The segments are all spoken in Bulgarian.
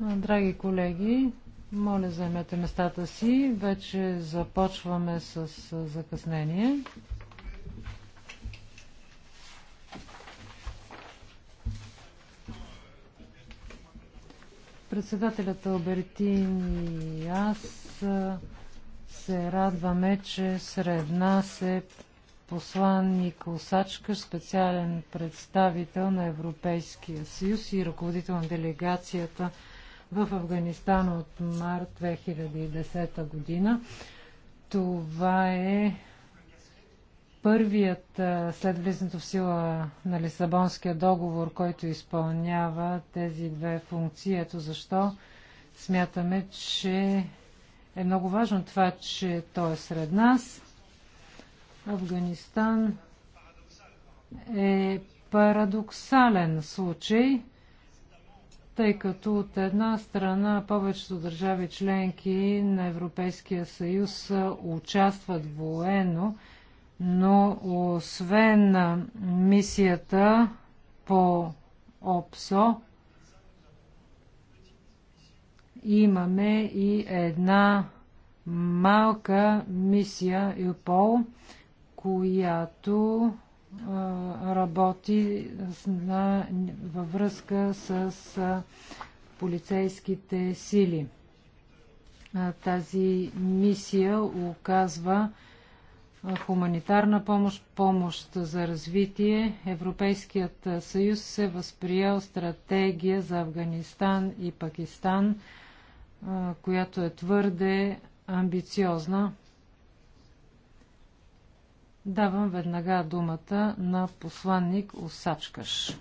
Драги колеги, моля заемете местата си. Вече започваме с закъснение. Председателят Албертин и аз се радваме, че сред нас е посланник Осачка, специален представител на Европейския съюз и ръководител на делегацията в Афганистан от март 2010 година. Това е първият след влизането в сила на Лисабонския договор, който изпълнява тези две функции. Ето защо смятаме, че е много важно това, че той е сред нас Афганистан е парадоксален случай, тъй като от една страна повечето държави членки на Европейския съюз участват военно, но освен мисията по ОПСО, имаме и една малка мисия ЮПОЛ, която работи на, във връзка с полицейските сили. Тази мисия оказва хуманитарна помощ, помощ за развитие. Европейският съюз се възприел стратегия за Афганистан и Пакистан, която е твърде амбициозна. Давам веднага думата на посланник Осачкаш.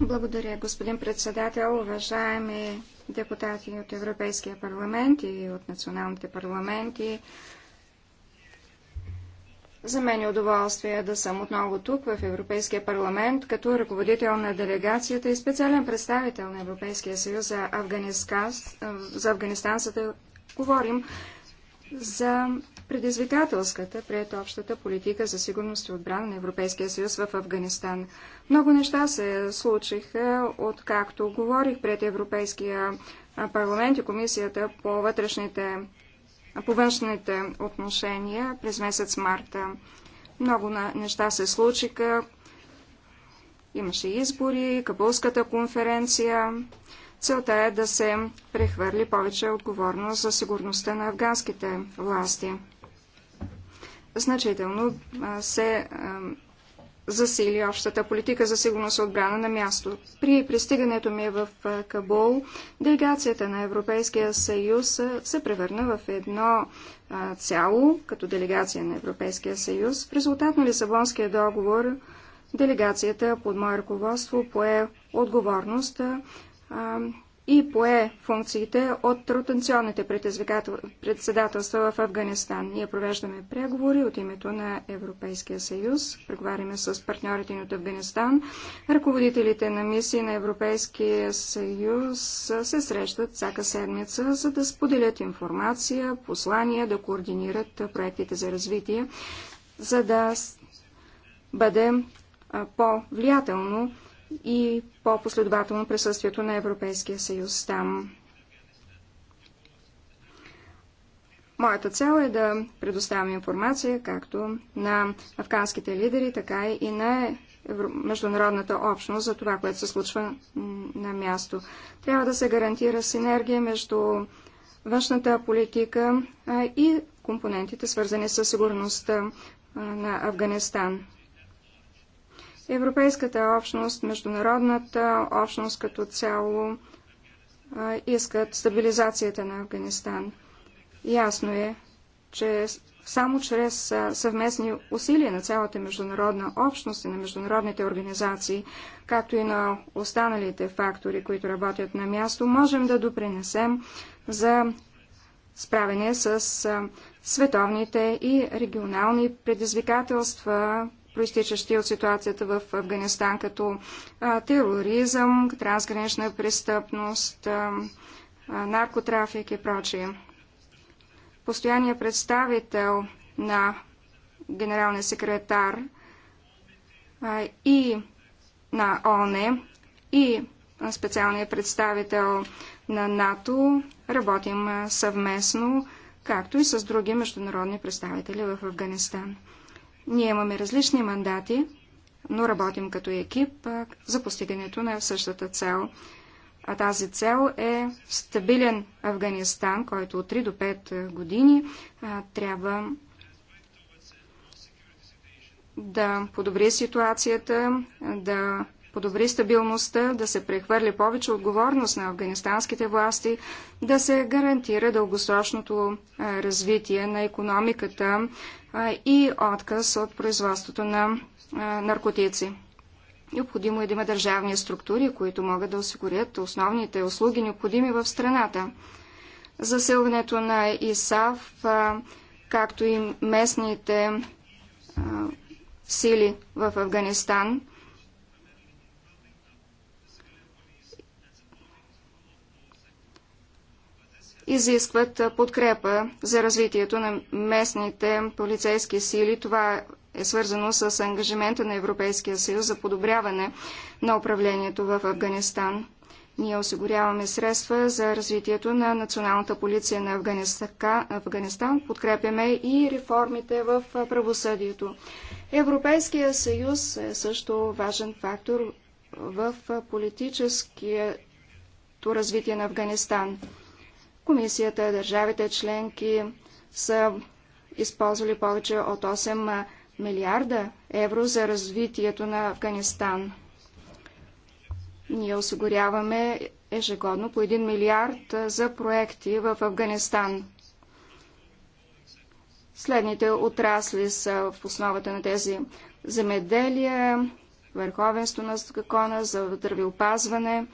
Благодаря, господин председател, уважаеми депутати от Европейския парламент и от националните парламенти. За мен е удоволствие да съм отново тук в Европейския парламент като ръководител на делегацията и специален представител на Европейския съюз за Афганистан. За Афганистан, за да говорим за предизвикателската пред общата политика за сигурност и отбрана на Европейския съюз в Афганистан. Много неща се случиха, откакто говорих пред Европейския парламент и Комисията по вътрешните по външните отношения през месец марта. Много неща се случиха. Имаше избори, Кабулската конференция. Целта е да се прехвърли повече отговорност за сигурността на афганските власти значително се засили общата политика за сигурност и отбрана на място. При пристигането ми в Кабул, делегацията на Европейския съюз се превърна в едно цяло, като делегация на Европейския съюз. В резултат на Лисабонския договор, делегацията под мое ръководство пое отговорност и пое функциите от ротационните председателства в Афганистан. Ние провеждаме преговори от името на Европейския съюз, преговаряме с партньорите ни от Афганистан. Ръководителите на мисии на Европейския съюз се срещат всяка седмица, за да споделят информация, послания, да координират проектите за развитие, за да бъде по-влиятелно и по-последователно присъствието на Европейския съюз там. Моята цел е да предоставям информация както на афганските лидери, така и на международната общност за това, което се случва на място. Трябва да се гарантира синергия между външната политика и компонентите, свързани с сигурността на Афганистан. Европейската общност, международната общност като цяло искат стабилизацията на Афганистан. Ясно е, че само чрез съвместни усилия на цялата международна общност и на международните организации, както и на останалите фактори, които работят на място, можем да допринесем за справяне с световните и регионални предизвикателства, проистичащи от ситуацията в Афганистан, като тероризъм, трансгранична престъпност, наркотрафик и прочие. Постоянният представител на генералния секретар и на ОНЕ и специалният представител на НАТО работим съвместно, както и с други международни представители в Афганистан. Ние имаме различни мандати, но работим като екип за постигането на същата цел. А тази цел е стабилен Афганистан, който от 3 до 5 години трябва да подобри ситуацията, да подобри стабилността, да се прехвърли повече отговорност на афганистанските власти, да се гарантира дългосрочното развитие на економиката, и отказ от производството на наркотици. Необходимо е да има държавни структури, които могат да осигурят основните услуги, необходими в страната. Засилването на ИСАВ, както и местните сили в Афганистан – изискват подкрепа за развитието на местните полицейски сили. Това е свързано с ангажимента на Европейския съюз за подобряване на управлението в Афганистан. Ние осигуряваме средства за развитието на националната полиция на Афганистан, подкрепяме и реформите в правосъдието. Европейския съюз е също важен фактор в политическото развитие на Афганистан. Комисията и държавите членки са използвали повече от 8 милиарда евро за развитието на Афганистан. Ние осигуряваме ежегодно по 1 милиард за проекти в Афганистан. Следните отрасли са в основата на тези земеделия, върховенство на закона, за здравеопазване,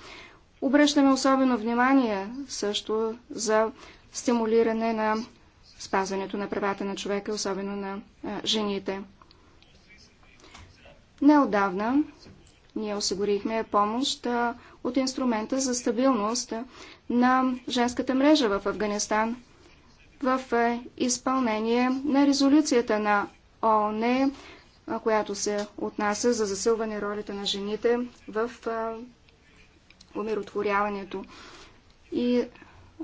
Обръщаме особено внимание също за стимулиране на спазването на правата на човека, особено на жените. Неодавна ние осигурихме помощ от инструмента за стабилност на женската мрежа в Афганистан в изпълнение на резолюцията на ООН, която се отнася за засилване ролята на жените в умиротворяването и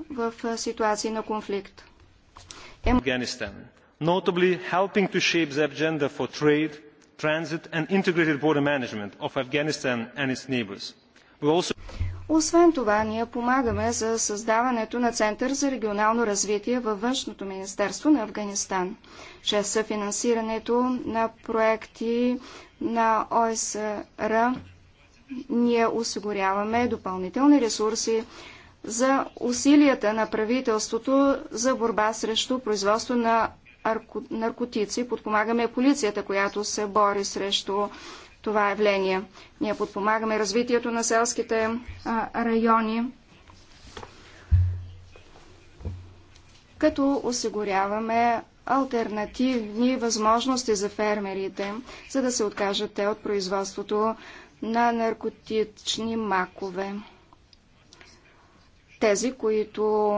в ситуации на конфликт. Афганистан. notably helping to shape the agenda for trade, transit and integrated border management of Afghanistan and its neighbors. also... Освен това, ние помагаме за създаването на Център за регионално развитие във Външното министерство на Афганистан, чрез съфинансирането на проекти на ОСР ние осигуряваме допълнителни ресурси за усилията на правителството за борба срещу производство на наркотици. Подпомагаме полицията, която се бори срещу това явление. Ние подпомагаме развитието на селските райони, като осигуряваме альтернативни възможности за фермерите, за да се откажат те от производството на наркотични макове. Тези, които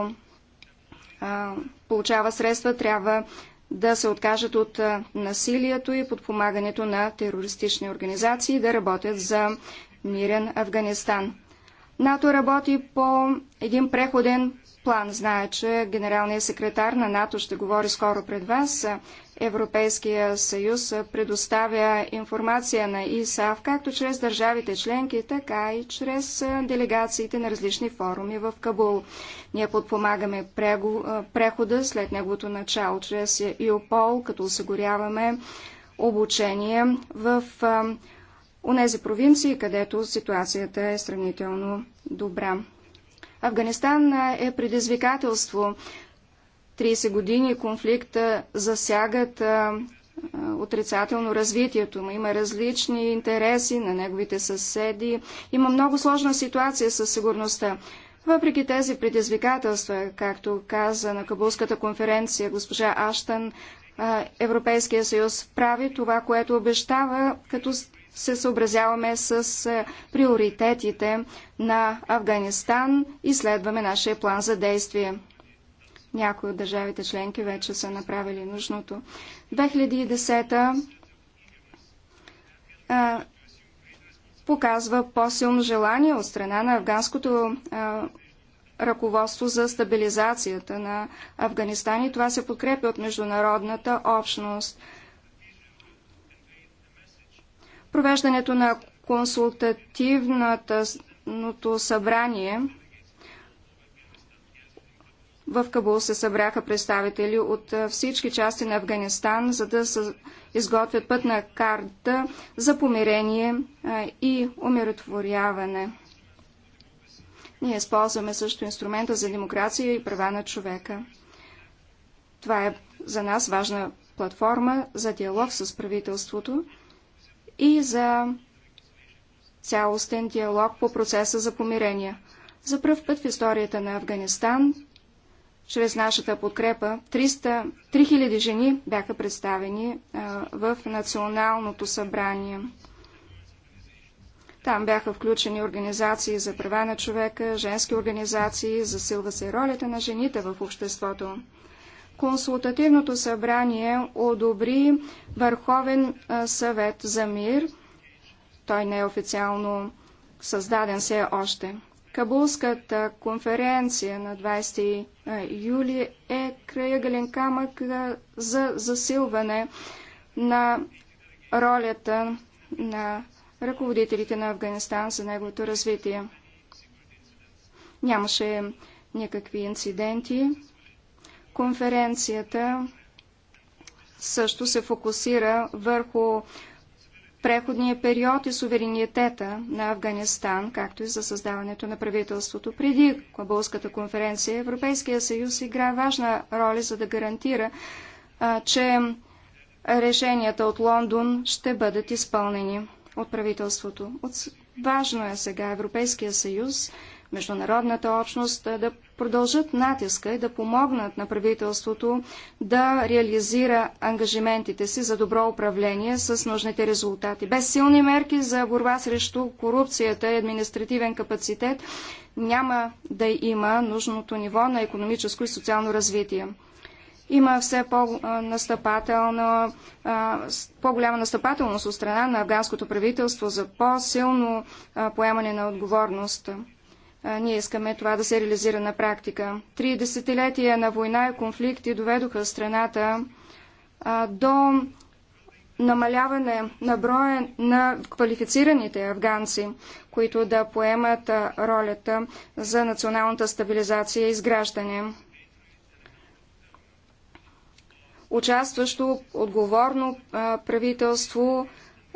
а, получава средства, трябва да се откажат от насилието и подпомагането на терористични организации да работят за мирен Афганистан. НАТО работи по един преходен план. Знае, че генералният секретар на НАТО ще говори скоро пред вас. Европейския съюз предоставя информация на ИСАВ, както чрез държавите членки, така и чрез делегациите на различни форуми в Кабул. Ние подпомагаме прехода след неговото начало чрез ИОПОЛ, като осигуряваме обучение в нези провинции, където ситуацията е сравнително добра. Афганистан е предизвикателство. 30 години конфликта засягат отрицателно развитието му. Има различни интереси на неговите съседи. Има много сложна ситуация със сигурността. Въпреки тези предизвикателства, както каза на Кабулската конференция госпожа Аштан, Европейския съюз прави това, което обещава, като се съобразяваме с е, приоритетите на Афганистан и следваме нашия план за действие. Някои от държавите членки вече са направили нужното. 2010 та е, показва по-силно желание от страна на афганското а, е, ръководство за стабилизацията на Афганистан и това се подкрепи от международната общност – Провеждането на консултативното събрание в Кабул се събраха представители от всички части на Афганистан, за да се изготвят пътна карта за помирение и умиротворяване. Ние използваме също инструмента за демокрация и права на човека. Това е за нас важна платформа за диалог с правителството и за цялостен диалог по процеса за помирение. За пръв път в историята на Афганистан, чрез нашата подкрепа, 300, 3000 жени бяха представени а, в Националното събрание. Там бяха включени организации за права на човека, женски организации, засилва се ролята на жените в обществото. Консултативното събрание одобри Върховен съвет за мир. Той не е официално създаден все още. Кабулската конференция на 20 юли е краягален камък за засилване на ролята на ръководителите на Афганистан за неговото развитие. Нямаше никакви инциденти. Конференцията също се фокусира върху преходния период и суверенитета на Афганистан, както и за създаването на правителството. Преди Кабулската конференция Европейския съюз игра важна роля, за да гарантира, а, че решенията от Лондон ще бъдат изпълнени от правителството. От... Важно е сега Европейския съюз международната общност е да продължат натиска и да помогнат на правителството да реализира ангажиментите си за добро управление с нужните резултати. Без силни мерки за борба срещу корупцията и административен капацитет няма да има нужното ниво на економическо и социално развитие има все по по-голяма настъпателност от страна на афганското правителство за по-силно поемане на отговорност. Ние искаме това да се реализира на практика. Три десетилетия на война и конфликти доведоха страната до намаляване на броя на квалифицираните афганци, които да поемат ролята за националната стабилизация и изграждане. Участващо отговорно правителство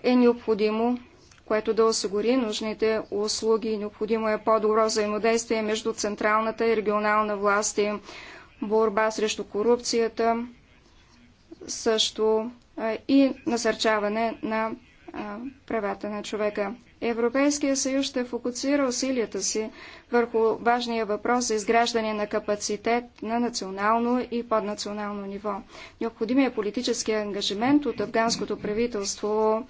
е необходимо което да осигури нужните услуги. Необходимо е по-добро взаимодействие между централната и регионална власти, борба срещу корупцията, също и насърчаване на правата на човека. Европейския съюз ще фокусира усилията си върху важния въпрос за изграждане на капацитет на национално и поднационално ниво. Необходимия е политически ангажимент от афганското правителство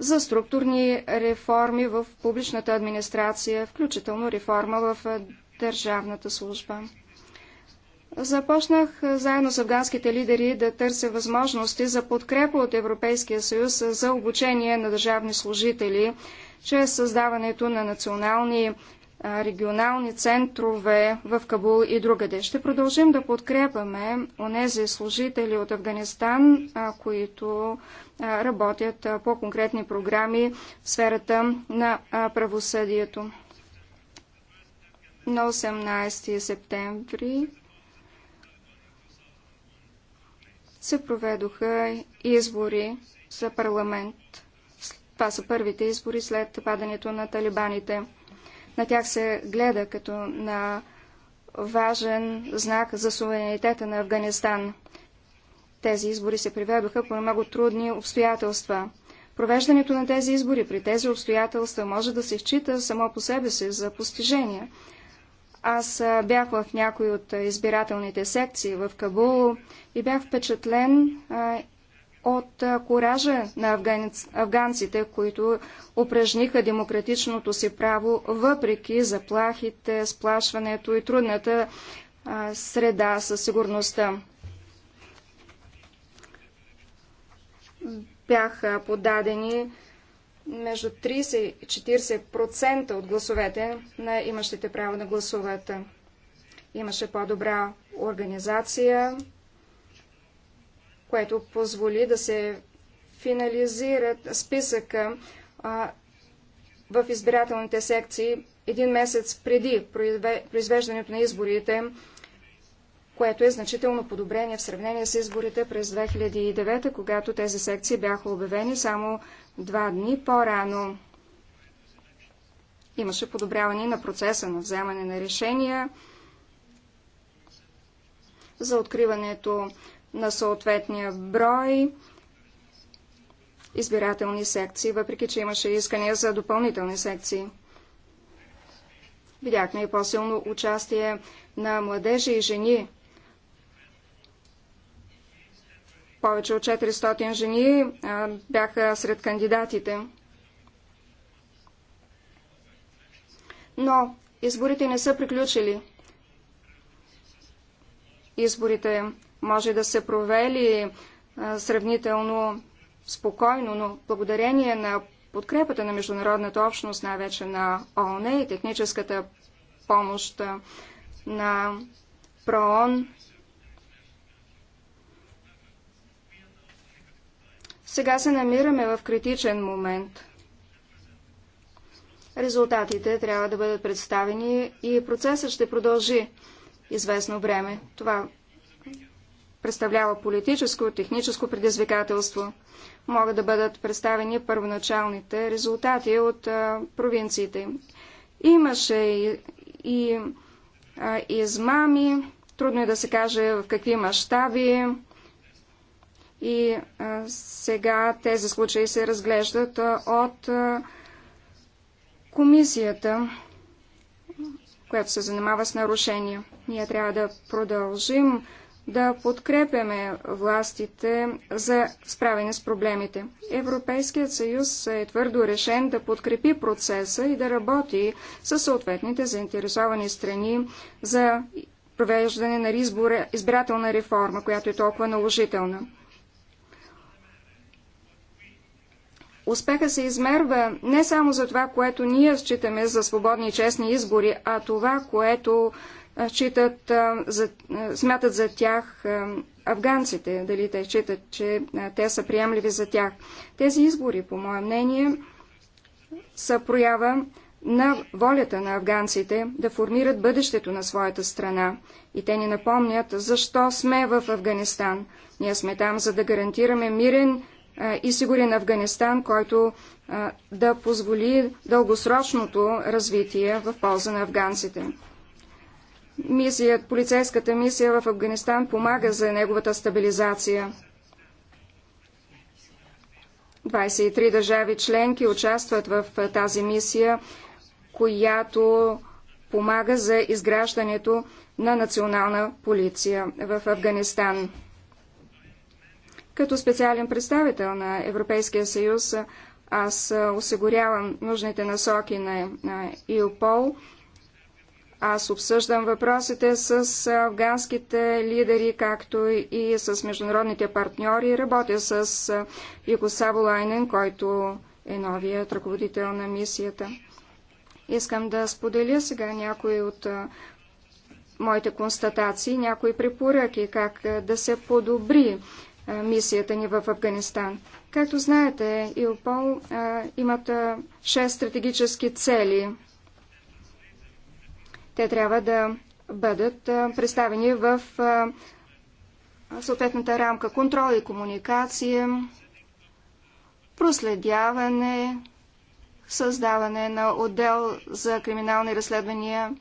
за структурни реформи в публичната администрация, включително реформа в държавната служба. Започнах заедно с афганските лидери да търся възможности за подкрепа от Европейския съюз за обучение на държавни служители чрез създаването на национални регионални центрове в Кабул и другаде. Ще продължим да подкрепаме онези служители от Афганистан, които работят по конкретни програми в сферата на правосъдието. На 18 септември се проведоха избори за парламент. Това са първите избори след падането на талибаните. На тях се гледа като на важен знак за суверенитета на Афганистан. Тези избори се приведоха по много трудни обстоятелства. Провеждането на тези избори при тези обстоятелства може да се счита само по себе си за постижение. Аз бях в някои от избирателните секции в Кабул и бях впечатлен от коража на афганците, които упражниха демократичното си право, въпреки заплахите, сплашването и трудната среда със сигурността. Бяха подадени между 30 и 40% от гласовете на имащите право на гласовете. Имаше по-добра организация, което позволи да се финализират списъка а, в избирателните секции един месец преди произвеждането на изборите, което е значително подобрение в сравнение с изборите през 2009, когато тези секции бяха обявени само два дни по-рано. Имаше подобряване на процеса на вземане на решения за откриването на съответния брой избирателни секции, въпреки че имаше искания за допълнителни секции. Видяхме и по-силно участие на младежи и жени. Повече от 400 жени а, бяха сред кандидатите. Но изборите не са приключили. Изборите може да се провели сравнително спокойно, но благодарение на подкрепата на международната общност, най-вече на ООН и техническата помощ на ПРООН, Сега се намираме в критичен момент. Резултатите трябва да бъдат представени и процесът ще продължи известно време. Това представлява политическо, техническо предизвикателство. Могат да бъдат представени първоначалните резултати от а, провинциите. Имаше и, и а, измами, трудно е да се каже в какви мащаби. И а, сега тези случаи се разглеждат а, от а, комисията, която се занимава с нарушения. Ние трябва да продължим да подкрепяме властите за справяне с проблемите. Европейският съюз е твърдо решен да подкрепи процеса и да работи с съответните заинтересовани страни за провеждане на избора, избирателна реформа, която е толкова наложителна. Успеха се измерва не само за това, което ние считаме за свободни и честни избори, а това, което считат, за, смятат за тях афганците, дали те считат, че те са приемливи за тях. Тези избори, по мое мнение, са проява на волята на афганците да формират бъдещето на своята страна. И те ни напомнят защо сме в Афганистан. Ние сме там, за да гарантираме мирен и сигурен Афганистан, който да позволи дългосрочното развитие в полза на афганците мисия, полицейската мисия в Афганистан помага за неговата стабилизация. 23 държави членки участват в тази мисия, която помага за изграждането на национална полиция в Афганистан. Като специален представител на Европейския съюз, аз осигурявам нужните насоки на ИОПОЛ. На аз обсъждам въпросите с афганските лидери, както и с международните партньори. Работя с Иго Лайнен, който е новият ръководител на мисията. Искам да споделя сега някои от моите констатации, някои препоръки, как да се подобри мисията ни в Афганистан. Както знаете, ИОПОЛ имат шест стратегически цели – те трябва да бъдат представени в съответната рамка контрол и комуникация, проследяване, създаване на отдел за криминални разследвания,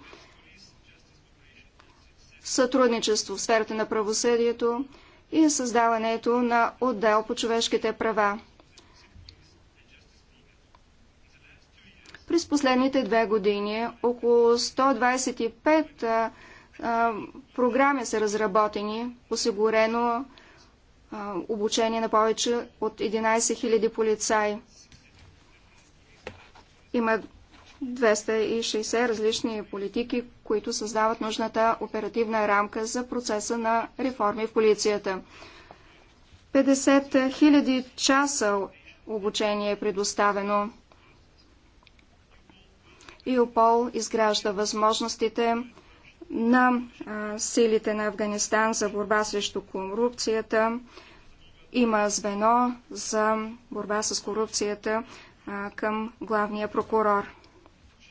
сътрудничество в сферата на правосъдието и създаването на отдел по човешките права. През последните две години около 125 а, а, програми са разработени, осигурено а, обучение на повече от 11 000 полицаи. Има 260 различни политики, които създават нужната оперативна рамка за процеса на реформи в полицията. 50 000 часа обучение е предоставено. ИОПОЛ изгражда възможностите на силите на Афганистан за борба срещу корупцията. Има звено за борба с корупцията към главния прокурор.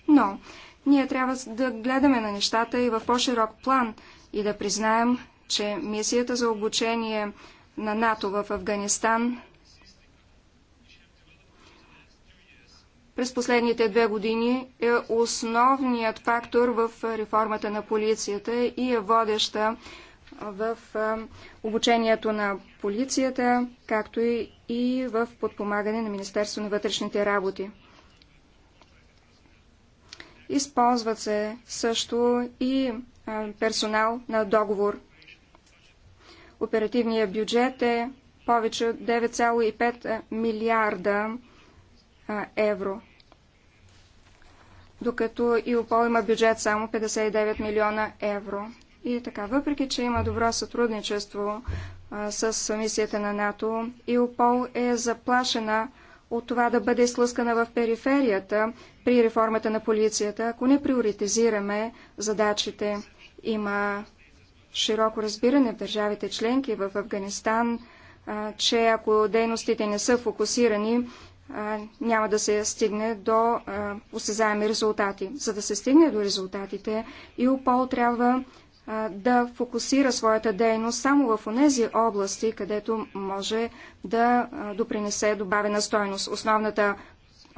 Но ние трябва да гледаме на нещата и в по-широк план и да признаем, че мисията за обучение на НАТО в Афганистан през последните две години е основният фактор в реформата на полицията и е водеща в обучението на полицията, както и в подпомагане на Министерство на вътрешните работи. Използват се също и персонал на договор. Оперативният бюджет е повече от 9,5 милиарда евро. Докато ИОПОЛ има бюджет само 59 милиона евро. И така, въпреки, че има добро сътрудничество а, с мисията на НАТО, ИОПОЛ е заплашена от това да бъде слъскана в периферията при реформата на полицията, ако не приоритизираме задачите. Има широко разбиране в държавите членки в Афганистан, а, че ако дейностите не са фокусирани, няма да се стигне до осезаеми резултати. За да се стигне до резултатите, ИОПОЛ трябва да фокусира своята дейност само в тези области, където може да допринесе добавена стойност. Основната,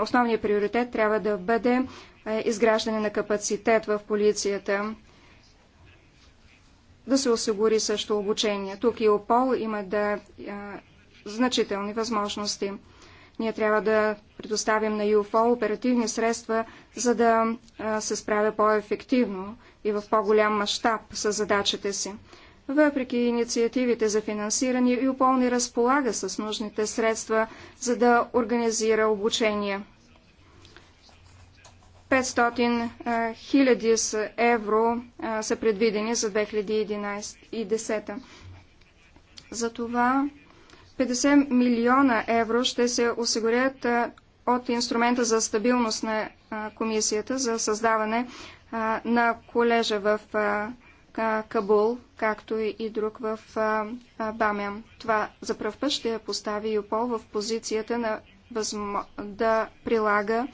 основният приоритет трябва да бъде изграждане на капацитет в полицията, да се осигури също обучение. Тук ИОПОЛ има да значителни възможности. Ние трябва да предоставим на ЮФО оперативни средства, за да се справя по-ефективно и в по-голям мащаб с задачите си. Въпреки инициативите за финансиране, ЮПОЛ не разполага с нужните средства, за да организира обучение. 500 хиляди евро са предвидени за 2011 и 2010. Затова 50 милиона евро ще се осигурят от инструмента за стабилност на комисията за създаване на колежа в Кабул, както и друг в Бамян. Това за пръв път ще постави ЮПОЛ в позицията на възм... да прилага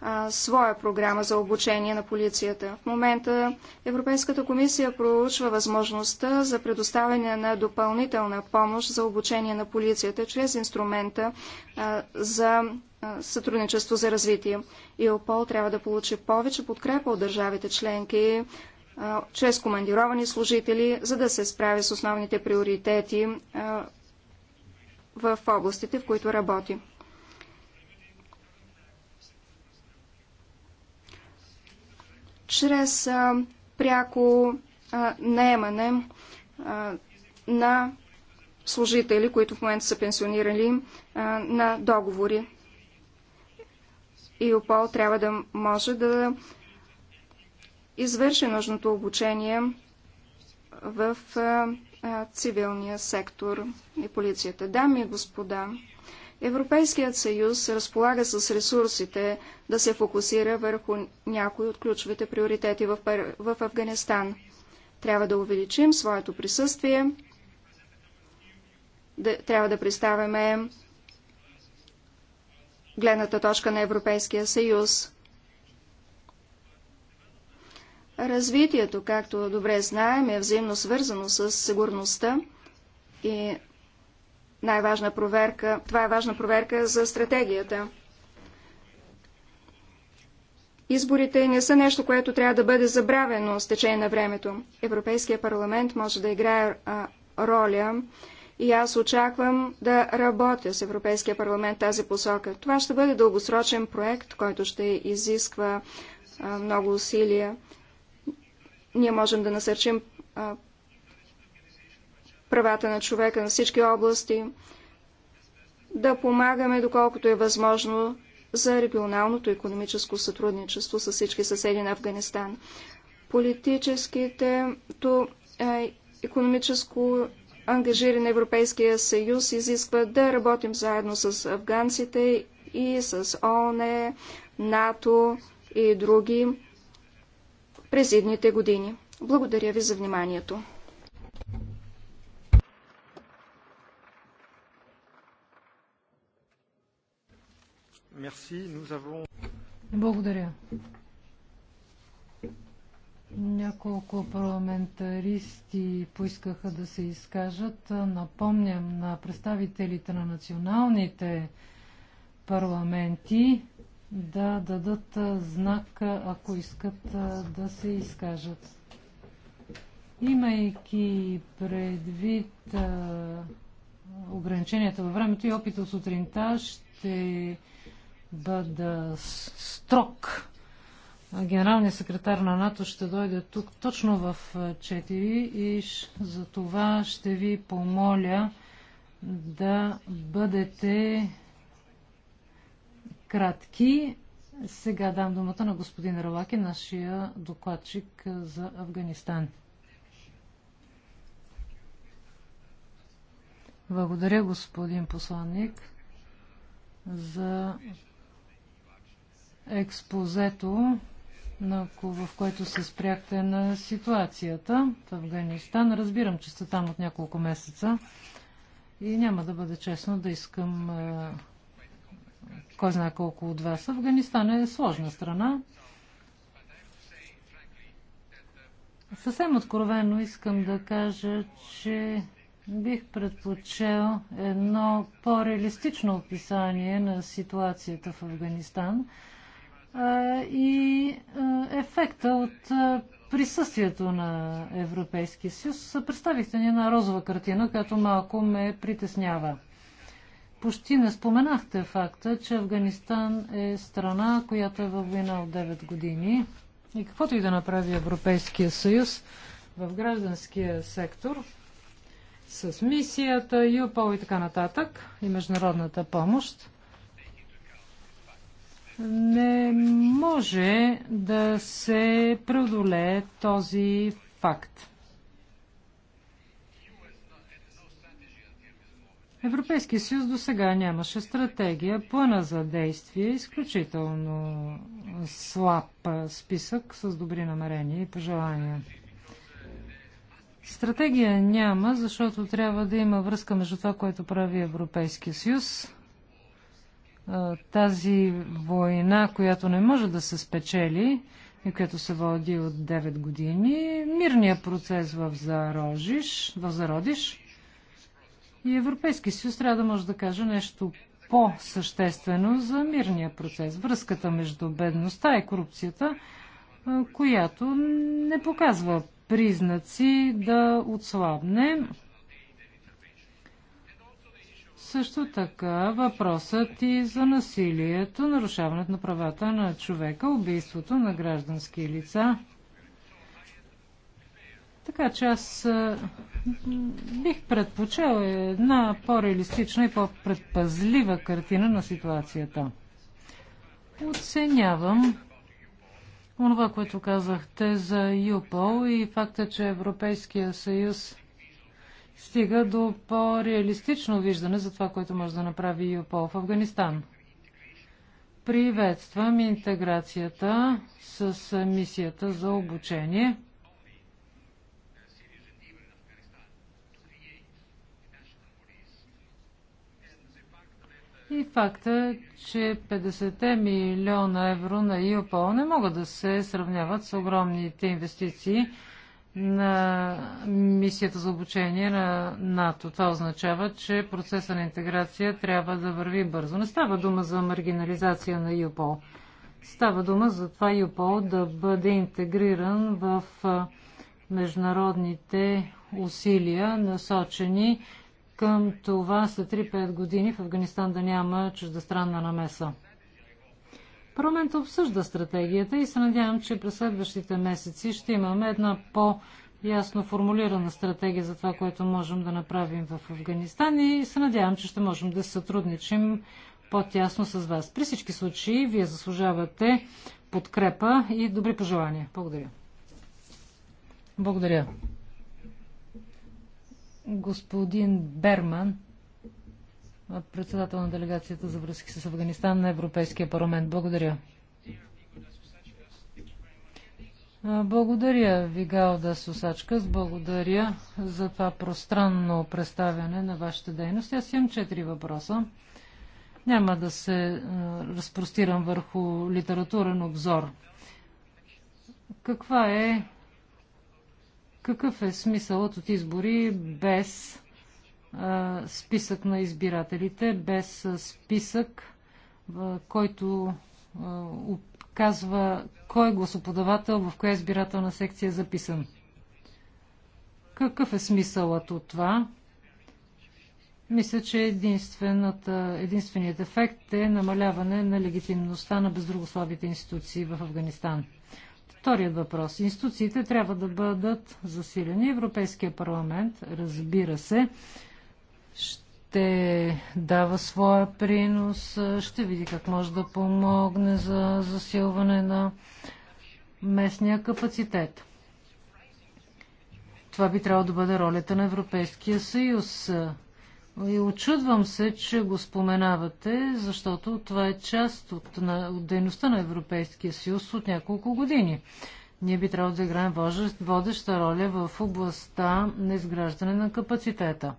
а, своя програма за обучение на полицията. В момента Европейската комисия проучва възможността за предоставяне на допълнителна помощ за обучение на полицията чрез инструмента а, за сътрудничество за развитие. ИОПОЛ трябва да получи повече подкрепа от държавите членки чрез командировани служители, за да се справи с основните приоритети в областите, в които работи. чрез а, пряко а, наемане а, на служители, които в момента са пенсионирали а, на договори. И опол трябва да може да извърши нужното обучение в а, а, цивилния сектор и полицията. Дами и господа, Европейският съюз разполага с ресурсите да се фокусира върху някои от ключовите приоритети в, в Афганистан. Трябва да увеличим своето присъствие, да, трябва да представяме гледната точка на Европейския съюз. Развитието, както добре знаем, е взаимно свързано с сигурността и най-важна проверка. Това е важна проверка за стратегията. Изборите не са нещо, което трябва да бъде забравено с течение на времето. Европейския парламент може да играе роля и аз очаквам да работя с Европейския парламент тази посока. Това ще бъде дългосрочен проект, който ще изисква много усилия. Ние можем да насърчим правата на човека на всички области, да помагаме доколкото е възможно за регионалното економическо сътрудничество с всички съседи на Афганистан. Политическите то, е, економическо ангажиране на Европейския съюз изисква да работим заедно с афганците и с ООН, НАТО и други през едните години. Благодаря ви за вниманието. Благодаря. Няколко парламентаристи поискаха да се изкажат. Напомням на представителите на националните парламенти да дадат знак, ако искат да се изкажат. Имайки предвид ограниченията във времето и опита сутринта, ще бъда строг. Генералният секретар на НАТО ще дойде тук точно в 4 и за това ще ви помоля да бъдете кратки. Сега дам думата на господин Ралаки, нашия докладчик за Афганистан. Благодаря, господин посланник, за експозето, в което се спряхте на ситуацията в Афганистан. Разбирам, че сте там от няколко месеца и няма да бъде честно да искам е, кой знае колко от вас. Афганистан е сложна страна. Съвсем откровено искам да кажа, че бих предпочел едно по-реалистично описание на ситуацията в Афганистан – и ефекта от присъствието на Европейския съюз. Представихте ни една розова картина, която малко ме притеснява. Почти не споменахте факта, че Афганистан е страна, която е във война от 9 години. И каквото и да направи Европейския съюз в гражданския сектор, с мисията, ЮПО и така нататък, и международната помощ, не може да се преодолее този факт. Европейския съюз до сега нямаше стратегия. Плана за действие е изключително слаб списък с добри намерения и пожелания. Стратегия няма, защото трябва да има връзка между това, което прави Европейския съюз тази война, която не може да се спечели и която се води от 9 години, мирния процес в Зарожиш, в Зародиш и Европейски съюз трябва да може да каже нещо по-съществено за мирния процес. Връзката между бедността и корупцията, която не показва признаци да отслабне. Също така въпросът и за насилието, нарушаването на правата на човека, убийството на граждански лица. Така че аз бих предпочел една по-реалистична и по-предпазлива картина на ситуацията. Оценявам онова, което казахте за ЮПОЛ и факта, че Европейския съюз стига до по-реалистично виждане за това, което може да направи ЮПОЛ в Афганистан. Приветствам интеграцията с мисията за обучение. И факта, че 50 милиона евро на ЮПОЛ не могат да се сравняват с огромните инвестиции, на мисията за обучение на НАТО. Това означава, че процеса на интеграция трябва да върви бързо. Не става дума за маргинализация на ЮПОЛ. Става дума за това ЮПОЛ да бъде интегриран в международните усилия, насочени към това след 3-5 години в Афганистан да няма чуждестранна намеса. Парламент обсъжда стратегията и се надявам, че през следващите месеци ще имаме една по- ясно формулирана стратегия за това, което можем да направим в Афганистан и се надявам, че ще можем да сътрудничим по-тясно с вас. При всички случаи, вие заслужавате подкрепа и добри пожелания. Благодаря. Благодаря. Господин Берман председател на делегацията за връзки с Афганистан на Европейския парламент. Благодаря. Благодаря ви, Галда Сосачкас. Благодаря за това пространно представяне на вашата дейност. Аз имам четири въпроса. Няма да се разпростирам върху литературен обзор. Каква е, какъв е смисълът от избори без списък на избирателите, без списък, който казва кой е гласоподавател в коя избирателна секция е записан. Какъв е смисълът от това? Мисля, че единственият ефект е намаляване на легитимността на бездругославите институции в Афганистан. Вторият въпрос. Институциите трябва да бъдат засилени. Европейския парламент, разбира се, ще дава своя принос, ще види как може да помогне за засилване на местния капацитет. Това би трябвало да бъде ролята на Европейския съюз. И очудвам се, че го споменавате, защото това е част от, на, от дейността на Европейския съюз от няколко години. Ние би трябвало да играем водеща роля в областта на изграждане на капацитета.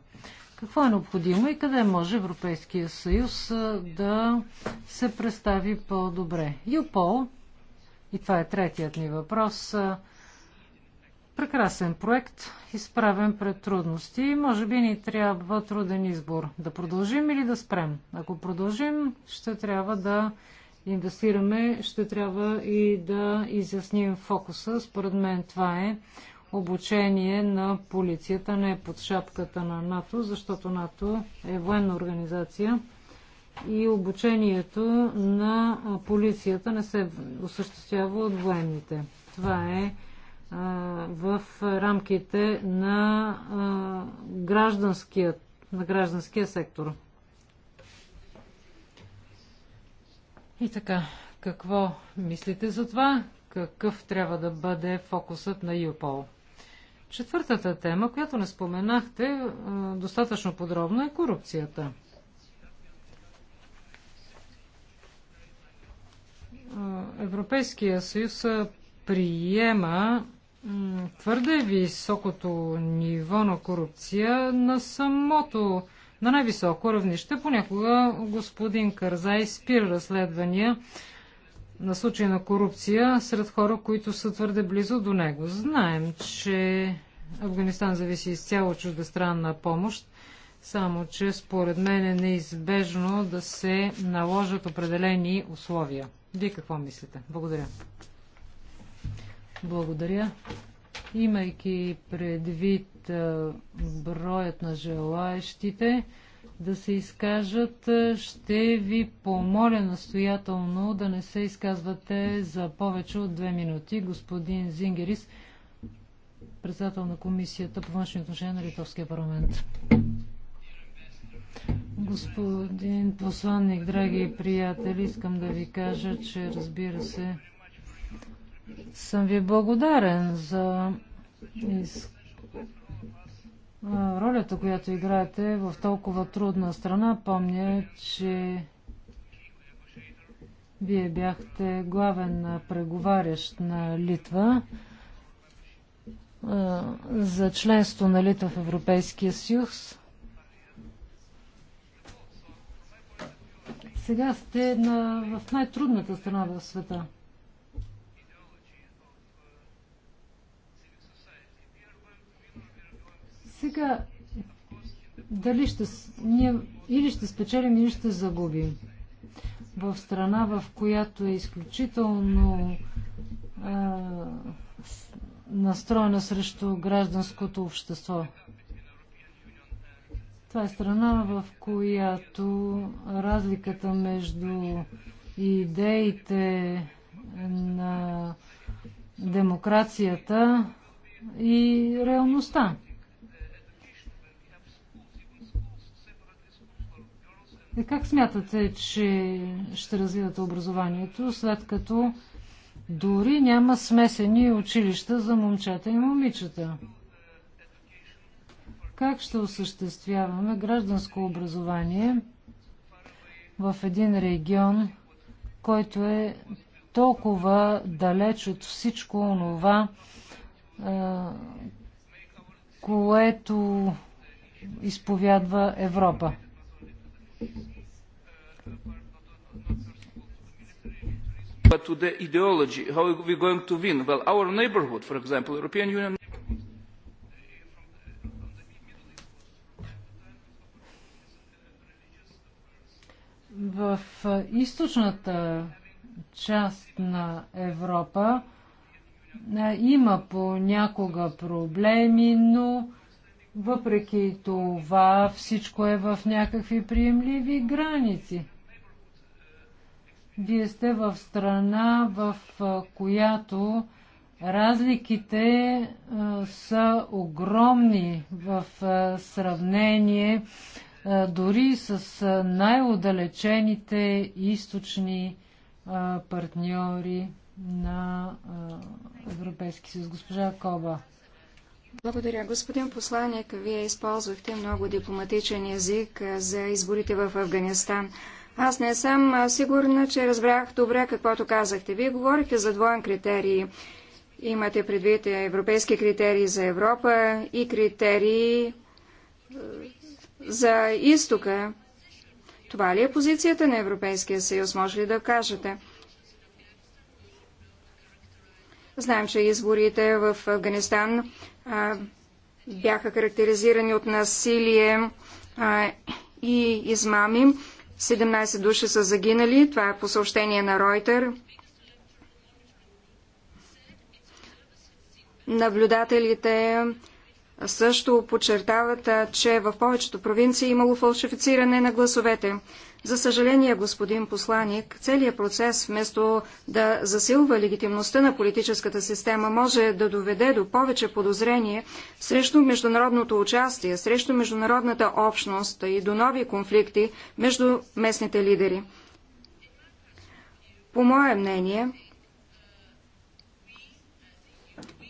Какво е необходимо и къде може Европейския съюз да се представи по-добре? ЮПОЛ, и това е третият ни въпрос, прекрасен проект, изправен пред трудности може би ни трябва труден избор. Да продължим или да спрем? Ако продължим, ще трябва да инвестираме, ще трябва и да изясним фокуса. Според мен това е обучение на полицията не е под шапката на НАТО, защото НАТО е военна организация и обучението на полицията не се осъществява от военните. Това е в рамките на, гражданския, на гражданския сектор. И така, какво мислите за това? Какъв трябва да бъде фокусът на ЮПОЛ? Четвъртата тема, която не споменахте достатъчно подробно, е корупцията. Европейския съюз приема твърде високото ниво на корупция на самото, на най-високо равнище. Понякога господин Карзай спира разследвания на случай на корупция сред хора, които са твърде близо до него. Знаем, че Афганистан зависи изцяло от чуждестранна помощ, само че според мен е неизбежно да се наложат определени условия. Вие какво мислите? Благодаря. Благодаря. Имайки предвид броят на желаещите, да се изкажат. Ще ви помоля настоятелно да не се изказвате за повече от две минути. Господин Зингерис, председател на Комисията по външни отношения на Литовския парламент. Господин посланник, драги приятели, искам да ви кажа, че разбира се, съм ви благодарен за изказването ролята, която играете е в толкова трудна страна. Помня, че вие бяхте главен преговарящ на Литва за членство на Литва в Европейския съюз. Сега сте на, в най-трудната страна в света – Сега, дали ще, ние или ще спечелим, или ще загубим. В страна, в която е изключително а, настроена срещу гражданското общество. Това е страна, в която разликата между идеите на демокрацията и реалността. Е, как смятате, че ще развивате образованието, след като дори няма смесени училища за момчета и момичета? Как ще осъществяваме гражданско образование в един регион, който е толкова далеч от всичко онова, което изповядва Европа? But to the ideology, how are we going to win? Well, our neighborhood, for example, European Union. В източната част на Европа има понякога проблеми, но въпреки това всичко е в някакви приемливи граници. Вие сте в страна, в която разликите са огромни в сравнение дори с най удалечените източни партньори на Европейски съюз. Госпожа Коба. Благодаря, господин посланник. Вие използвахте много дипломатичен език за изборите в Афганистан. Аз не съм сигурна, че разбрах добре каквото казахте. Вие говорите за двоен критерии, Имате предвид европейски критерии за Европа и критерии за изтока. Това ли е позицията на Европейския съюз, може ли да кажете? Знаем, че изборите в Афганистан а, бяха характеризирани от насилие а, и измами. 17 души са загинали. Това е по съобщение на Ройтер. Наблюдателите също подчертават, че в повечето провинции е имало фалшифициране на гласовете. За съжаление, господин посланик, целият процес, вместо да засилва легитимността на политическата система, може да доведе до повече подозрение срещу международното участие, срещу международната общност и до нови конфликти между местните лидери. По мое мнение,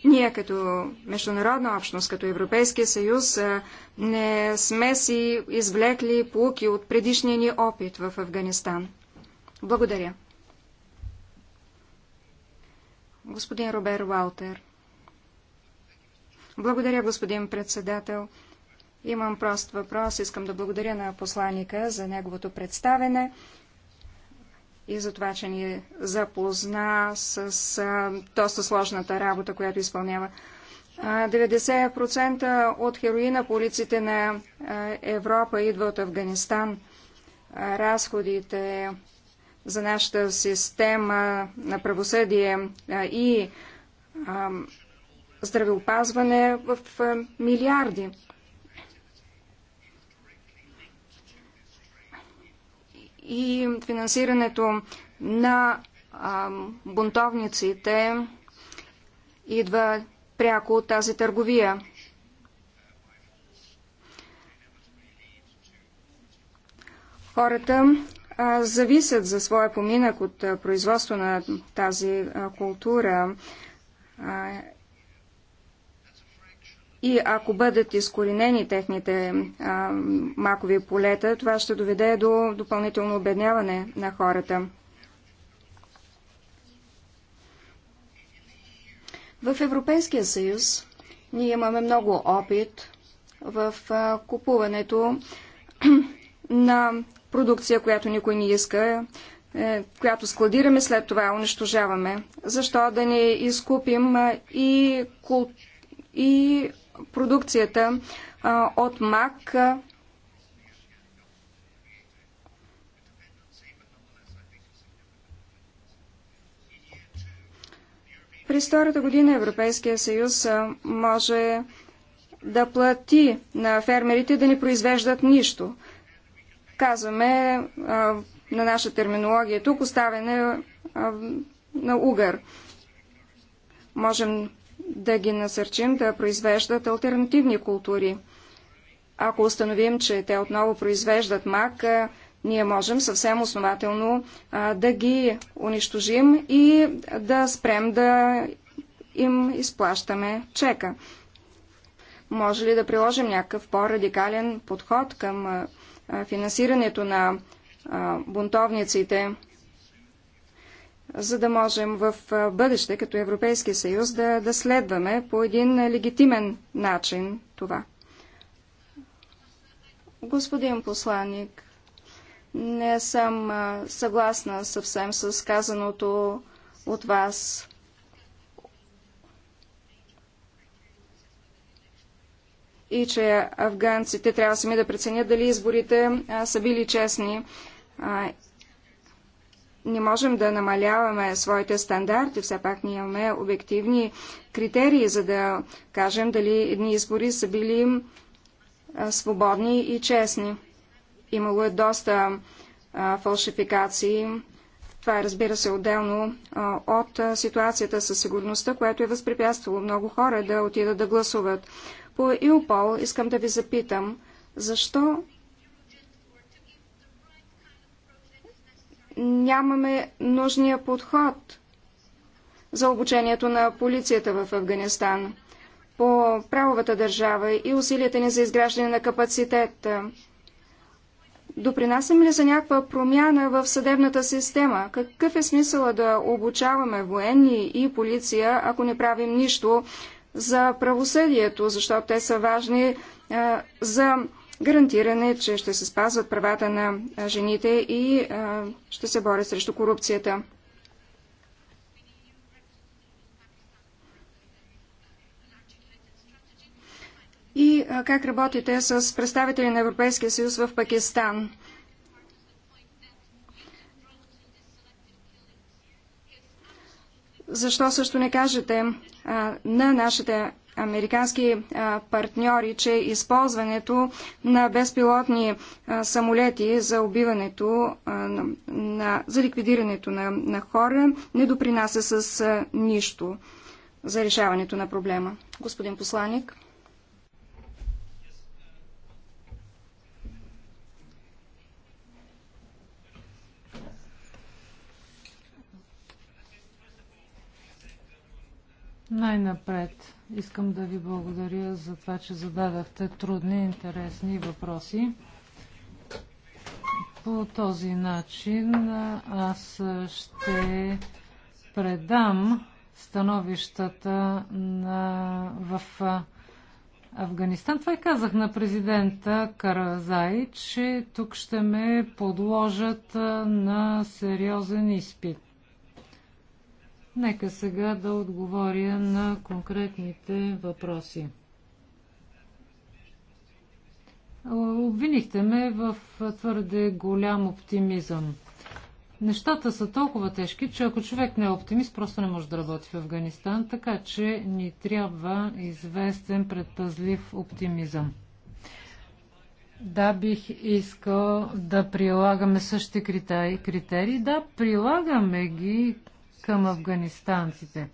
ние като международна общност, като Европейския съюз, не сме си извлекли полуки от предишния ни опит в Афганистан. Благодаря. Господин Робер Уалтер. Благодаря, господин председател. Имам прост въпрос. Искам да благодаря на посланика за неговото представене и за това, че ни запозна с а, доста сложната работа, която изпълнява. 90% от хероина по улиците на Европа идва от Афганистан. Разходите за нашата система на правосъдие и здравеопазване в милиарди. и финансирането на а, бунтовниците идва пряко от тази търговия. Хората а, зависят за своя поминък от а, производство на тази а, култура. А, и ако бъдат изкоренени техните а, макови полета, това ще доведе до допълнително обедняване на хората. В Европейския съюз ние имаме много опит в а, купуването на продукция, която никой не иска, е, която складираме, след това унищожаваме. Защо да не изкупим и, култура? и продукцията от мак През втората година Европейския съюз може да плати на фермерите да не произвеждат нищо. Казваме а, на наша терминология тук оставяне а, на угър. Можем да ги насърчим да произвеждат альтернативни култури. Ако установим, че те отново произвеждат мак, ние можем съвсем основателно да ги унищожим и да спрем да им изплащаме чека. Може ли да приложим някакъв по-радикален подход към финансирането на бунтовниците? за да можем в бъдеще, като Европейски съюз, да, да следваме по един легитимен начин това. Господин посланник, не съм съгласна съвсем с казаното от вас. И че афганците трябва сами да преценят дали изборите са били честни не можем да намаляваме своите стандарти, все пак ние имаме обективни критерии, за да кажем дали едни избори са били свободни и честни. Имало е доста фалшификации. Това е, разбира се, отделно от ситуацията със сигурността, което е възпрепятствало много хора да отидат да гласуват. По Илпол искам да ви запитам, защо нямаме нужния подход за обучението на полицията в Афганистан по правовата държава и усилията ни за изграждане на капацитет. Допринасяме ли за някаква промяна в съдебната система? Какъв е смисъла да обучаваме военни и полиция, ако не правим нищо за правосъдието, защото те са важни а, за гарантиране, че ще се спазват правата на жените и ще се борят срещу корупцията. И как работите с представители на Европейския съюз в Пакистан? Защо също не кажете на нашите американски партньори, че използването на безпилотни самолети за убиването, на, за ликвидирането на, на хора не допринася с нищо за решаването на проблема. Господин посланник. Най-напред искам да ви благодаря за това, че зададахте трудни, интересни въпроси. По този начин аз ще предам становищата на, в Афганистан. Това и казах на президента Каразай, че тук ще ме подложат на сериозен изпит. Нека сега да отговоря на конкретните въпроси. Обвинихте ме в твърде голям оптимизъм. Нещата са толкова тежки, че ако човек не е оптимист, просто не може да работи в Афганистан, така че ни трябва известен предпазлив оптимизъм. Да, бих искал да прилагаме същите критерии. Да, прилагаме ги към афганистанците.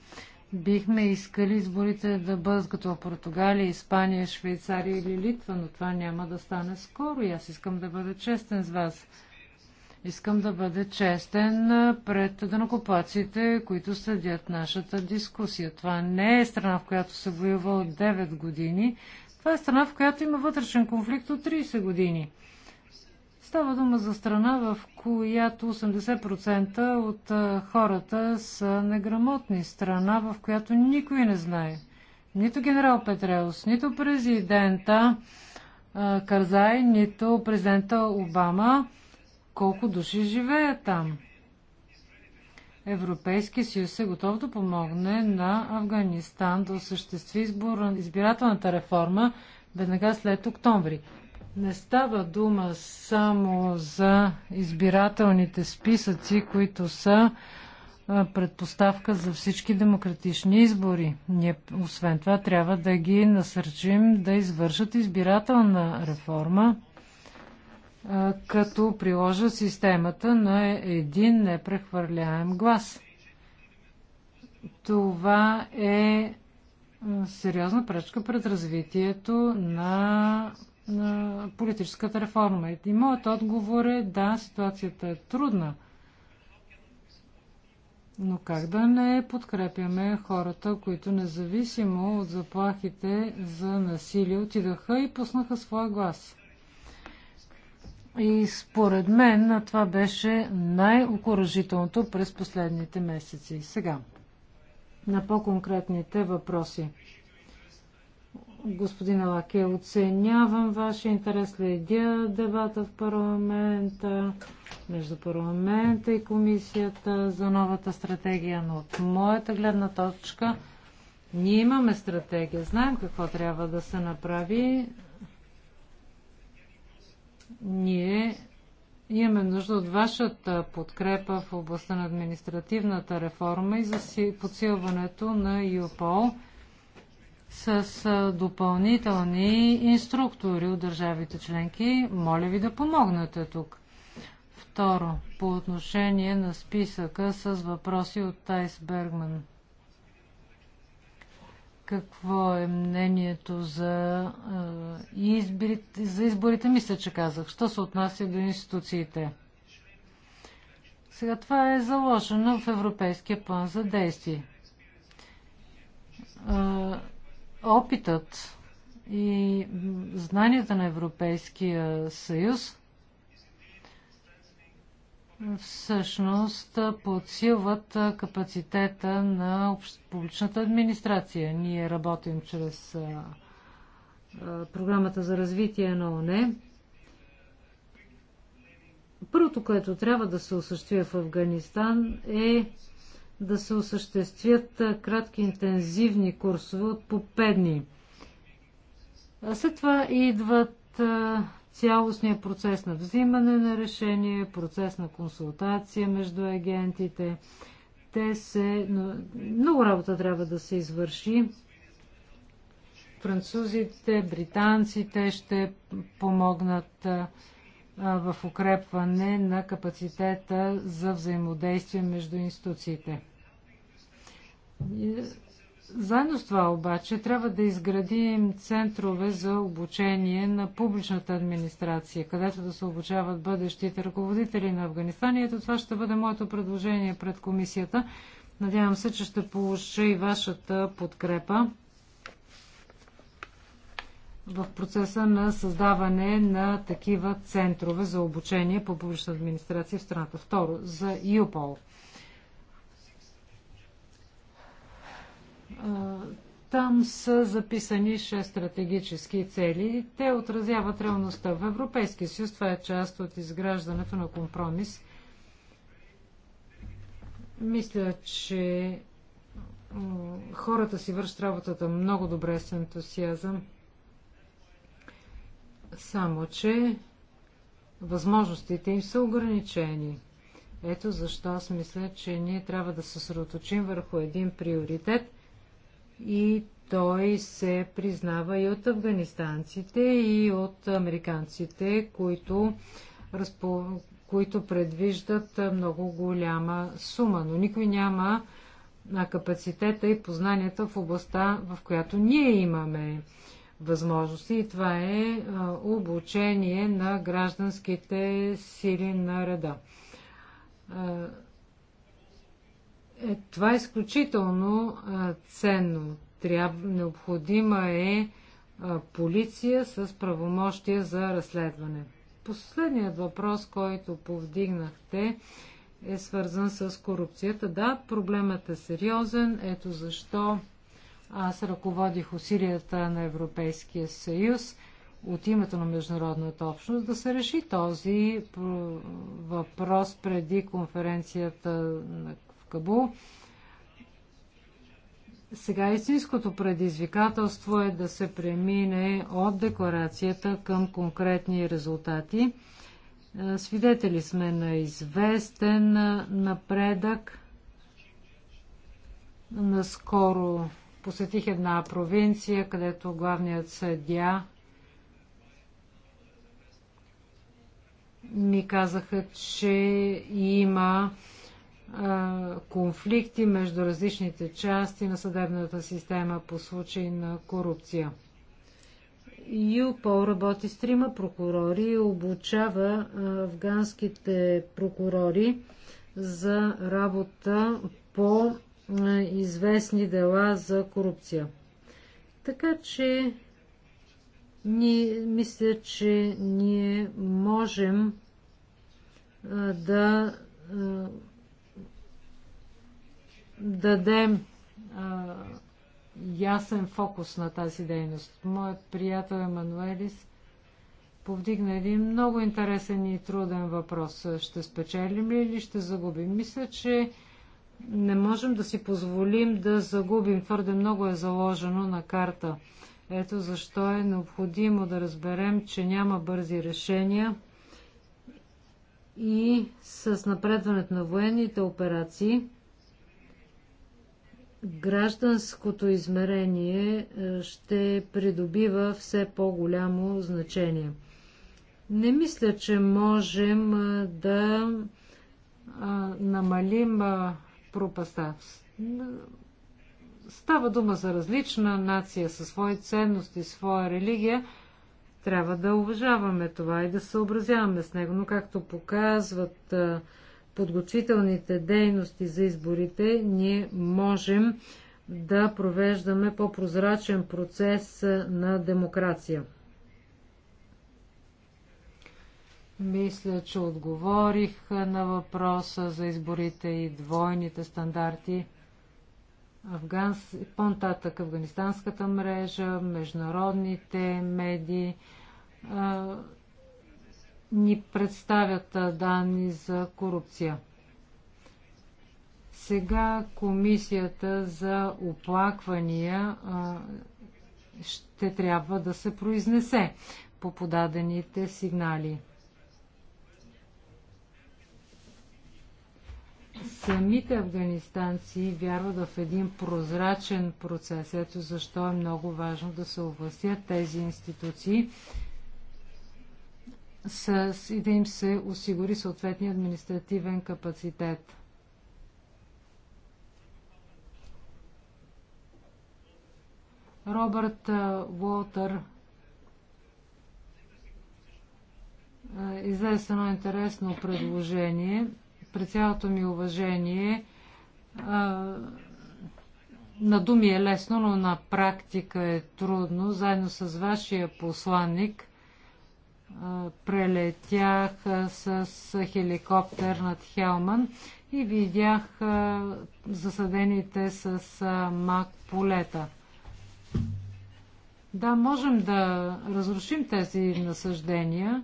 Бихме искали изборите да бъдат като в Португалия, Испания, Швейцария или Литва, но това няма да стане скоро и аз искам да бъда честен с вас. Искам да бъда честен пред данокопаците, които следят нашата дискусия. Това не е страна, в която се воюва от 9 години. Това е страна, в която има вътрешен конфликт от 30 години. Става дума за страна, в която 80% от хората са неграмотни. Страна, в която никой не знае. Нито генерал Петреус, нито президента Карзай, нито президента Обама колко души живеят там. Европейския съюз е готов да помогне на Афганистан да осъществи избирателната реформа веднага след октомври. Не става дума само за избирателните списъци, които са предпоставка за всички демократични избори. Ние, освен това, трябва да ги насърчим да извършат избирателна реформа, като приложат системата на един непрехвърляем глас. Това е сериозна пречка пред развитието на на политическата реформа. И моят отговор е да, ситуацията е трудна. Но как да не подкрепяме хората, които независимо от заплахите за насилие отидаха и пуснаха своя глас? И според мен това беше най-окоръжителното през последните месеци. Сега, на по-конкретните въпроси. Господин Лаке, оценявам вашия интерес, следя дебата в парламента, между парламента и комисията за новата стратегия, но от моята гледна точка ние имаме стратегия, знаем какво трябва да се направи. Ние имаме нужда от вашата подкрепа в областта на административната реформа и за подсилването на ЮПОЛ с допълнителни инструктори от държавите членки. Моля ви да помогнете тук. Второ, по отношение на списъка с въпроси от Тайс Бергман. Какво е мнението за, е, изборите, за изборите? Мисля, че казах. Що се отнася до институциите? Сега това е заложено в Европейския план за действие. Е, опитът и знанията на Европейския съюз всъщност подсилват капацитета на публичната администрация. Ние работим чрез програмата за развитие на ОНЕ. Първото, което трябва да се осъществи в Афганистан е да се осъществят кратки интензивни курсове от по 5 дни. След това идват цялостния процес на взимане на решение, процес на консултация между агентите. Те се... Много работа трябва да се извърши. Французите, британците ще помогнат в укрепване на капацитета за взаимодействие между институциите. Заедно с това обаче трябва да изградим центрове за обучение на публичната администрация, където да се обучават бъдещите ръководители на Афганистан. И ето това ще бъде моето предложение пред комисията. Надявам се, че ще получа и вашата подкрепа в процеса на създаване на такива центрове за обучение по публична администрация в страната. Второ, за ЮПОЛ. Там са записани 6 стратегически цели. Те отразяват реалността в Европейския съюз. Това е част от изграждането на компромис. Мисля, че хората си вършат работата много добре с ентусиазъм. Само, че възможностите им са ограничени. Ето защо аз мисля, че ние трябва да се съсредоточим върху един приоритет – и той се признава и от афганистанците, и от американците, които, разпо... които предвиждат много голяма сума, но никой няма капацитета и познанията в областта, в която ние имаме възможности. И това е обучение на гражданските сили на реда. Е, това е изключително а, ценно. Тряб, необходима е а, полиция с правомощия за разследване. Последният въпрос, който повдигнахте, е свързан с корупцията. Да, проблемът е сериозен. Ето защо аз ръководих усилията на Европейския съюз от името на международната общност да се реши този въпрос преди конференцията на Кабул. Сега истинското предизвикателство е да се премине от декларацията към конкретни резултати. Е, свидетели сме на известен напредък. Наскоро посетих една провинция, където главният съдя ми казаха, че има конфликти между различните части на съдебната система по случай на корупция. ЮПОЛ работи с трима прокурори и обучава афганските прокурори за работа по известни дела за корупция. Така че ние, мисля, че ние можем да дадем а, ясен фокус на тази дейност. Моят приятел Емануелис повдигна един много интересен и труден въпрос. Ще спечелим ли или ще загубим? Мисля, че не можем да си позволим да загубим. Твърде много е заложено на карта. Ето защо е необходимо да разберем, че няма бързи решения и с напредването на военните операции – гражданското измерение е, ще придобива все по-голямо значение. Не мисля, че можем е, да намалим пропаста. Става дума за различна нация със свои ценности, своя религия. Трябва да уважаваме това и да съобразяваме с него, но както показват е, подготвителните дейности за изборите, ние можем да провеждаме по-прозрачен процес на демокрация. Мисля, че отговорих на въпроса за изборите и двойните стандарти. Афганс... По-нататък афганистанската мрежа, международните медии, ни представят данни за корупция. Сега комисията за оплаквания ще трябва да се произнесе по подадените сигнали. Самите афганистанци вярват в един прозрачен процес. Ето защо е много важно да се областят тези институции с, и да им се осигури съответния административен капацитет. Робърт Уолтър излезе с едно интересно предложение. При цялото ми уважение на думи е лесно, но на практика е трудно. Заедно с вашия посланник – прелетях с хеликоптер над Хелман и видях засадените с мак полета. Да, можем да разрушим тези насъждения,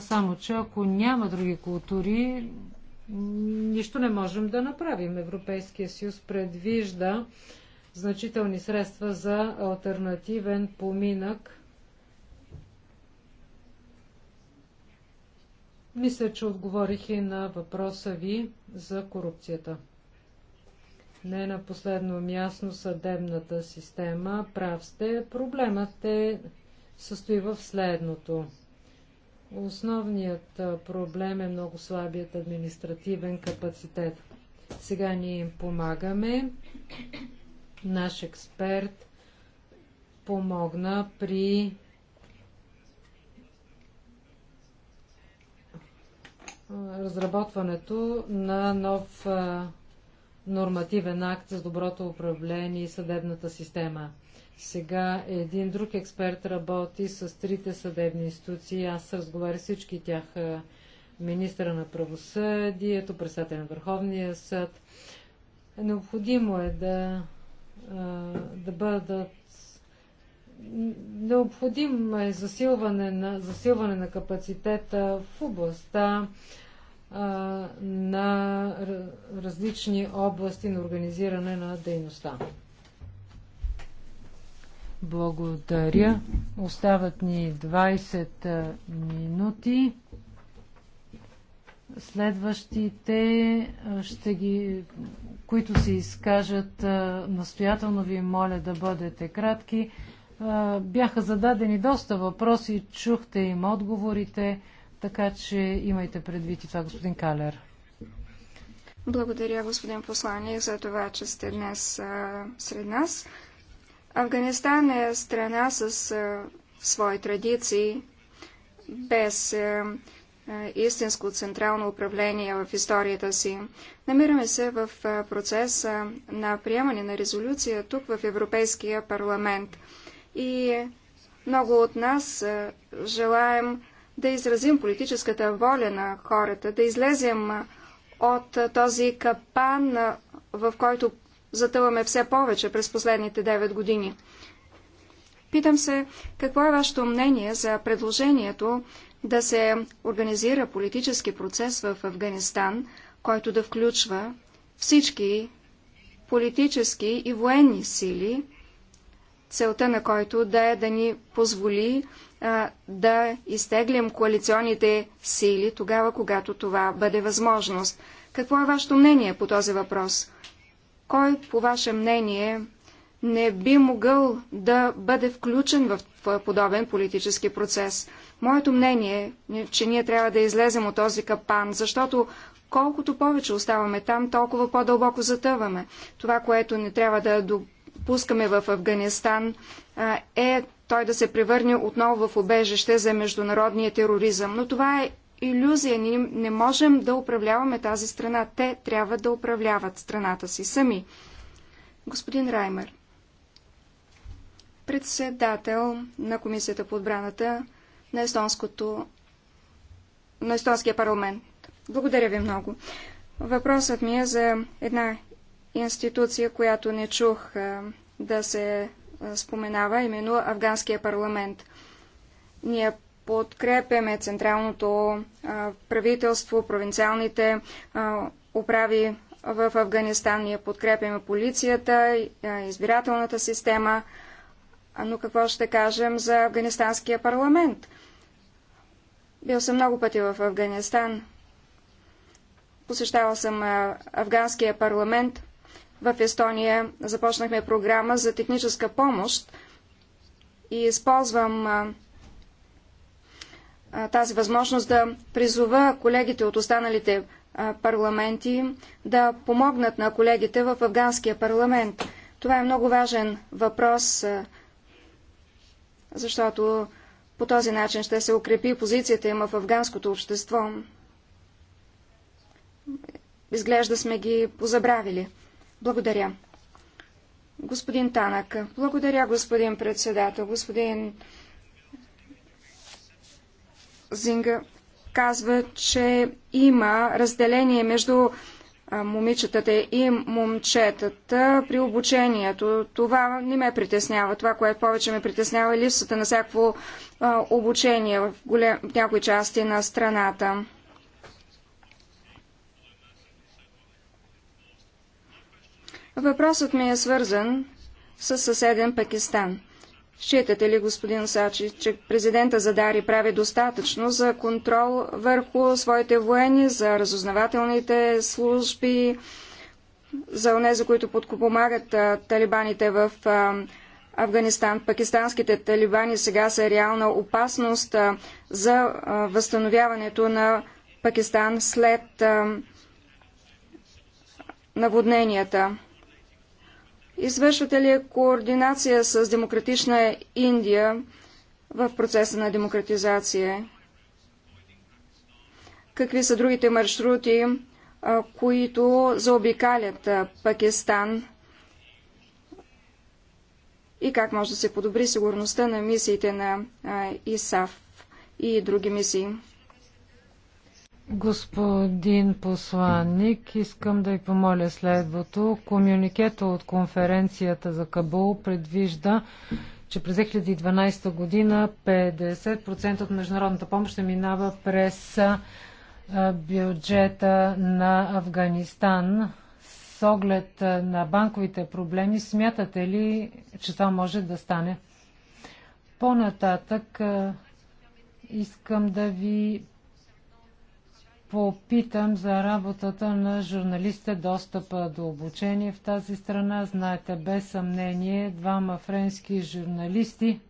само че ако няма други култури, нищо не можем да направим. Европейския съюз предвижда значителни средства за альтернативен поминък – Мисля, че отговорих и на въпроса ви за корупцията. Не на последно място съдебната система. Прав сте. Проблемът е състои в следното. Основният проблем е много слабият административен капацитет. Сега ние им помагаме. Наш експерт помогна при разработването на нов нормативен акт за доброто управление и съдебната система. Сега един друг експерт работи с трите съдебни институции. Аз разговаря всички тях. Министра на правосъдието, председател на Върховния съд. Необходимо е да, да бъдат Необходимо е засилване на, засилване на капацитета в областта на различни области на организиране на дейността. Благодаря. Остават ни 20 минути. Следващите, ще ги, които се изкажат, настоятелно ви моля да бъдете кратки. Бяха зададени доста въпроси, чухте им отговорите. Така че имайте предвид и това, господин Калер. Благодаря, господин посланник, за това, че сте днес а, сред нас. Афганистан е страна с а, свои традиции, без а, истинско централно управление в историята си. Намираме се в процеса на приемане на резолюция тук в Европейския парламент. И много от нас желаем да изразим политическата воля на хората, да излезем от този капан, в който затъваме все повече през последните 9 години. Питам се, какво е вашето мнение за предложението да се организира политически процес в Афганистан, който да включва всички политически и военни сили, целта на който да е да ни позволи да изтеглим коалиционните сили тогава, когато това бъде възможност. Какво е вашето мнение по този въпрос? Кой, по ваше мнение, не би могъл да бъде включен в подобен политически процес? Моето мнение е, че ние трябва да излезем от този капан, защото колкото повече оставаме там, толкова по-дълбоко затъваме. Това, което не трябва да допускаме в Афганистан, е той да се превърне отново в обежище за международния тероризъм. Но това е иллюзия. Ние не можем да управляваме тази страна. Те трябва да управляват страната си сами. Господин Раймер, председател на Комисията по отбраната на, естонското, на Естонския парламент. Благодаря ви много. Въпросът ми е за една институция, която не чух да се споменава, именно Афганския парламент. Ние подкрепяме централното правителство, провинциалните управи в Афганистан, ние подкрепяме полицията, избирателната система, но какво ще кажем за Афганистанския парламент? Бил съм много пъти в Афганистан. Посещавал съм афганския парламент. В Естония започнахме програма за техническа помощ и използвам а, а, тази възможност да призова колегите от останалите а, парламенти да помогнат на колегите в афганския парламент. Това е много важен въпрос, защото по този начин ще се укрепи позицията им в афганското общество. Изглежда сме ги позабравили. Благодаря. Господин Танък. Благодаря, господин председател. Господин Зинга казва, че има разделение между момичетата и момчетата при обучението. Това не ме притеснява. Това, което повече ме притеснява е липсата на всяко обучение в, голем... в някои части на страната. Въпросът ми е свързан с съседен Пакистан. Считате ли, господин Сачи, че президента Задари прави достатъчно за контрол върху своите воени, за разузнавателните служби, за онези, които подкопомагат талибаните в Афганистан. Пакистанските талибани сега са реална опасност за възстановяването на Пакистан след наводненията. Извършвате ли координация с демократична Индия в процеса на демократизация? Какви са другите маршрути, които заобикалят Пакистан? И как може да се подобри сигурността на мисиите на ИСАФ и други мисии? Господин посланник, искам да ви помоля следвато. Комюникета от конференцията за Кабул предвижда, че през 2012 година 50% от международната помощ ще минава през бюджета на Афганистан. С оглед на банковите проблеми, смятате ли, че това може да стане? По-нататък искам да ви попитам за работата на журналиста достъпа до обучение в тази страна. Знаете, без съмнение, двама френски журналисти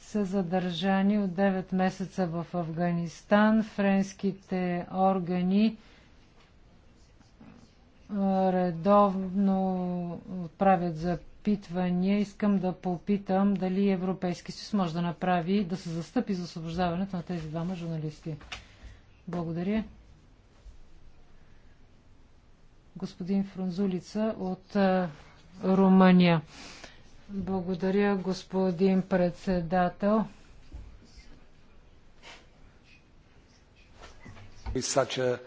са задържани от 9 месеца в Афганистан. Френските органи редовно правят запитвания. Искам да попитам дали Европейски съюз може да направи, да се застъпи за освобождаването на тези двама журналисти. Благодаря. Господин Фрунзулица от Румъния. Благодаря, господин председател. Uh,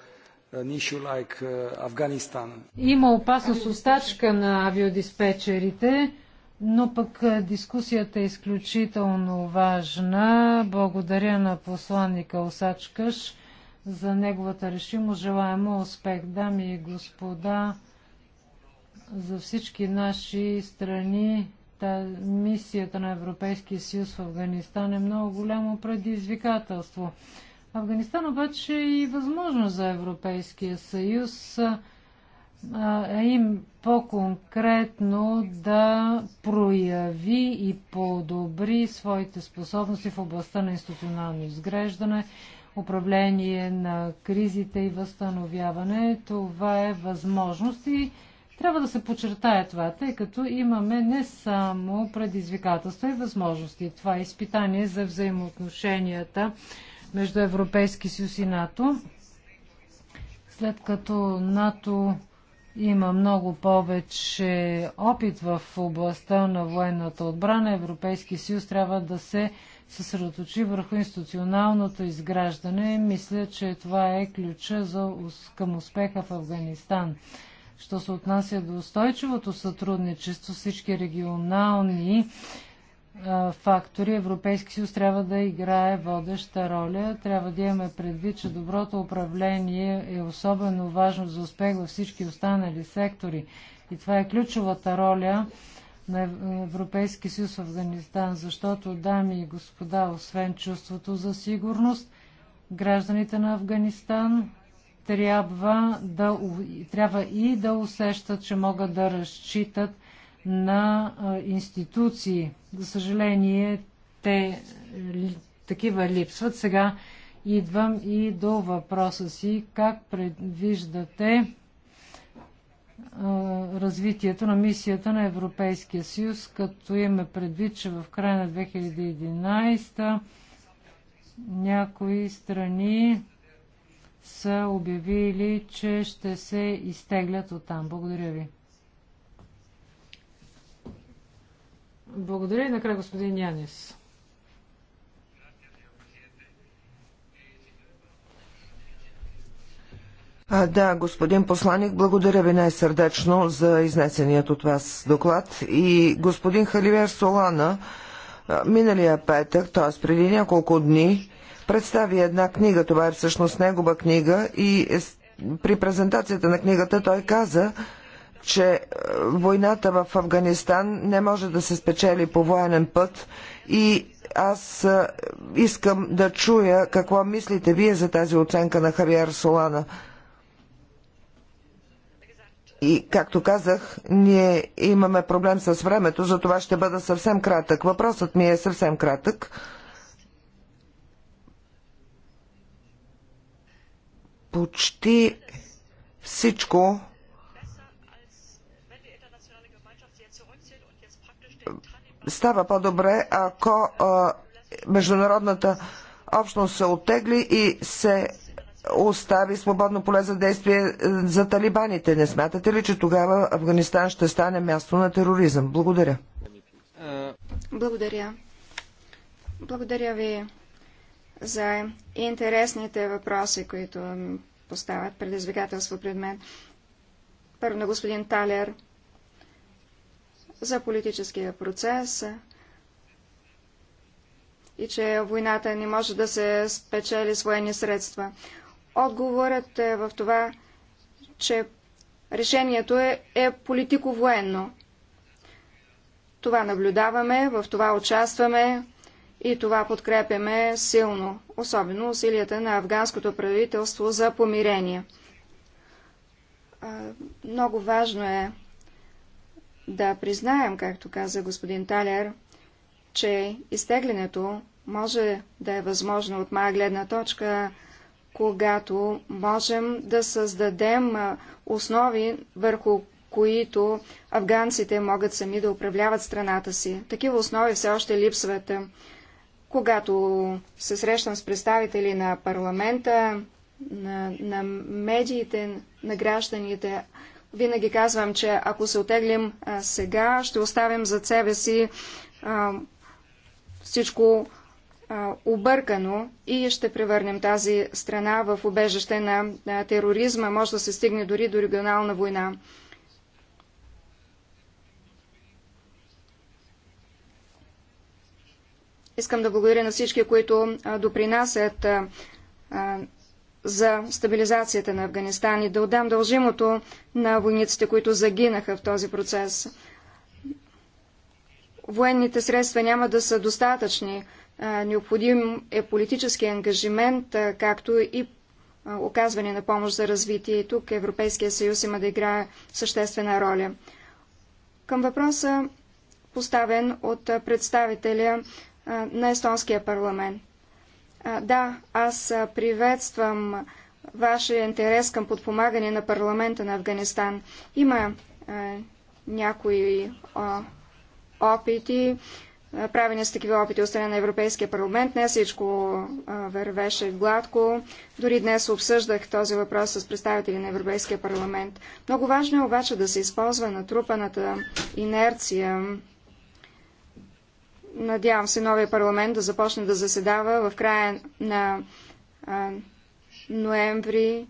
Има опасност от стачка на авиодиспетчерите, но пък дискусията е изключително важна. Благодаря на посланника Осачкаш за неговата решимост. Желаемо успех, дами и господа, за всички наши страни. Та мисията на Европейския съюз в Афганистан е много голямо предизвикателство. Афганистан обаче е и възможно за Европейския съюз а им по-конкретно да прояви и подобри своите способности в областта на институционално изграждане, управление на кризите и възстановяване. Това е възможност и трябва да се подчертая това, тъй като имаме не само предизвикателства и възможности. Това е изпитание за взаимоотношенията между Европейски съюз и НАТО. След като НАТО има много повече опит в областта на военната отбрана, Европейски съюз трябва да се съсредоточи върху институционалното изграждане. Мисля, че това е ключа за, към успеха в Афганистан. Що се отнася до устойчивото сътрудничество, всички регионални а, фактори, Европейски съюз трябва да играе водеща роля. Трябва да имаме предвид, че доброто управление е особено важно за успех във всички останали сектори. И това е ключовата роля на Европейски съюз в Афганистан, защото, дами и господа, освен чувството за сигурност, гражданите на Афганистан трябва, да, трябва и да усещат, че могат да разчитат на институции. За съжаление, те такива липсват. Сега идвам и до въпроса си. Как предвиждате развитието на мисията на Европейския съюз, като имаме предвид, че в края на 2011 някои страни са обявили, че ще се изтеглят оттам. Благодаря ви. Благодаря и накрая господин Янис. А, да, господин посланик, благодаря ви най-сърдечно за изнесеният от вас доклад. И господин Халивер Солана, миналия петък, т.е. преди няколко дни, представи една книга. Това е всъщност негова книга и е при презентацията на книгата той каза, че войната в Афганистан не може да се спечели по военен път и аз искам да чуя какво мислите вие за тази оценка на Хавиер Солана. И, както казах, ние имаме проблем с времето, за това ще бъда съвсем кратък. Въпросът ми е съвсем кратък. Почти всичко става по-добре, ако а, международната общност се оттегли и се остави свободно поле за действие е, за талибаните. Не смятате ли, че тогава Афганистан ще стане място на тероризъм? Благодаря. Благодаря. Благодаря ви за интересните въпроси, които поставят предизвикателство пред мен. Първо на господин Талер за политическия процес и че войната не може да се спечели с военни средства. Отговорът е в това, че решението е, е политико-военно. Това наблюдаваме, в това участваме и това подкрепяме силно, особено усилията на афганското правителство за помирение. Много важно е да признаем, както каза господин Талер, че изтеглянето може да е възможно от моя гледна точка когато можем да създадем основи, върху които афганците могат сами да управляват страната си. Такива основи все още липсват. Когато се срещам с представители на парламента, на, на медиите, на гражданите, винаги казвам, че ако се отеглим а, сега, ще оставим зад себе си а, всичко объркано и ще превърнем тази страна в убежище на тероризма. Може да се стигне дори до регионална война. Искам да благодаря на всички, които допринасят за стабилизацията на Афганистан и да отдам дължимото на войниците, които загинаха в този процес. Военните средства няма да са достатъчни, Необходим е политически ангажимент, както и оказване на помощ за развитие. И тук Европейския съюз има да играе съществена роля. Към въпроса, поставен от представителя на Естонския парламент. Да, аз приветствам вашия интерес към подпомагане на парламента на Афганистан. Има някои опити правени с такива опити от страна на Европейския парламент. Не всичко вървеше гладко. Дори днес обсъждах този въпрос с представители на Европейския парламент. Много важно е обаче да се използва натрупаната инерция. Надявам се новия парламент да започне да заседава в края на а, ноември.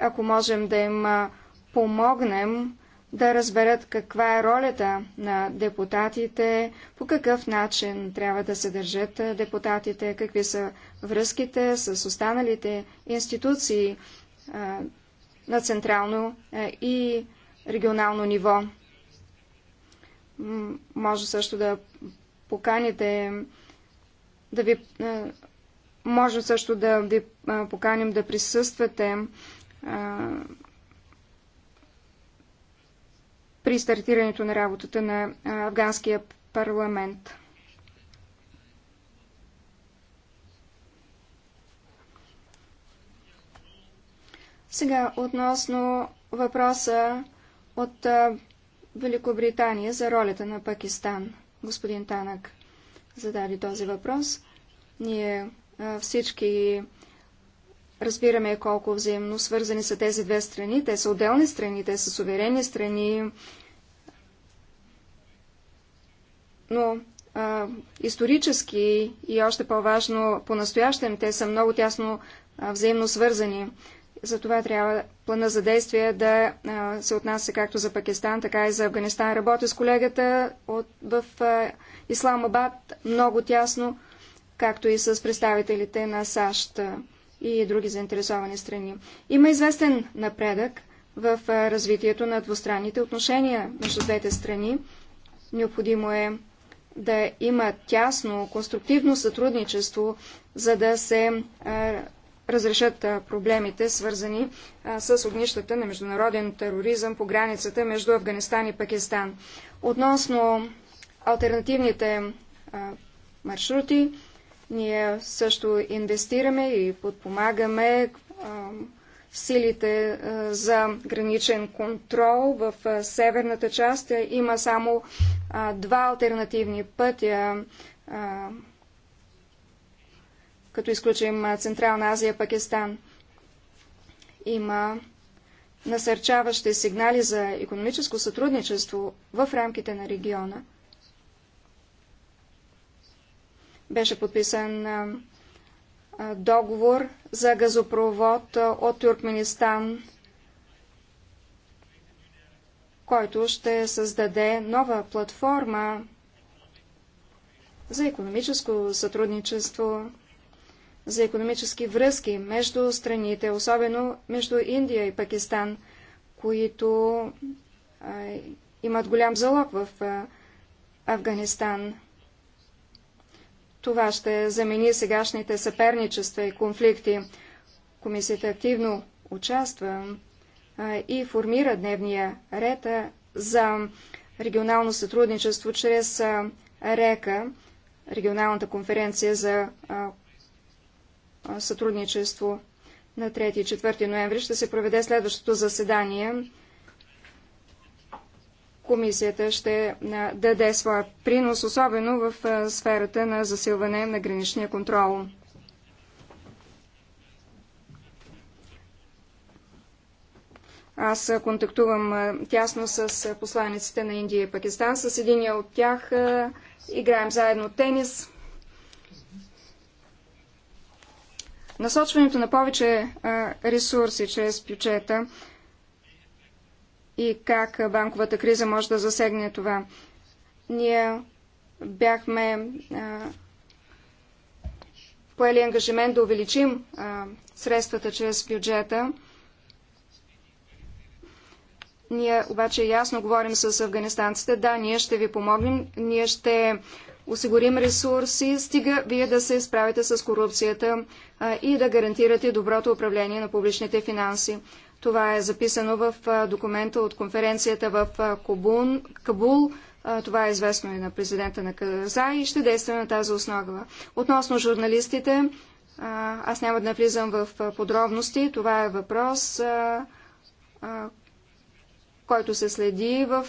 Ако можем да им помогнем, да разберат каква е ролята на депутатите, по какъв начин трябва да се държат депутатите, какви са връзките с останалите институции а, на централно и регионално ниво. Може също да поканите да ви може също да ви поканим да присъствате при стартирането на работата на афганския парламент. Сега относно въпроса от Великобритания за ролята на Пакистан. Господин Танък зададе този въпрос. Ние всички Разбираме колко взаимно свързани са тези две страни. Те са отделни страни, те са суверенни страни. Но а, исторически и още по-важно по-настоящем те са много тясно а, взаимно свързани. Затова трябва плана за действие да а, се отнася както за Пакистан, така и за Афганистан. Работя с колегата от, в а, Исламабад много тясно, както и с представителите на САЩ и други заинтересовани страни. Има известен напредък в развитието на двустранните отношения между двете страни. Необходимо е да има тясно, конструктивно сътрудничество, за да се разрешат проблемите, свързани с огнищата на международен тероризъм по границата между Афганистан и Пакистан. Относно альтернативните маршрути, ние също инвестираме и подпомагаме силите за граничен контрол в северната част. Има само два альтернативни пътя, като изключим Централна Азия, Пакистан. Има насърчаващи сигнали за економическо сътрудничество в рамките на региона – беше подписан договор за газопровод от Туркменистан, който ще създаде нова платформа за економическо сътрудничество, за економически връзки между страните, особено между Индия и Пакистан, които имат голям залог в Афганистан. Това ще замени сегашните съперничества и конфликти. Комисията активно участва и формира дневния ред за регионално сътрудничество чрез РЕКА, регионалната конференция за сътрудничество. На 3 и 4 ноември ще се проведе следващото заседание комисията ще даде своя принос, особено в сферата на засилване на граничния контрол. Аз контактувам тясно с посланиците на Индия и Пакистан. С единия от тях играем заедно тенис. Насочването на повече ресурси чрез бюджета и как банковата криза може да засегне това. Ние бяхме а, поели ангажимент да увеличим а, средствата чрез бюджета. Ние обаче ясно говорим с афганистанците, да, ние ще ви помогнем, ние ще осигурим ресурси, стига вие да се справите с корупцията а, и да гарантирате доброто управление на публичните финанси. Това е записано в документа от конференцията в Кобун, Кабул. Това е известно и на президента на Казай и ще действа на тази основа. Относно журналистите, аз няма да навлизам в подробности. Това е въпрос, който се следи в...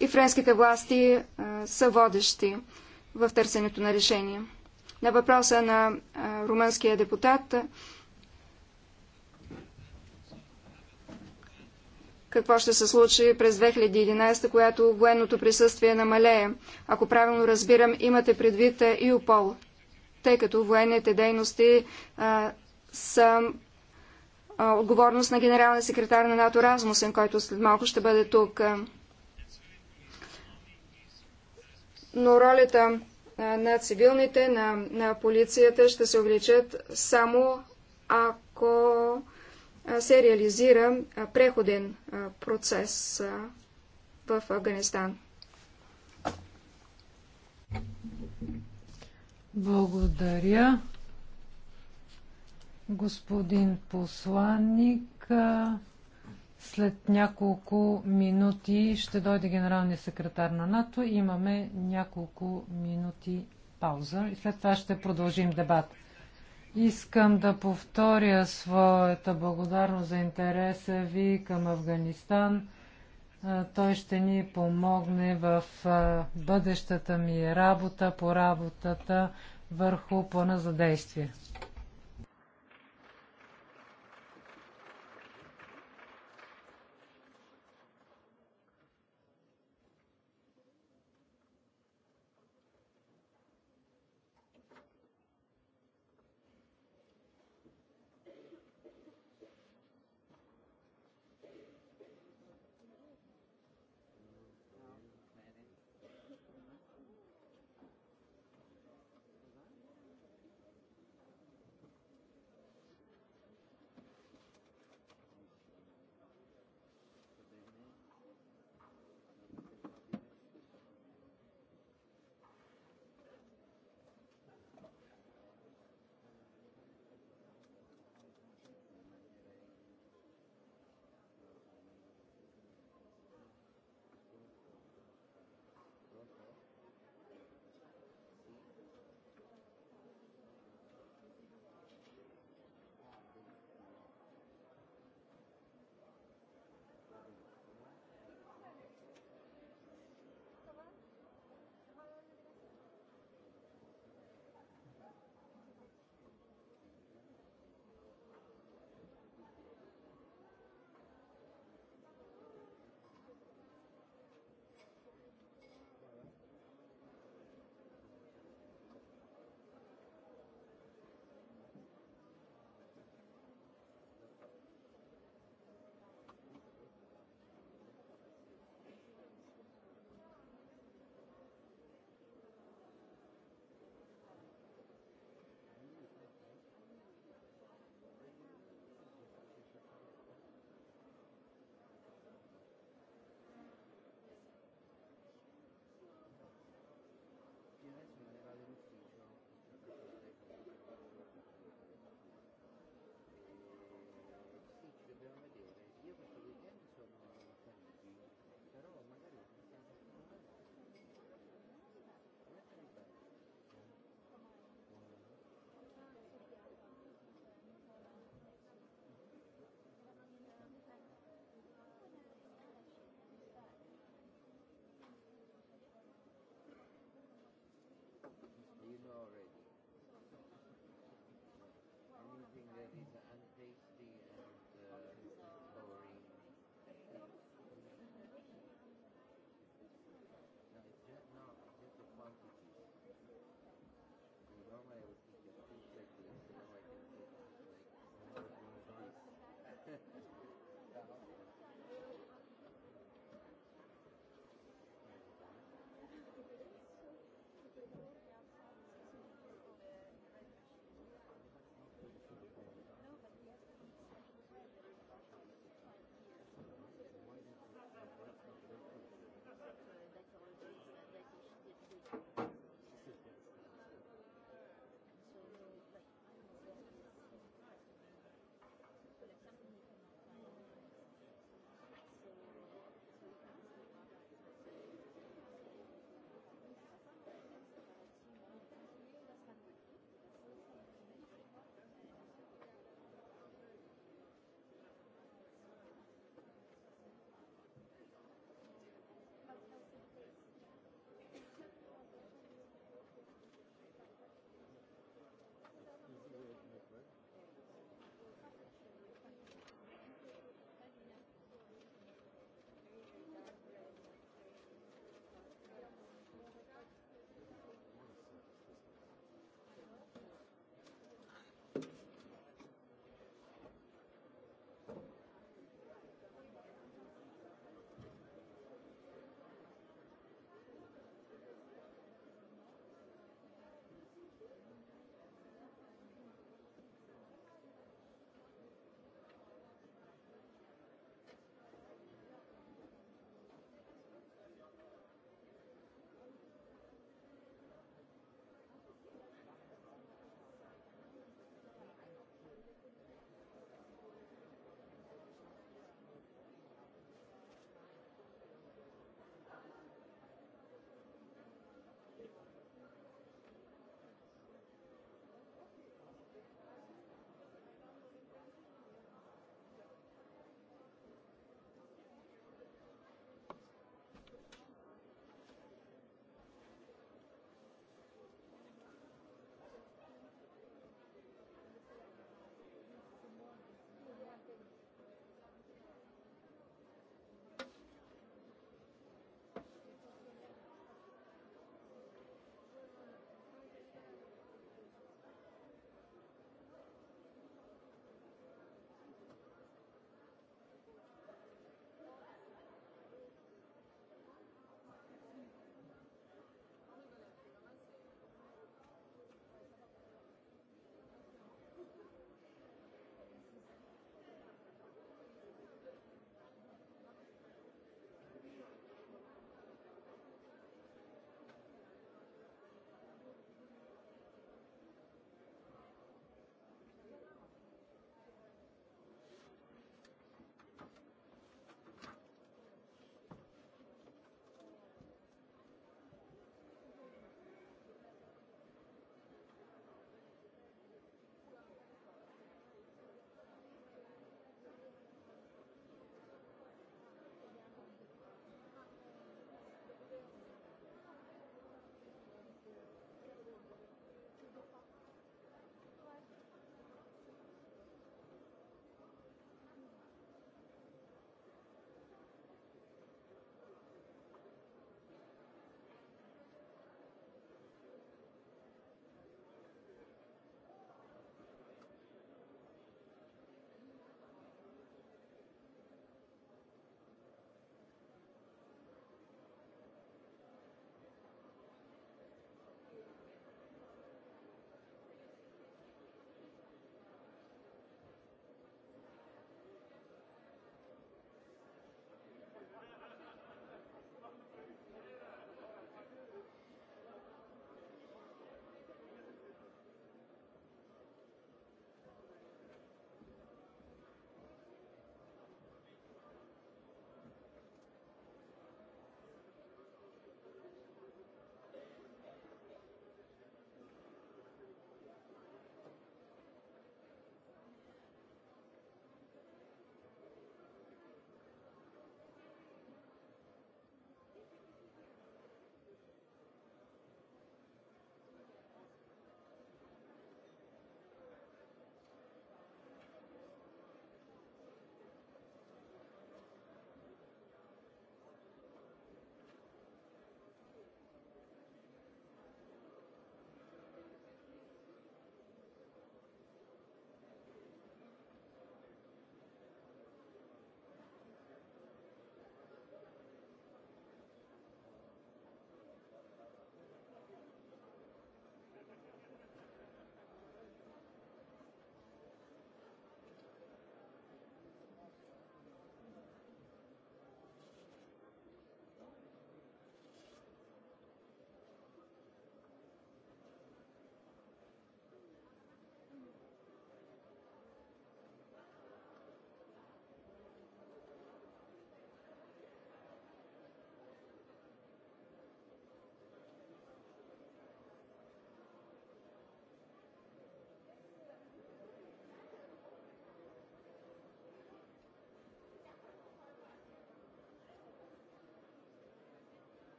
И френските власти са водещи в търсенето на решение. На въпроса на румънския депутат, какво ще се случи през 2011, която военното присъствие намалее. Ако правилно разбирам, имате предвид и е, тъй като военните дейности а, са а, отговорност на генералния секретар на НАТО Размусен, който след малко ще бъде тук. Но ролята на цивилните, на, на полицията ще се увеличат само ако се реализира преходен процес в Афганистан. Благодаря. Господин посланник, след няколко минути ще дойде генералния секретар на НАТО. Имаме няколко минути пауза и след това ще продължим дебата. Искам да повторя своята благодарност за интереса ви към Афганистан. Той ще ни помогне в бъдещата ми работа по работата върху плана за действие.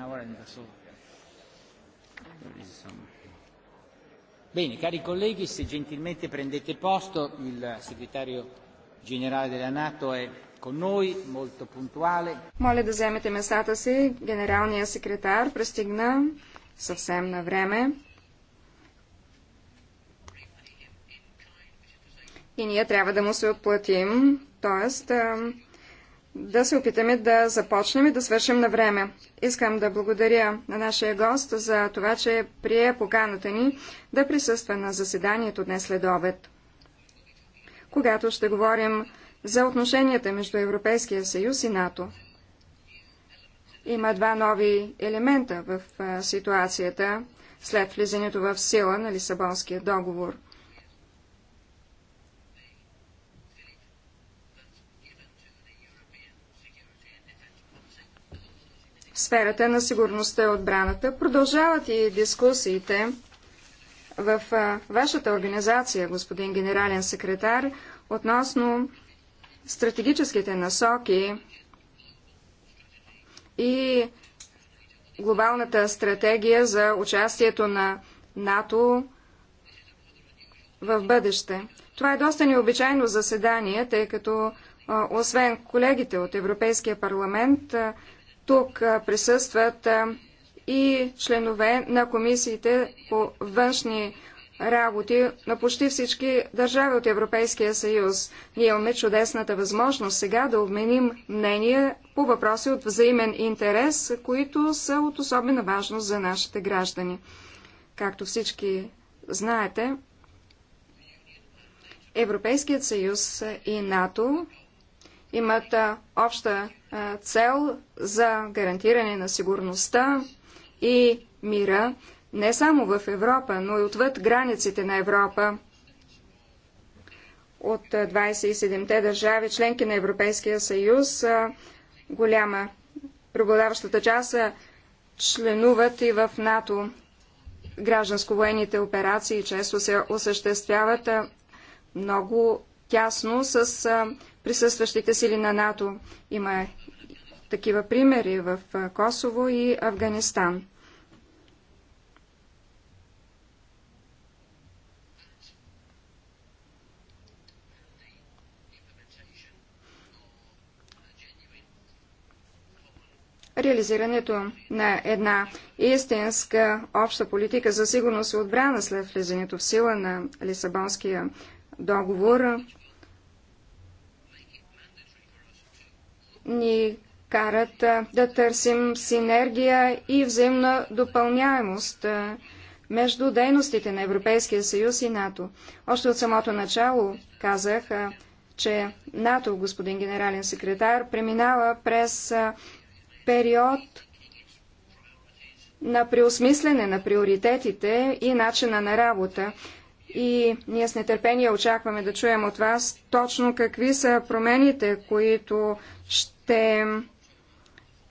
hour and so there Bene, cari colleghi, se gentilmente prendete posto, il segretario generale della Nato è con noi, molto puntuale. Моля да вземете местата си. Генералният секретар пристигна съвсем на време. И ние трябва да му се отплатим. Тоест, да се опитаме да започнем и да свършим на време. Искам да благодаря на нашия гост за това, че прие поканата ни да присъства на заседанието днес след обед. Когато ще говорим за отношенията между Европейския съюз и НАТО. Има два нови елемента в ситуацията след влизането в сила на Лисабонския договор – сферата на сигурността и отбраната. Продължават и дискусиите в вашата организация, господин генерален секретар, относно стратегическите насоки и глобалната стратегия за участието на НАТО в бъдеще. Това е доста необичайно заседание, тъй като освен колегите от Европейския парламент, тук присъстват и членове на комисиите по външни работи на почти всички държави от Европейския съюз. Ние имаме чудесната възможност сега да обменим мнения по въпроси от взаимен интерес, които са от особена важност за нашите граждани. Както всички знаете, Европейският съюз и НАТО имат обща цел за гарантиране на сигурността и мира не само в Европа, но и отвъд границите на Европа. От 27-те държави, членки на Европейския съюз, голяма преобладаващата част членуват и в НАТО. Гражданско-военните операции често се осъществяват много тясно с присъстващите сили на НАТО. Има такива примери в Косово и Афганистан. реализирането на една истинска обща политика за сигурност и отбрана след влизането в сила на Лисабонския договор ни карат да търсим синергия и взаимна допълняемост между дейностите на Европейския съюз и НАТО. Още от самото начало казах, че НАТО, господин генерален секретар, преминава през период на преосмислене на приоритетите и начина на работа. И ние с нетърпение очакваме да чуем от вас точно какви са промените, които ще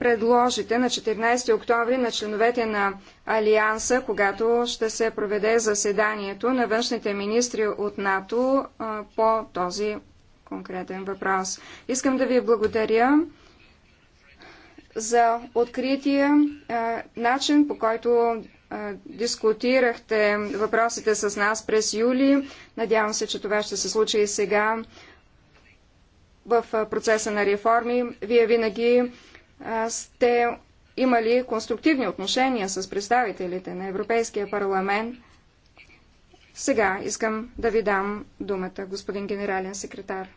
предложите на 14 октомври на членовете на Алианса, когато ще се проведе заседанието на външните министри от НАТО по този конкретен въпрос. Искам да ви благодаря за открития начин, по който дискутирахте въпросите с нас през юли. Надявам се, че това ще се случи и сега в процеса на реформи. Вие винаги сте имали конструктивни отношения с представителите на Европейския парламент. Сега искам да ви дам думата, господин генерален секретар.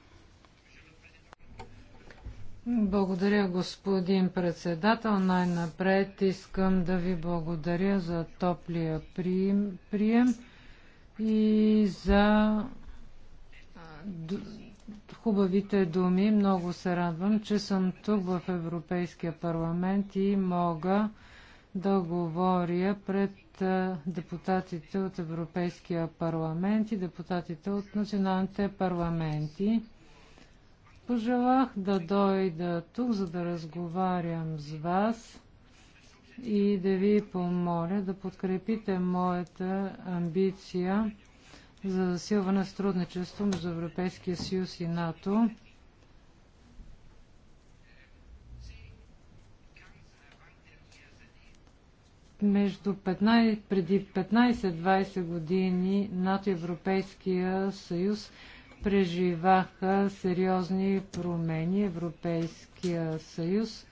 Благодаря, господин председател. Най-напред искам да ви благодаря за топлия прием, прием и за хубавите думи. Много се радвам, че съм тук в Европейския парламент и мога да говоря пред депутатите от Европейския парламент и депутатите от националните парламенти. Пожелах да дойда тук, за да разговарям с вас и да ви помоля да подкрепите моята амбиция за засилване на сътрудничество между Европейския съюз и НАТО. Между 15, преди 15-20 години НАТО и Европейския съюз преживаха сериозни промени. Европейския съюз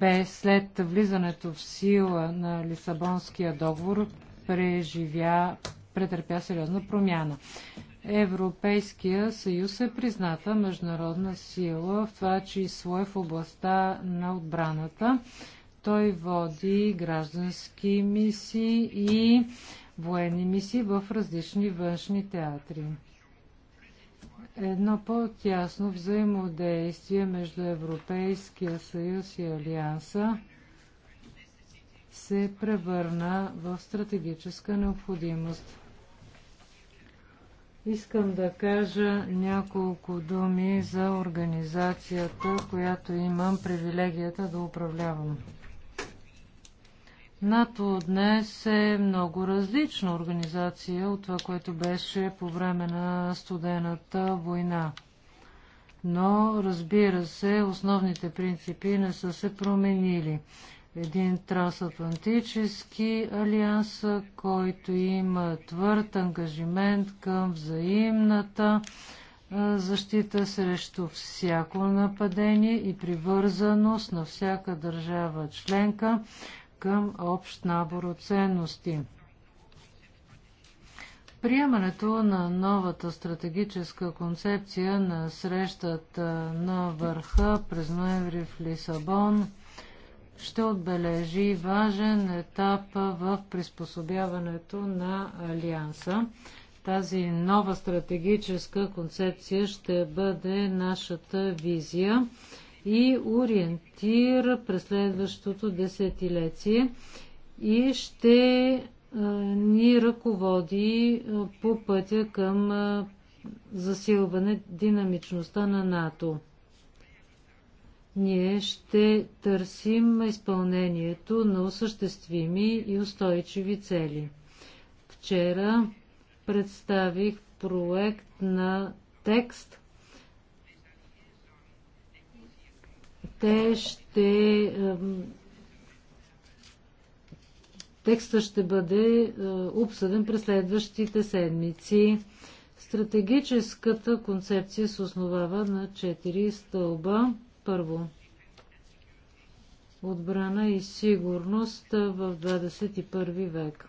бе след влизането в сила на Лисабонския договор преживя, претърпя сериозна промяна. Европейския съюз е призната международна сила, в това число е в областта на отбраната. Той води граждански мисии и военни мисии в различни външни театри едно по-тясно взаимодействие между Европейския съюз и Алианса се превърна в стратегическа необходимост. Искам да кажа няколко думи за организацията, която имам привилегията да управлявам. НАТО днес е много различна организация от това, което беше по време на студената война. Но, разбира се, основните принципи не са се променили. Един трансатлантически алианс, който има твърд ангажимент към взаимната защита срещу всяко нападение и привързаност на всяка държава членка към общ набор от ценности. Приемането на новата стратегическа концепция на срещата на върха през ноември в Лисабон ще отбележи важен етап в приспособяването на Алианса. Тази нова стратегическа концепция ще бъде нашата визия и ориентир през следващото десетилетие и ще ни ръководи по пътя към засилване динамичността на НАТО. Ние ще търсим изпълнението на осъществими и устойчиви цели. Вчера представих проект на текст, те ще. Текстът ще бъде обсъден през следващите седмици. Стратегическата концепция се основава на четири стълба. Първо, отбрана и сигурност в 21 век.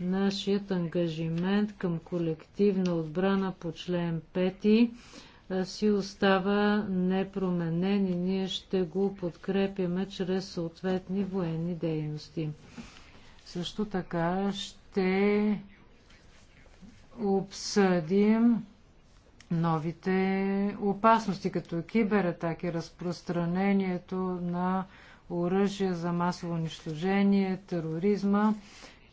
Нашият ангажимент към колективна отбрана по член 5 си остава непроменен и ние ще го подкрепяме чрез съответни военни дейности. Също така ще обсъдим новите опасности, като кибератаки, разпространението на оръжия за масово унищожение, тероризма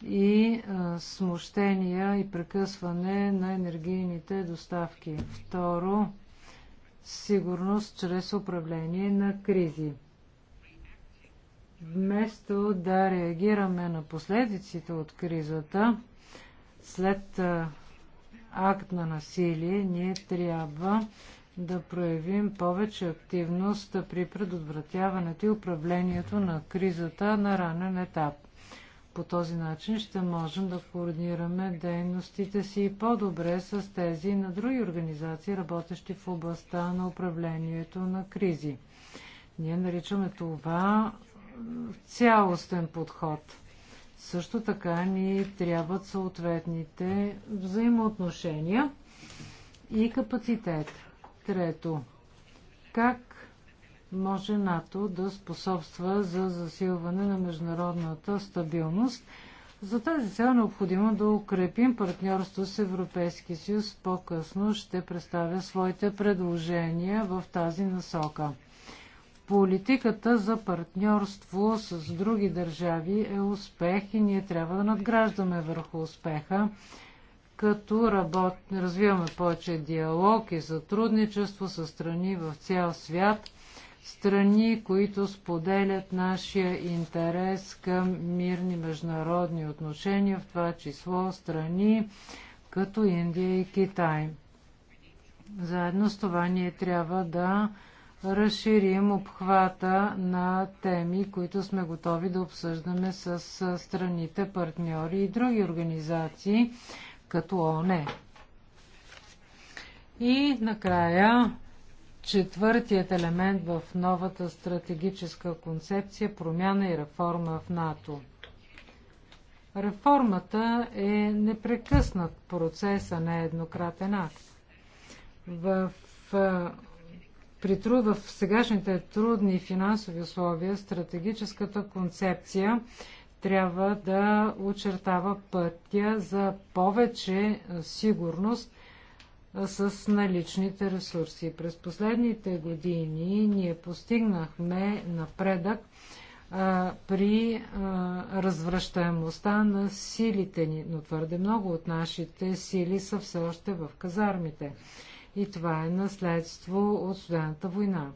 и а, смущения и прекъсване на енергийните доставки. Второ, сигурност чрез управление на кризи. Вместо да реагираме на последиците от кризата, след акт на насилие, ние трябва да проявим повече активност при предотвратяването и управлението на кризата на ранен етап. По този начин ще можем да координираме дейностите си по-добре с тези на други организации, работещи в областта на управлението на кризи. Ние наричаме това цялостен подход. Също така ни трябват съответните взаимоотношения и капацитет. Трето, как може НАТО да способства за засилване на международната стабилност. За тази цел е необходимо да укрепим партньорство с Европейски съюз. По-късно ще представя своите предложения в тази насока. Политиката за партньорство с други държави е успех и ние трябва да надграждаме върху успеха, като работ... развиваме повече диалог и сътрудничество с страни в цял свят – страни, които споделят нашия интерес към мирни международни отношения, в това число страни като Индия и Китай. Заедно с това ние трябва да разширим обхвата на теми, които сме готови да обсъждаме с страните, партньори и други организации, като ОНЕ. И накрая четвъртият елемент в новата стратегическа концепция промяна и реформа в НАТО. Реформата е непрекъснат процес, а не еднократен акт. В, при труд, в сегашните трудни финансови условия стратегическата концепция трябва да очертава пътя за повече сигурност с наличните ресурси. През последните години ние постигнахме напредък а, при а, развръщаемостта на силите ни, но твърде много от нашите сили са все още в казармите. И това е наследство от студената война.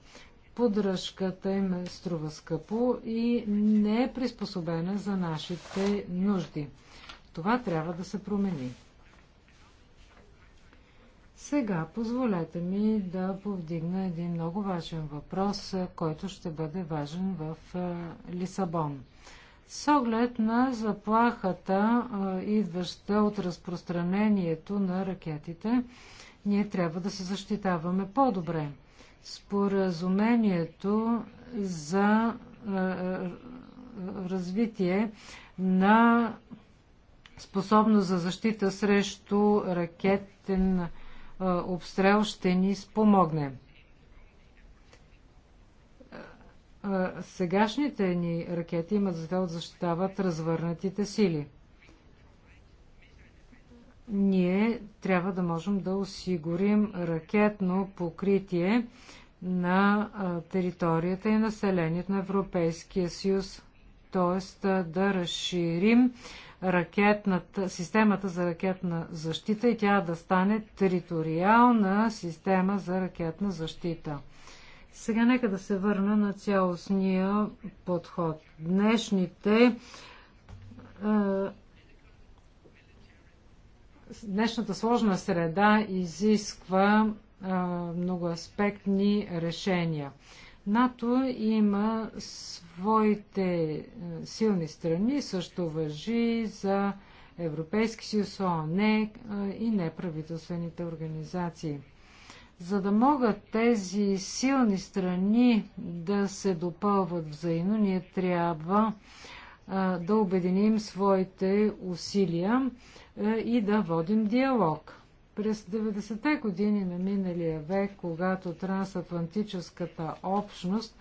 Подръжката им е струва скъпо и не е приспособена за нашите нужди. Това трябва да се промени. Сега позволете ми да повдигна един много важен въпрос, който ще бъде важен в Лисабон. С оглед на заплахата, идваща от разпространението на ракетите, ние трябва да се защитаваме по-добре. Споразумението за развитие на способност за защита срещу ракетен обстрел ще ни спомогне. Сегашните ни ракети имат за цел да защитават развърнатите сили. Ние трябва да можем да осигурим ракетно покритие на територията и населението на Европейския съюз, т.е. да разширим ракетната, системата за ракетна защита и тя да стане териториална система за ракетна защита. Сега нека да се върна на цялостния подход. Днешните е, днешната сложна среда изисква е, многоаспектни решения. НАТО има своите е, силни страни, също въжи за Европейски съюз, ООН е, и неправителствените организации. За да могат тези силни страни да се допълват взаимно, ние трябва е, да обединим своите усилия и да водим диалог. През 90-те години на миналия век, когато трансатлантическата общност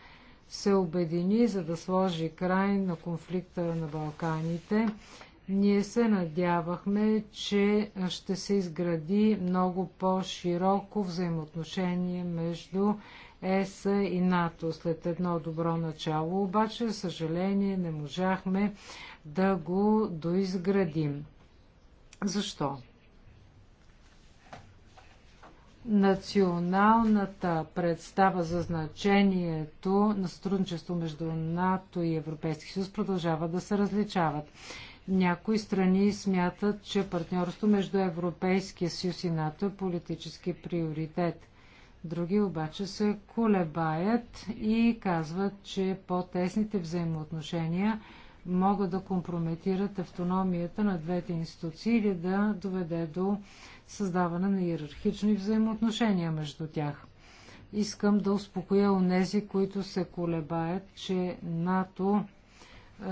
се обедини за да сложи край на конфликта на Балканите, ние се надявахме, че ще се изгради много по-широко взаимоотношение между ЕС и НАТО. След едно добро начало, обаче, за съжаление, не можахме да го доизградим. Защо? националната представа за значението на сътрудничество между НАТО и Европейски съюз продължава да се различават. Някои страни смятат, че партньорство между Европейския съюз и НАТО е политически приоритет. Други обаче се колебаят и казват, че по-тесните взаимоотношения могат да компрометират автономията на двете институции или да доведе до създаване на иерархични взаимоотношения между тях. Искам да успокоя онези, които се колебаят, че НАТО е,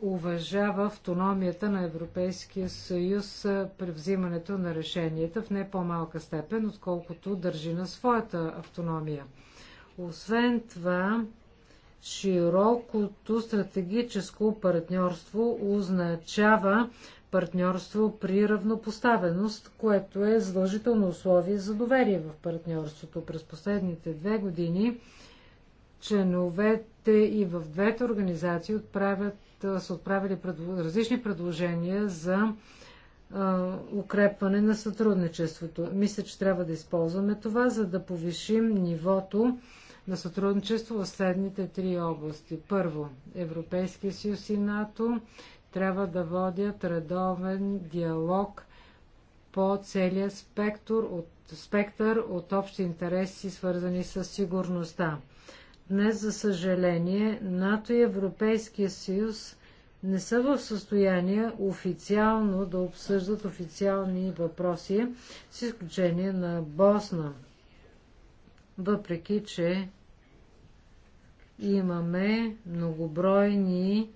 уважава автономията на Европейския съюз е, при взимането на решенията в не по-малка степен, отколкото държи на своята автономия. Освен това, широкото стратегическо партньорство означава партньорство при равнопоставеност, което е задължително условие за доверие в партньорството. През последните две години членовете и в двете организации отправят, са отправили различни предложения за а, укрепване на сътрудничеството. Мисля, че трябва да използваме това, за да повишим нивото на сътрудничество в следните три области. Първо, Европейския съюз и НАТО трябва да водят редовен диалог по целия спектър от, спектър от общи интереси, свързани с сигурността. Днес, за съжаление, НАТО и Европейския съюз не са в състояние официално да обсъждат официални въпроси, с изключение на Босна. Въпреки, че имаме многобройни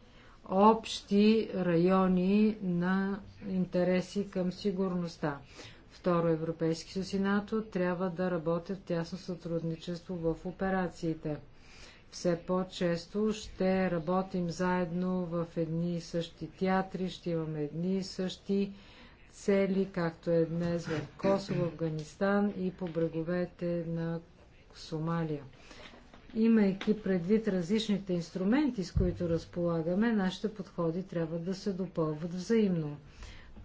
общи райони на интереси към сигурността. Второ, Европейски съюз и НАТО трябва да работят в тясно сътрудничество в операциите. Все по-често ще работим заедно в едни и същи театри, ще имаме едни и същи цели, както е днес в Косово, Афганистан и по бреговете на Сомалия имайки предвид различните инструменти, с които разполагаме, нашите подходи трябва да се допълват взаимно.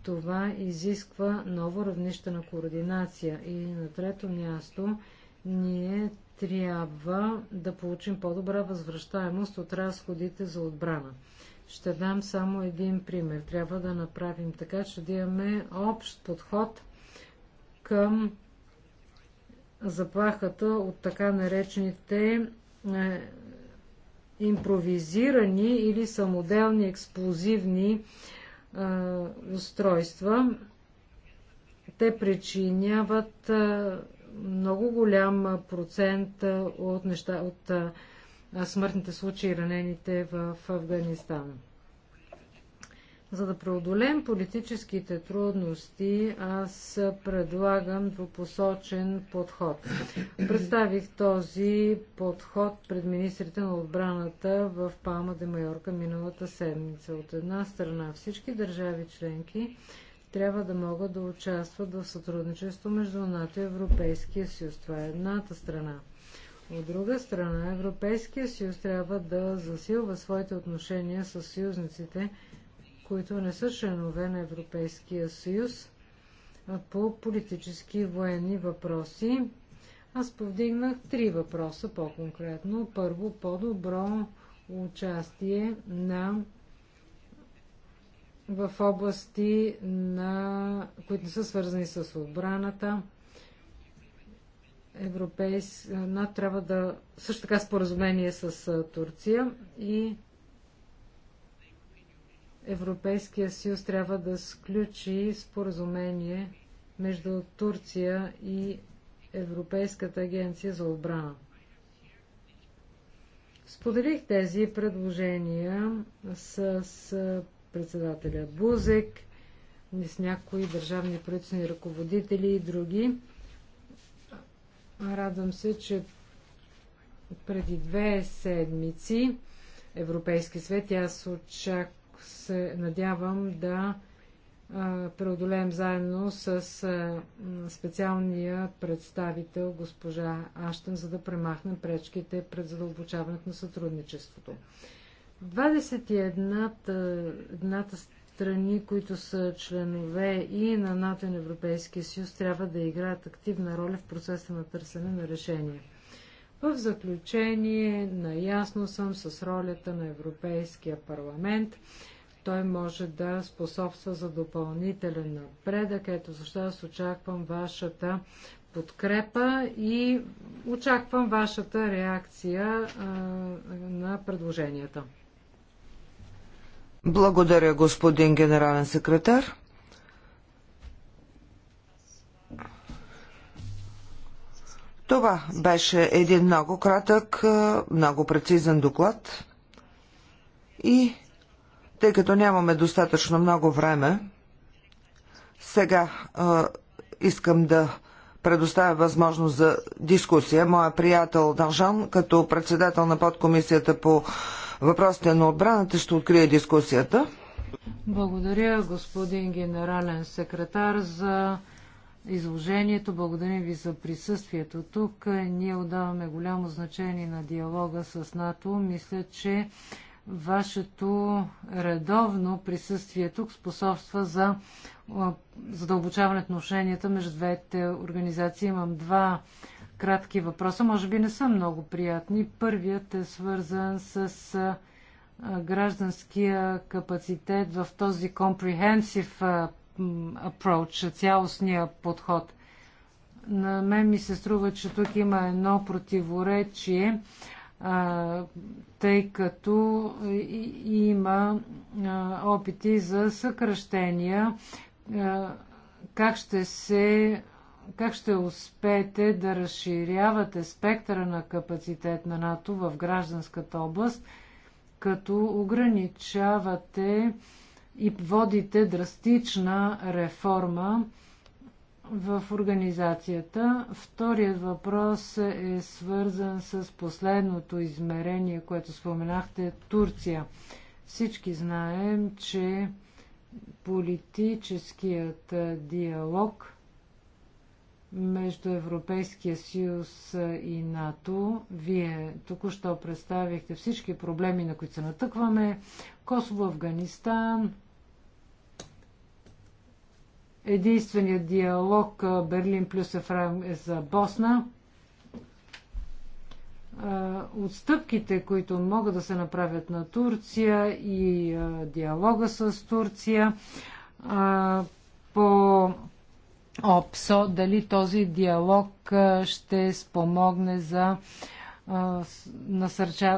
Това изисква ново равнище на координация и на трето място ние трябва да получим по-добра възвръщаемост от разходите за отбрана. Ще дам само един пример. Трябва да направим така, че да имаме общ подход към заплахата от така наречените е, импровизирани или самоделни експлозивни а, е, устройства. Те причиняват а, е, много голям процент а, от, неща, от а, смъртните случаи и ранените в Афганистан. За да преодолеем политическите трудности, аз предлагам двупосочен подход. Представих този подход пред министрите на отбраната в Палма де Майорка миналата седмица. От една страна всички държави членки трябва да могат да участват в сътрудничество между НАТО и Европейския съюз. Това е едната страна. От друга страна, Европейския съюз трябва да засилва своите отношения с съюзниците – които не са членове на Европейския съюз по политически и военни въпроси. Аз повдигнах три въпроса по-конкретно. Първо, по-добро участие на в области, на, които не са свързани с отбраната. Европейс... трябва да... Също така споразумение с Турция и Европейския съюз трябва да сключи споразумение между Турция и Европейската агенция за отбрана. Споделих тези предложения с, с председателя Бузек, с някои държавни правителствени ръководители и други. Радвам се, че преди две седмици Европейски свет аз очак се надявам да преодолеем заедно с специалния представител госпожа Аштън, за да премахнем пречките пред задълбочаването на сътрудничеството. 21-та страни, които са членове и на НАТО и на Европейския съюз, трябва да играят активна роля в процеса на търсене на решение. В заключение, наясно съм с ролята на Европейския парламент. Той може да способства за допълнителен напредък. Ето защо аз очаквам вашата подкрепа и очаквам вашата реакция а, на предложенията. Благодаря, господин генерален секретар. Това беше един много кратък, много прецизен доклад и тъй като нямаме достатъчно много време, сега а, искам да предоставя възможност за дискусия. Моя приятел Дължан, като председател на подкомисията по въпросите на отбраната, ще открие дискусията. Благодаря, господин генерален секретар, за изложението. Благодарим ви за присъствието тук. Ние отдаваме голямо значение на диалога с НАТО. Мисля, че вашето редовно присъствие тук способства за задълбочаване на отношенията между двете организации. Имам два кратки въпроса. Може би не са много приятни. Първият е свързан с гражданския капацитет в този comprehensive approach, цялостния подход. На мен ми се струва, че тук има едно противоречие, тъй като има опити за съкръщения. Как ще се как ще успеете да разширявате спектъра на капацитет на НАТО в гражданската област, като ограничавате и водите драстична реформа в организацията. Вторият въпрос е свързан с последното измерение, което споменахте Турция. Всички знаем, че политическият диалог между Европейския съюз и НАТО. Вие току-що представихте всички проблеми, на които се натъкваме. Косово, Афганистан, Единственият диалог Берлин плюс Ефраим е за Босна. Отстъпките, които могат да се направят на Турция и диалога с Турция по ОПСО, дали този диалог ще спомогне за,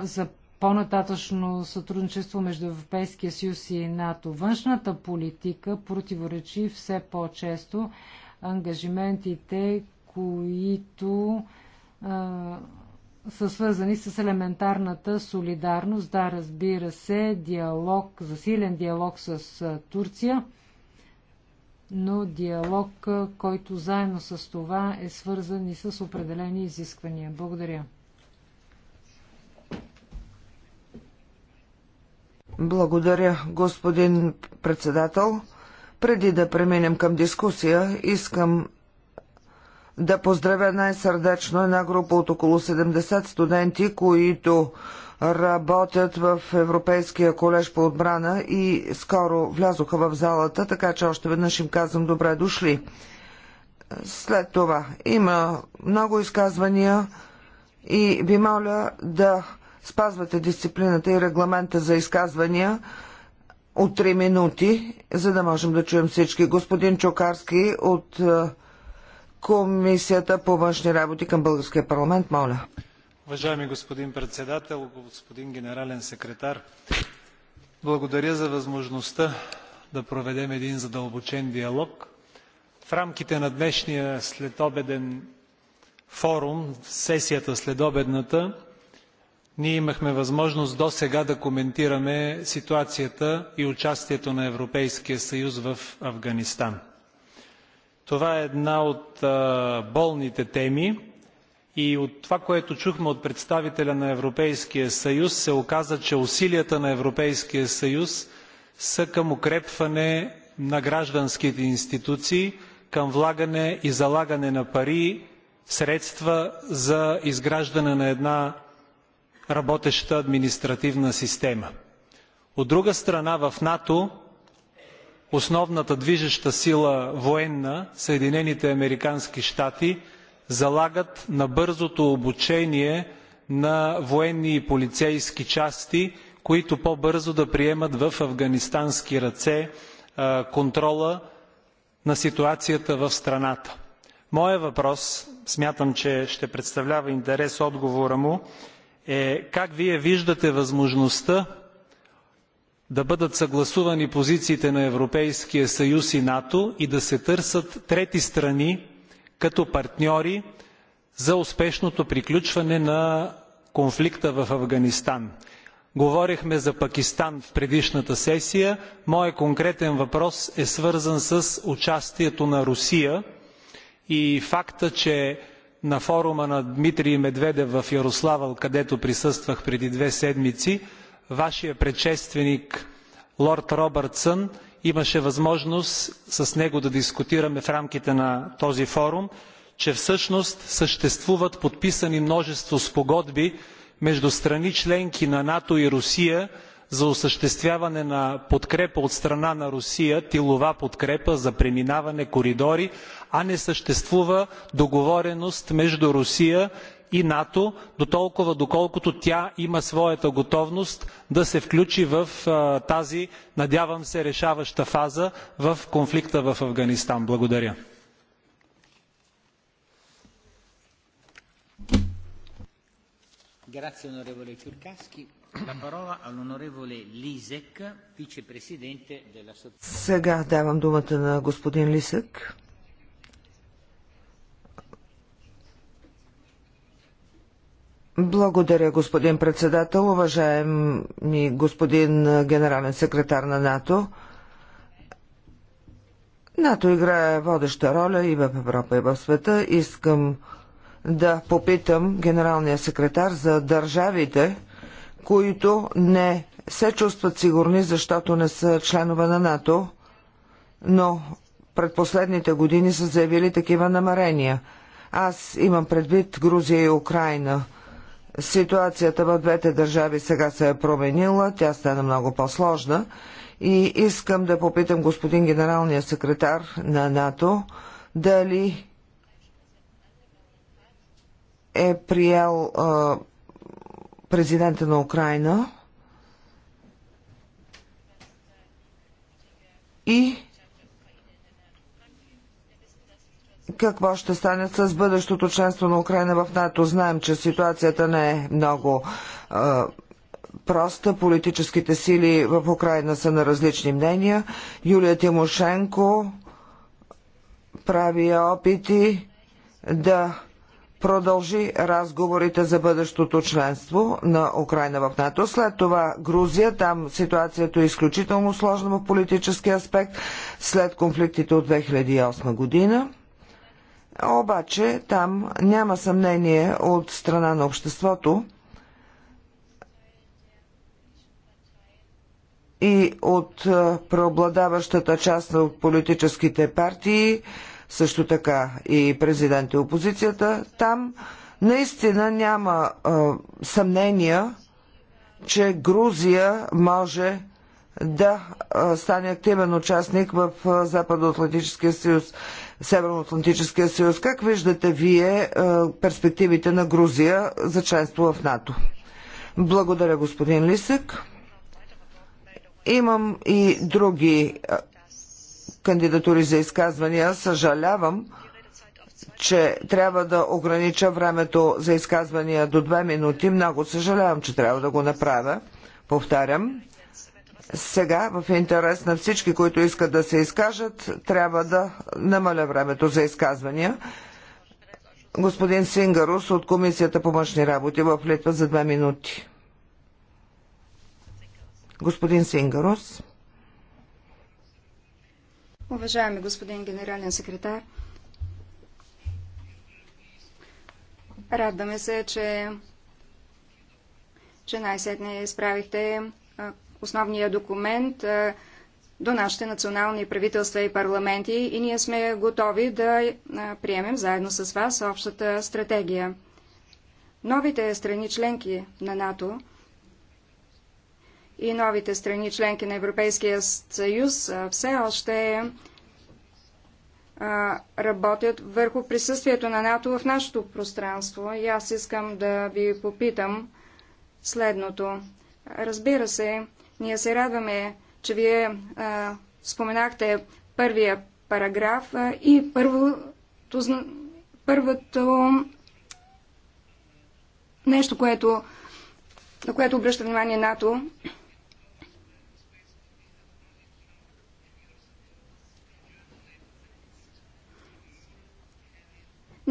за по-нататъчно сътрудничество между Европейския съюз и НАТО. Външната политика противоречи все по-често ангажиментите, които а, са свързани с елементарната солидарност. Да, разбира се, диалог, засилен диалог с Турция, но диалог, който заедно с това е свързан и с определени изисквания. Благодаря. Благодаря, господин председател. Преди да преминем към дискусия, искам да поздравя най-сърдечно една група от около 70 студенти, които работят в Европейския колеж по отбрана и скоро влязоха в залата, така че още веднъж им казвам добре дошли. След това има много изказвания и ви моля да спазвате дисциплината и регламента за изказвания от 3 минути, за да можем да чуем всички. Господин Чокарски от е, Комисията по външни работи към Българския парламент, моля. Уважаеми господин председател, господин генерален секретар, благодаря за възможността да проведем един задълбочен диалог. В рамките на днешния следобеден форум, сесията следобедната, ние имахме възможност досега да коментираме ситуацията и участието на Европейския съюз в Афганистан. Това е една от болните теми и от това, което чухме от представителя на Европейския съюз, се оказа, че усилията на Европейския съюз са към укрепване на гражданските институции, към влагане и залагане на пари, средства за изграждане на една работеща административна система. От друга страна в НАТО основната движеща сила военна, Съединените Американски щати, залагат на бързото обучение на военни и полицейски части, които по-бързо да приемат в афганистански ръце контрола на ситуацията в страната. Моят въпрос, смятам, че ще представлява интерес отговора му, е как вие виждате възможността да бъдат съгласувани позициите на Европейския съюз и НАТО и да се търсят трети страни като партньори за успешното приключване на конфликта в Афганистан. Говорихме за Пакистан в предишната сесия. Моят конкретен въпрос е свързан с участието на Русия и факта, че на форума на Дмитрий Медведев в Ярославъл, където присъствах преди две седмици, вашият предшественик лорд Робъртсън имаше възможност с него да дискутираме в рамките на този форум, че всъщност съществуват подписани множество спогодби между страни членки на НАТО и Русия, за осъществяване на подкрепа от страна на Русия, тилова подкрепа за преминаване коридори, а не съществува договореност между Русия и НАТО, дотолкова доколкото тя има своята готовност да се включи в тази, надявам се, решаваща фаза в конфликта в Афганистан. Благодаря. Сега давам думата на господин Лисък. Благодаря, господин председател, уважаеми господин генерален секретар на НАТО. НАТО играе водеща роля и в Европа, и в света. Искам да попитам генералния секретар за държавите, които не се чувстват сигурни, защото не са членове на НАТО, но пред последните години са заявили такива намерения. Аз имам предвид Грузия и Украина. Ситуацията в двете държави сега се е променила, тя стана много по-сложна и искам да попитам господин генералния секретар на НАТО дали е приял а, президента на Украина и какво ще стане с бъдещото членство на Украина в НАТО. Знаем, че ситуацията не е много е, проста. Политическите сили в Украина са на различни мнения. Юлия Тимошенко прави опити да продължи разговорите за бъдещото членство на Украина в НАТО. След това Грузия, там ситуацията е изключително сложна в политически аспект след конфликтите от 2008 година. Обаче там няма съмнение от страна на обществото и от преобладаващата част от политическите партии, също така и президента и опозицията там, наистина няма а, съмнения, че Грузия може да а, стане активен участник в а, Западоатлантическия съюз, атлантическия съюз. Как виждате вие а, перспективите на Грузия за членство в НАТО? Благодаря, господин Лисък. Имам и други кандидатури за изказвания. Съжалявам, че трябва да огранича времето за изказвания до две минути. Много съжалявам, че трябва да го направя. Повтарям. Сега, в интерес на всички, които искат да се изкажат, трябва да намаля времето за изказвания. Господин Сингарус от Комисията по мъжни работи в Литва за две минути. Господин Сингарус. Уважаеми господин генерален секретар, радваме се, че, че най-сетне изправихте основния документ до нашите национални правителства и парламенти и ние сме готови да приемем заедно с вас общата стратегия. Новите страни членки на НАТО – и новите страни членки на Европейския съюз все още работят върху присъствието на НАТО в нашето пространство. И аз искам да ви попитам следното. Разбира се, ние се радваме, че вие споменахте първия параграф и първото, първото нещо, което, на което обръща внимание НАТО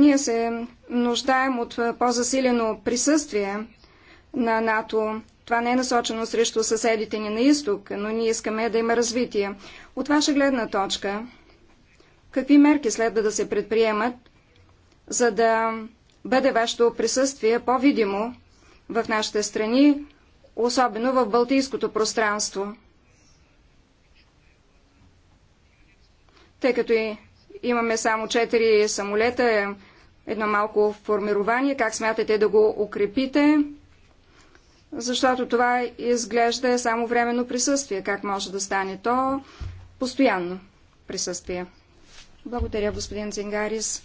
Ние се нуждаем от по-засилено присъствие на НАТО. Това не е насочено срещу съседите ни на изток, но ние искаме да има развитие. От ваша гледна точка, какви мерки следва да се предприемат, за да бъде вашето присъствие по-видимо в нашите страни, особено в Балтийското пространство? Тъй като имаме само 4 самолета, едно малко формирование, как смятате да го укрепите, защото това изглежда е само временно присъствие. Как може да стане то постоянно присъствие? Благодаря, господин Зингарис.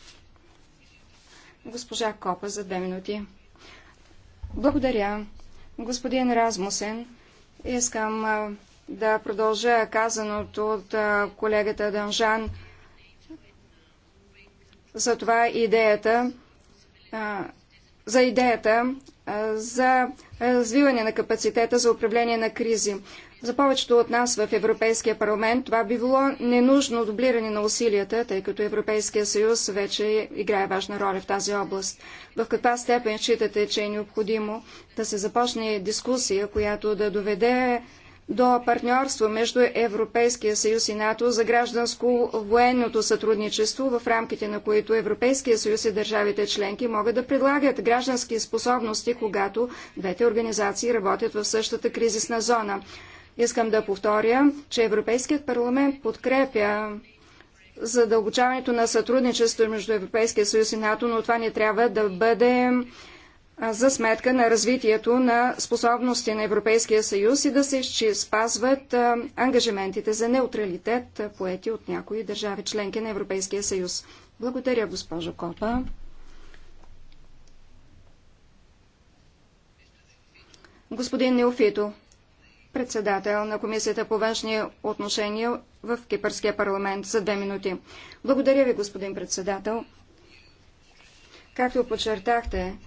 Госпожа Копа за две минути. Благодаря, господин Размусен. Искам да продължа казаното от колегата Данжан – затова идеята за идеята за развиване на капацитета за управление на кризи. За повечето от нас в Европейския парламент това би било ненужно дублиране на усилията, тъй като Европейския съюз вече играе важна роля в тази област. В каква степен считате, че е необходимо да се започне дискусия, която да доведе до партньорство между Европейския съюз и НАТО за гражданско-военното сътрудничество, в рамките на които Европейския съюз и държавите членки могат да предлагат граждански способности, когато двете организации работят в същата кризисна зона. Искам да повторя, че Европейският парламент подкрепя задълбочаването на сътрудничество между Европейския съюз и НАТО, но това не трябва да бъде за сметка на развитието на способности на Европейския съюз и да се спазват ангажиментите за неутралитет, поети от някои държави членки на Европейския съюз. Благодаря, госпожо Копа. Господин Неофито, председател на Комисията по външни отношения в Кипърския парламент за две минути. Благодаря ви, господин председател. Както подчертахте,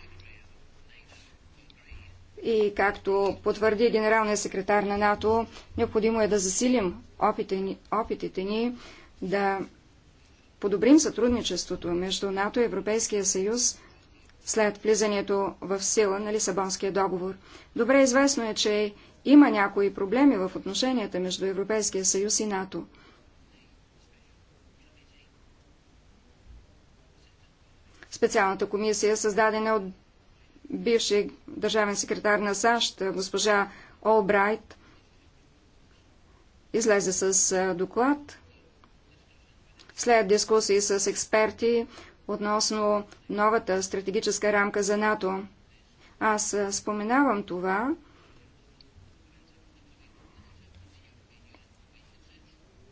и както потвърди генералният секретар на НАТО, необходимо е да засилим опитите ни да подобрим сътрудничеството между НАТО и Европейския съюз след влизането в сила на Лисабонския договор. Добре известно е, че има някои проблеми в отношенията между Европейския съюз и НАТО. Специалната комисия, създадена от бивши държавен секретар на САЩ, госпожа Олбрайт, излезе с доклад след дискусии с експерти относно новата стратегическа рамка за НАТО. Аз споменавам това,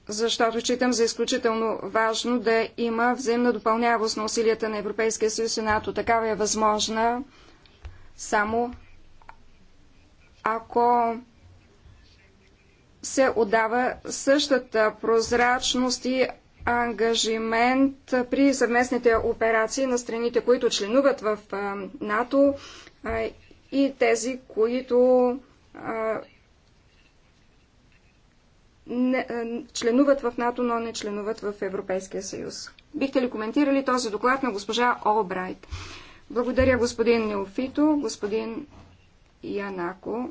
защото читам за изключително важно да има взаимна допълнявост на усилията на Европейския съюз и НАТО. Такава е възможна само ако се отдава същата прозрачност и ангажимент при съвместните операции на страните, които членуват в НАТО и тези, които членуват в НАТО, но не членуват в Европейския съюз. Бихте ли коментирали този доклад на госпожа Олбрайт? Благодаря господин Неофито, господин Янако,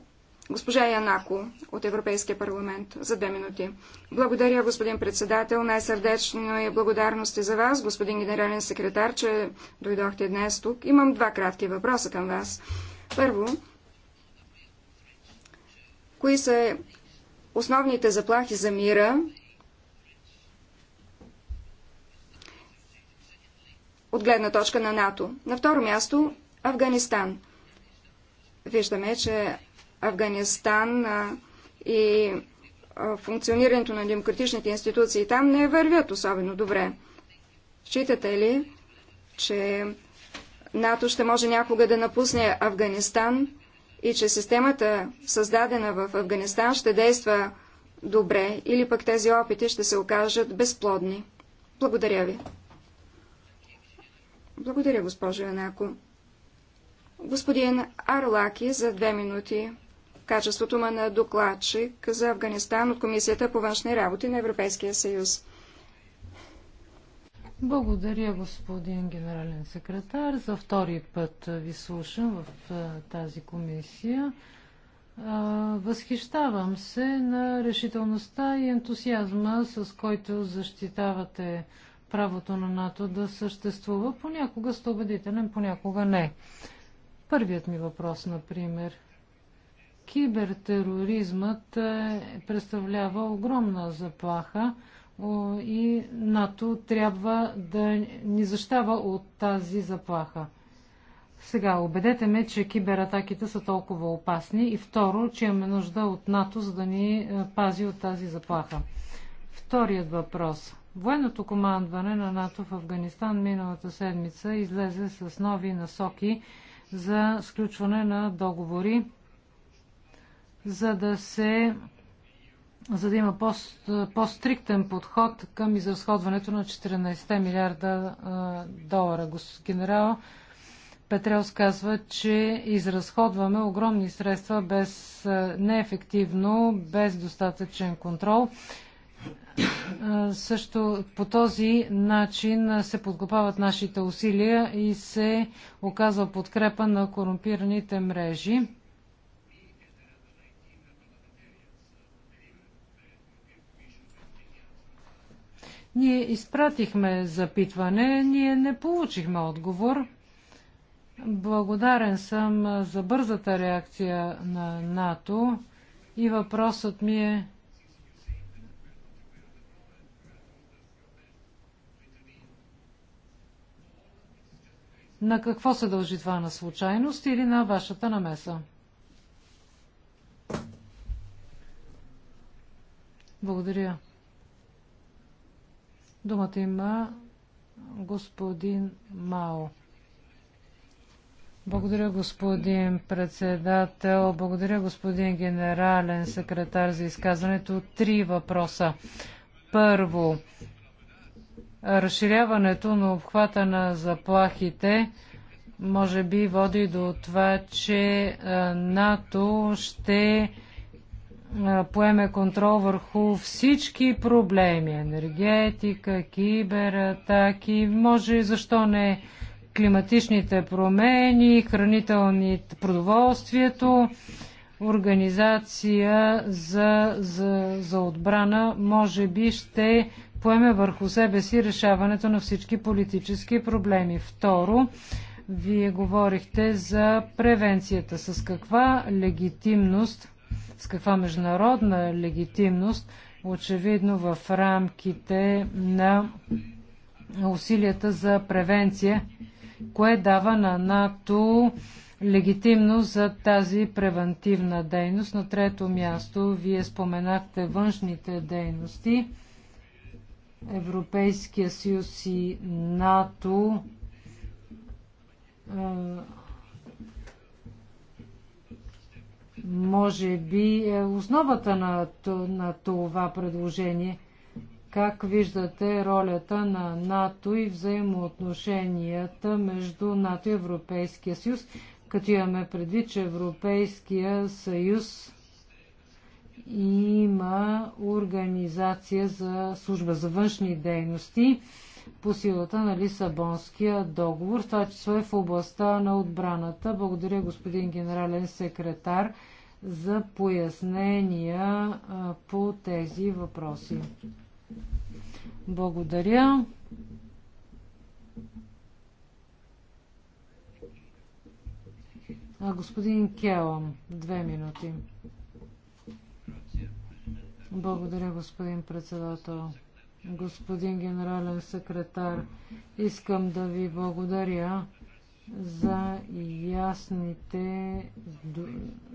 госпожа Янако от Европейския парламент за две минути. Благодаря господин председател, най-сърдечно и благодарности за вас, господин генерален секретар, че дойдохте днес тук. Имам два кратки въпроса към вас. Първо, кои са основните заплахи за мира от гледна точка на НАТО. На второ място Афганистан. Виждаме, че Афганистан и функционирането на демократичните институции там не вървят особено добре. Считате ли, че НАТО ще може някога да напусне Афганистан и че системата, създадена в Афганистан, ще действа добре или пък тези опити ще се окажат безплодни? Благодаря ви. Благодаря, госпожо Янако. Господин Арлаки за две минути. Качеството му е на докладчик за Афганистан от Комисията по външни работи на Европейския съюз. Благодаря, господин генерален секретар. За втори път ви слушам в тази комисия. Възхищавам се на решителността и ентусиазма, с който защитавате правото на НАТО да съществува. Понякога сте убедителен, понякога не. Първият ми въпрос, например. Кибертероризмът е, представлява огромна заплаха и НАТО трябва да ни защава от тази заплаха. Сега, убедете ме, че кибератаките са толкова опасни и второ, че имаме нужда от НАТО, за да ни е, пази от тази заплаха. Вторият въпрос. Военното командване на НАТО в Афганистан миналата седмица излезе с нови насоки за сключване на договори, за да се за да има по-стриктен по подход към изразходването на 14 милиарда долара. Генерал Петреос казва, че изразходваме огромни средства без неефективно, без достатъчен контрол също по този начин се подкопават нашите усилия и се оказва подкрепа на корумпираните мрежи. Ние изпратихме запитване, ние не получихме отговор. Благодарен съм за бързата реакция на НАТО и въпросът ми е На какво се дължи това? На случайност или на вашата намеса? Благодаря. Думата има господин Мао. Благодаря, господин председател. Благодаря, господин генерален секретар, за изказването. Три въпроса. Първо, разширяването на обхвата на заплахите може би води до това, че НАТО ще поеме контрол върху всички проблеми енергетика, кибератаки, може и защо не климатичните промени, хранителни продоволствието, организация за, за, за отбрана, може би ще поеме върху себе си решаването на всички политически проблеми. Второ, вие говорихте за превенцията. С каква легитимност, с каква международна легитимност, очевидно в рамките на усилията за превенция, кое дава на НАТО легитимно за тази превентивна дейност. На трето място, вие споменахте външните дейности. Европейския съюз и НАТО може би е основата на, на това предложение. Как виждате ролята на НАТО и взаимоотношенията между НАТО и Европейския съюз, като имаме предвид, че Европейския съюз има организация за служба за външни дейности по силата на Лисабонския договор, в това число е в областта на отбраната. Благодаря господин генерален секретар за пояснения по тези въпроси. Благодаря. господин Келам, две минути. Благодаря, господин председател. Господин генерален секретар, искам да ви благодаря за ясните,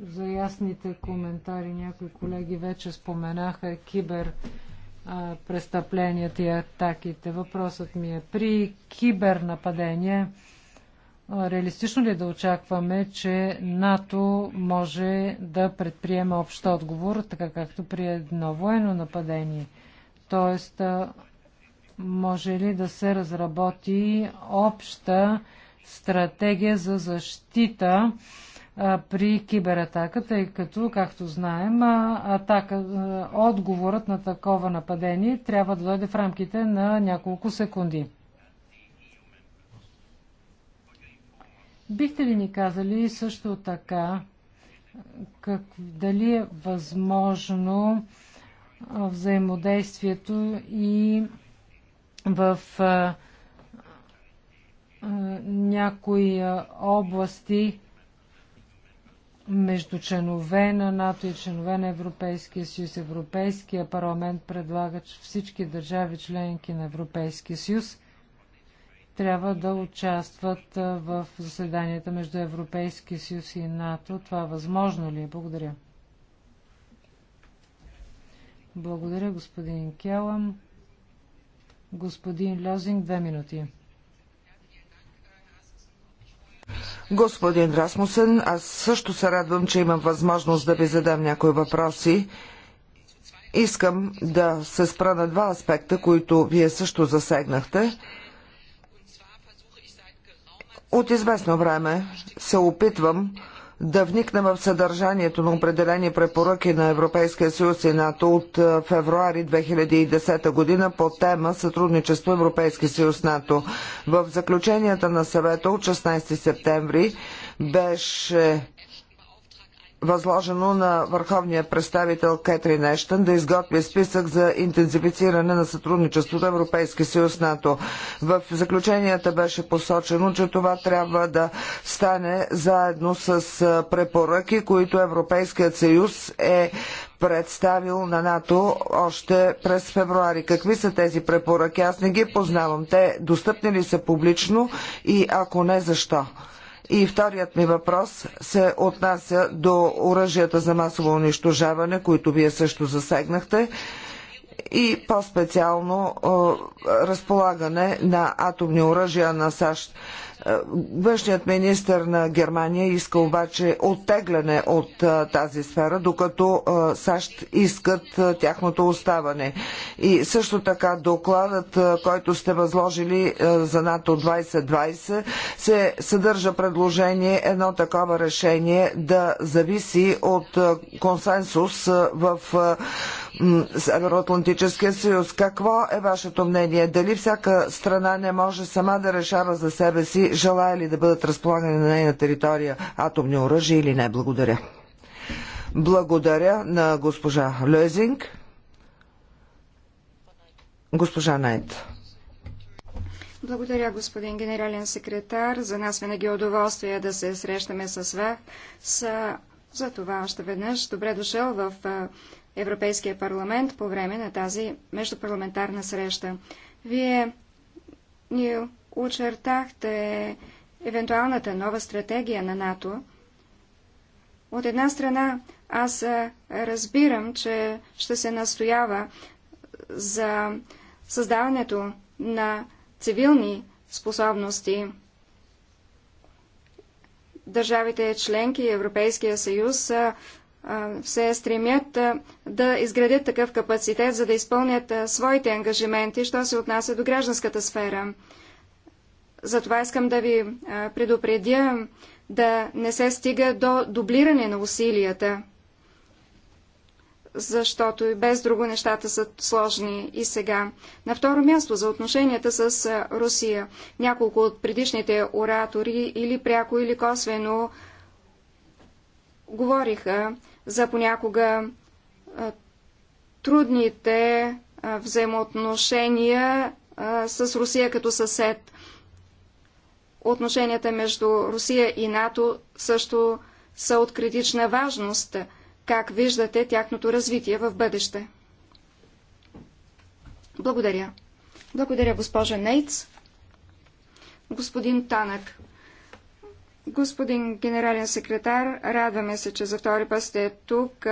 за ясните коментари. Някои колеги вече споменаха кибер престъпленията и атаките. Въпросът ми е при кибернападение Реалистично ли е да очакваме, че НАТО може да предприеме общ отговор, така както при едно военно нападение? Тоест, може ли да се разработи обща стратегия за защита при кибератака, тъй като, както знаем, атака, отговорът на такова нападение трябва да дойде в рамките на няколко секунди. Бихте ли ни казали също така как, дали е възможно взаимодействието и в а, а, някои области между членове на НАТО и членове на Европейския съюз. Европейския парламент предлага всички държави членки на Европейския съюз трябва да участват в заседанията между Европейския съюз и НАТО. Това възможно ли е? Благодаря. Благодаря, господин Келам. Господин Лозинг, две минути. Господин Расмусен, аз също се радвам, че имам възможност да ви задам някои въпроси. Искам да се спра на два аспекта, които вие също засегнахте. От известно време се опитвам да вникна в съдържанието на определени препоръки на Европейския съюз и НАТО от е, февруари 2010 година по тема Сътрудничество Европейски съюз НАТО. В заключенията на съвета от 16 септември беше възложено на върховния представител Кетрин Ештън да изготви списък за интензифициране на сътрудничеството Европейски съюз НАТО. В заключенията беше посочено, че това трябва да стане заедно с препоръки, които Европейският съюз е представил на НАТО още през февруари. Какви са тези препоръки? Аз не ги познавам. Те достъпни ли са публично и ако не, защо? И вторият ми въпрос се отнася до оръжията за масово унищожаване, които вие също засегнахте и по-специално разполагане на атомни оръжия на САЩ. Е, външният министр на Германия иска обаче оттегляне от е, тази сфера, докато е, САЩ искат тяхното оставане. И също така докладът, който сте възложили за НАТО 2020, се съдържа предложение едно такова решение да зависи от консенсус в Североатлантическия съюз. Какво е вашето мнение? Дали всяка страна не може сама да решава за себе си, желая ли да бъдат разполагани на нейна територия атомни оръжия или не? Благодаря. Благодаря на госпожа Лезинг. Госпожа Найт. Благодаря, господин генерален секретар. За нас винаги е удоволствие да се срещаме с вас. За това още веднъж добре дошъл в Европейския парламент по време на тази междупарламентарна среща. Вие ни очертахте евентуалната нова стратегия на НАТО. От една страна, аз разбирам, че ще се настоява за създаването на цивилни способности. Държавите членки и Европейския съюз са се стремят да изградят такъв капацитет, за да изпълнят своите ангажименти, що се отнася до гражданската сфера. Затова искам да ви предупредя да не се стига до дублиране на усилията, защото и без друго нещата са сложни и сега. На второ място за отношенията с Русия. Няколко от предишните оратори или пряко или косвено говориха за понякога трудните взаимоотношения с Русия като съсед. Отношенията между Русия и НАТО също са от критична важност. Как виждате тяхното развитие в бъдеще? Благодаря. Благодаря, госпожа Нейц. Господин Танък. Господин генерален секретар, радваме се, че за втори път сте тук.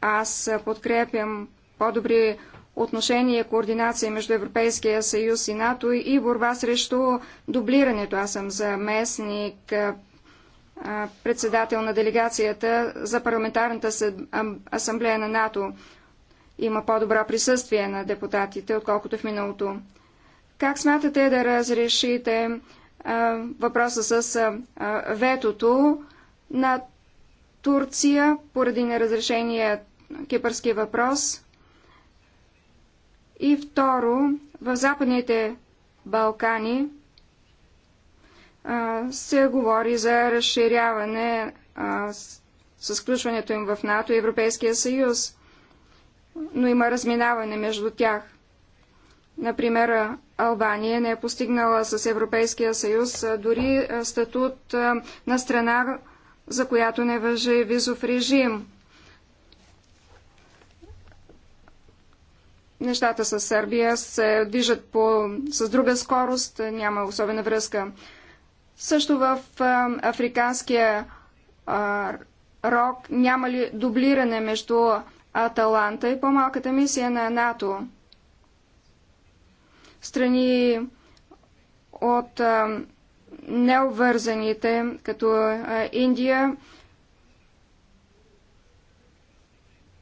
Аз подкрепям по-добри отношения, координация между Европейския съюз и НАТО и борба срещу дублирането. Аз съм заместник председател на делегацията за парламентарната асамблея на НАТО. Има по-добро присъствие на депутатите, отколкото в миналото. Как смятате да разрешите въпроса с ветото на Турция поради неразрешения кипърски въпрос. И второ, в Западните Балкани се говори за разширяване с включването им в НАТО и Европейския съюз, но има разминаване между тях – Например, Албания не е постигнала с Европейския съюз дори статут на страна, за която не въжи визов режим. Нещата с Сърбия се движат по, с друга скорост, няма особена връзка. Също в африканския а, рок няма ли дублиране между Аталанта и по-малката мисия на НАТО? страни от необвързаните, като Индия,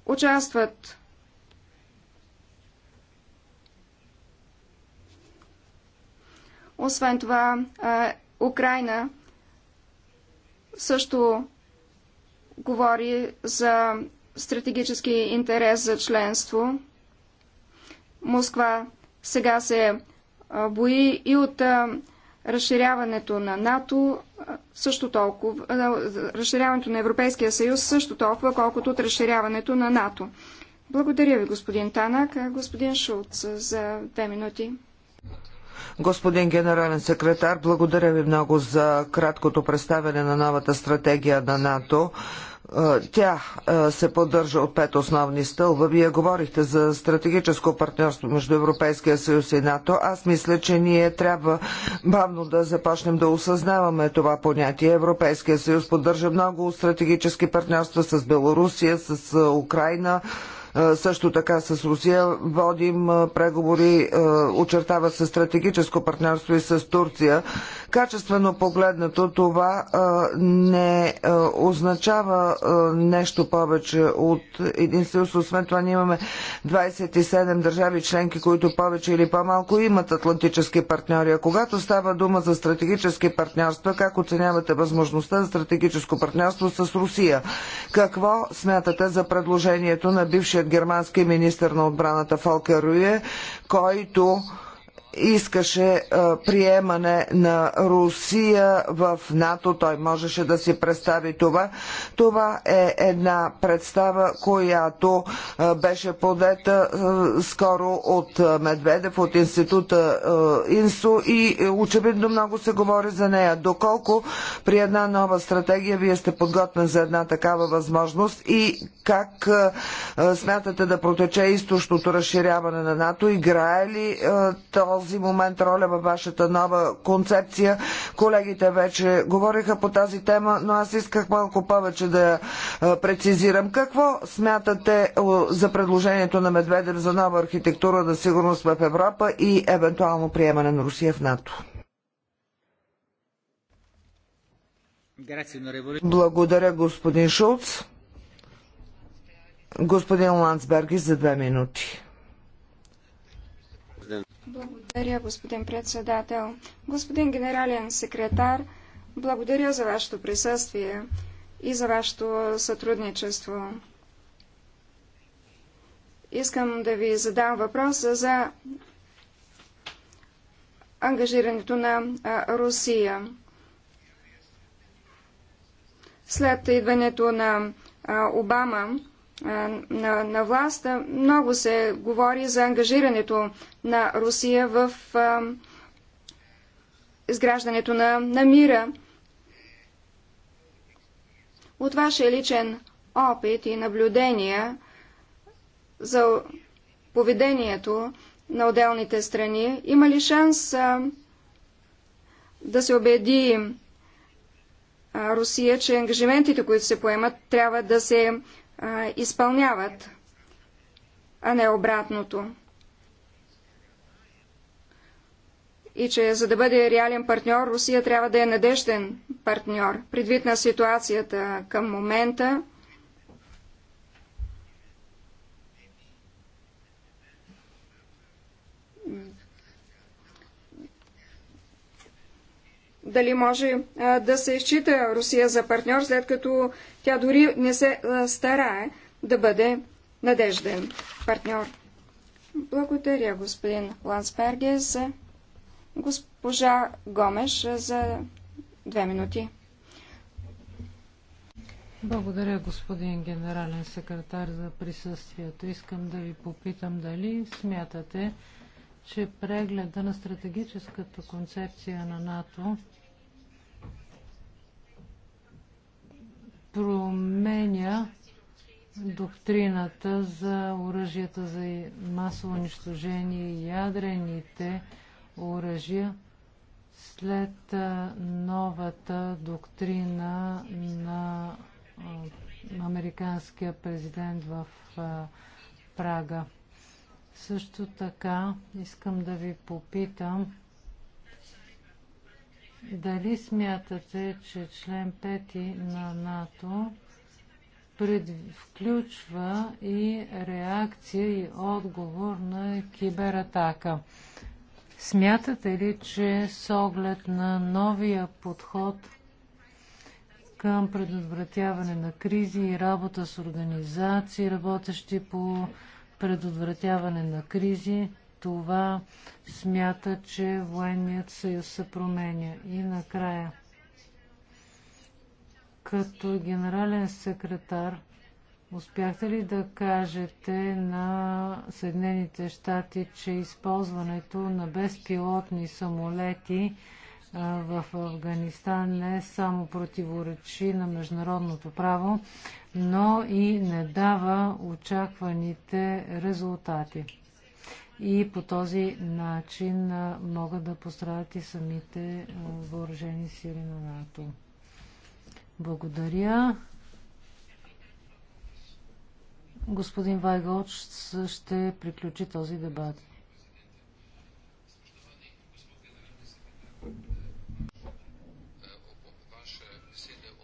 участват Освен това, Украина също говори за стратегически интерес за членство. Москва сега се бои и от разширяването на НАТО също толкова, разширяването на Европейския съюз също толкова, колкото от разширяването на НАТО. Благодаря ви, господин Танак. Господин Шулц, за две минути. Господин генерален секретар, благодаря ви много за краткото представяне на новата стратегия на НАТО. Е, тя е, се поддържа от пет основни стълба. Вие говорихте за стратегическо партньорство между Европейския съюз и НАТО. Аз мисля, че ние трябва бавно да започнем да осъзнаваме това понятие. Европейския съюз поддържа много стратегически партньорства с Белорусия, с е, Украина, също така с Русия водим преговори, очертава се стратегическо партньорство и с Турция. Качествено погледнато това не означава нещо повече от един съюз. Освен това ние имаме 27 държави членки, които повече или по-малко имат атлантически партньори. А когато става дума за стратегически партньорства, как оценявате възможността за стратегическо партньорство с Русия? Какво смятате за предложението на бившия пред германския министр на отбраната Фолкер Руе, който искаше е, приемане на Русия в НАТО. Той можеше да си представи това. Това е една представа, която е, беше подета е, скоро от Медведев, от института Инсо и очевидно много се говори за нея. Доколко при една нова стратегия вие сте подготвен за една такава възможност и как смятате да протече източното разширяване на НАТО? Играе ли този този момент роля във вашата нова концепция. Колегите вече говориха по тази тема, но аз исках малко повече да е, прецизирам. Какво смятате е, за предложението на Медведев за нова архитектура на сигурност в Европа и евентуално приемане на Русия в НАТО? Благодаря, господин Шулц. Господин Ландсбергис за две минути. Благодаря, господин председател. Господин генерален секретар, благодаря за вашето присъствие и за вашето сътрудничество. Искам да ви задам въпроса за ангажирането на Русия. След идването на Обама на, на власт, много се говори за ангажирането на Русия в а, изграждането на, на мира. От вашия личен опит и наблюдения за поведението на отделните страни, има ли шанс а, да се убеди а, Русия, че ангажиментите, които се поемат, трябва да се а, изпълняват, а не обратното. И че за да бъде реален партньор, Русия трябва да е надежден партньор. Предвид на ситуацията към момента, дали може да се счита Русия за партньор, след като тя дори не се старае да бъде надежден партньор. Благодаря, господин Лансберге, за госпожа Гомеш за две минути. Благодаря, господин генерален секретар, за присъствието. Искам да ви попитам дали смятате, че прегледа на стратегическата концепция на НАТО променя доктрината за оръжията за масово унищожение и ядрените оръжия след новата доктрина на американския президент в Прага. Също така искам да ви попитам дали смятате, че член 5 на НАТО пред... включва и реакция и отговор на кибератака? Смятате ли, че с оглед на новия подход към предотвратяване на кризи и работа с организации, работещи по предотвратяване на кризи, това смята, че военният съюз се променя. И накрая, като генерален секретар, успяхте ли да кажете на Съединените щати, че използването на безпилотни самолети в Афганистан не само противоречи на международното право, но и не дава очакваните резултати и по този начин могат да пострадат и самите въоръжени сили на НАТО. Благодаря. Господин Вайгоч ще приключи този дебат.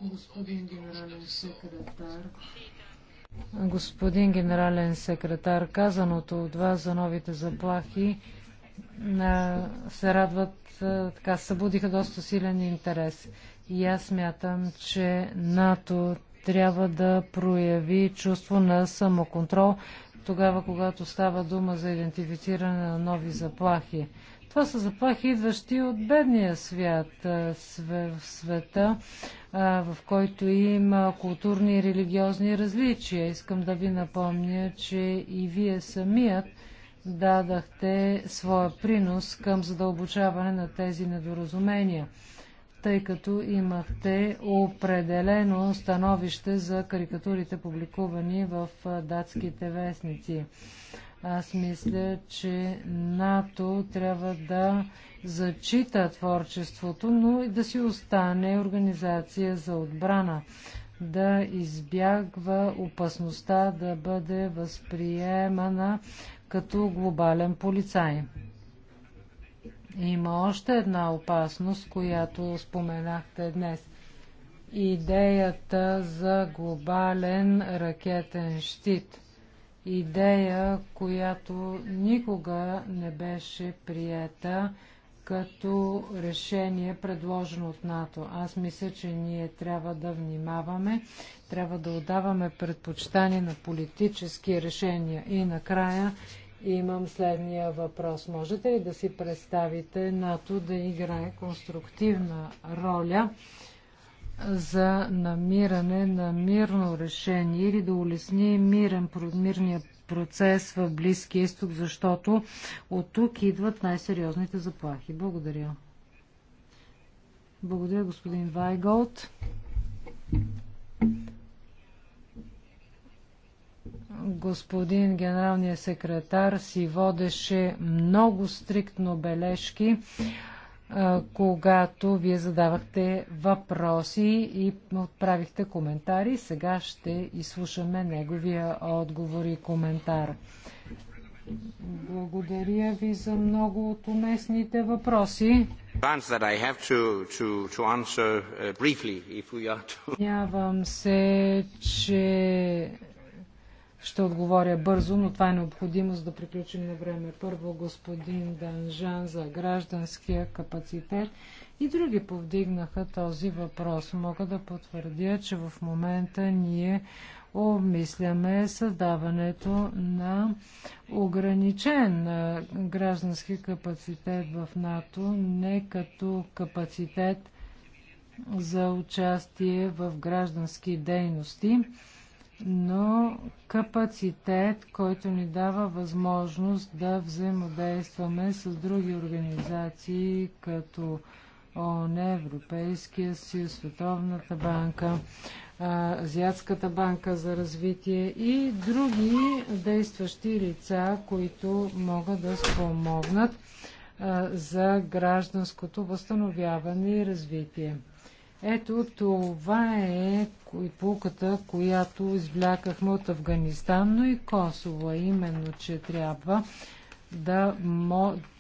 Господин генерален секретар, Господин генерален секретар, казаното от вас за новите заплахи се радват, така събудиха доста силен интерес. И аз мятам, че НАТО трябва да прояви чувство на самоконтрол тогава, когато става дума за идентифициране на нови заплахи. Това са заплахи, идващи от бедния свят, в света, в който има културни и религиозни различия. Искам да ви напомня, че и вие самият дадахте своя принос към задълбочаване на тези недоразумения, тъй като имахте определено становище за карикатурите, публикувани в датските вестници. Аз мисля, че НАТО трябва да зачита творчеството, но и да си остане организация за отбрана, да избягва опасността да бъде възприемана като глобален полицай. Има още една опасност, която споменахте днес. Идеята за глобален ракетен щит – идея, която никога не беше приета като решение предложено от НАТО. Аз мисля, че ние трябва да внимаваме, трябва да отдаваме предпочитание на политически решения. И накрая имам следния въпрос. Можете ли да си представите НАТО да играе конструктивна роля? за намиране на мирно решение или да улесни мирен, мирния процес в Близкия изток, защото от тук идват най-сериозните заплахи. Благодаря. Благодаря, господин Вайголд. господин генералният секретар си водеше много стриктно бележки когато вие задавахте въпроси и отправихте коментари. Сега ще изслушаме неговия отговор и коментар. Благодаря ви за много от уместните въпроси. Uh, Нявам се, че ще отговоря бързо, но това е необходимо, за да приключим на време. Първо господин Данжан за гражданския капацитет и други повдигнаха този въпрос. Мога да потвърдя, че в момента ние обмисляме създаването на ограничен граждански капацитет в НАТО, не като капацитет за участие в граждански дейности, но капацитет, който ни дава възможност да взаимодействаме с други организации, като ООН, Европейския съюз, Световната банка, Азиатската банка за развитие и други действащи лица, които могат да спомогнат за гражданското възстановяване и развитие. Ето това е полуката, която извлякахме от Афганистан, но и Косово, именно, че трябва да,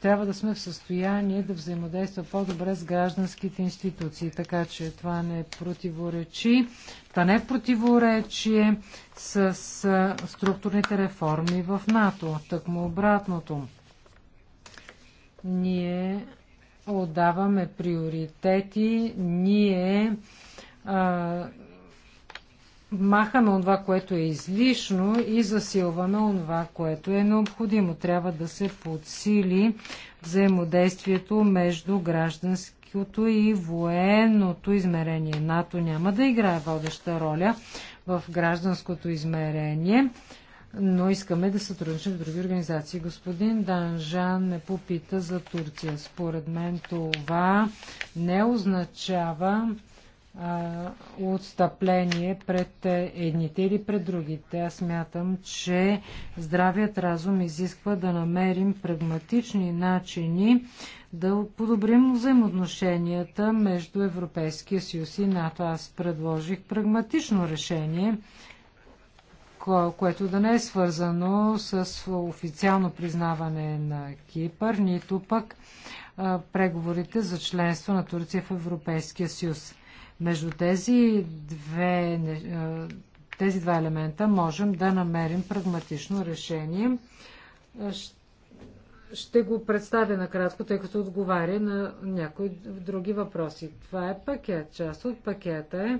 трябва да сме в състояние да взаимодейства по-добре с гражданските институции. Така че това не е противоречи. Това не е противоречие с структурните реформи в НАТО. Тъкмо обратното. Ние отдаваме приоритети, ние а, махаме това, което е излишно и засилваме това, което е необходимо. Трябва да се подсили взаимодействието между гражданското и военното измерение. НАТО няма да играе водеща роля в гражданското измерение но искаме да сътрудничим с други организации. Господин Данжан не попита за Турция. Според мен това не означава а, отстъпление пред едните или пред другите. Аз мятам, че здравият разум изисква да намерим прагматични начини да подобрим взаимоотношенията между Европейския съюз и НАТО. Аз предложих прагматично решение което да не е свързано с официално признаване на Кипър, нито пък преговорите за членство на Турция в Европейския съюз. Между тези, две, тези два елемента можем да намерим прагматично решение. Ще го представя накратко, тъй като отговаря на някои други въпроси. Това е пакет. Част от пакета е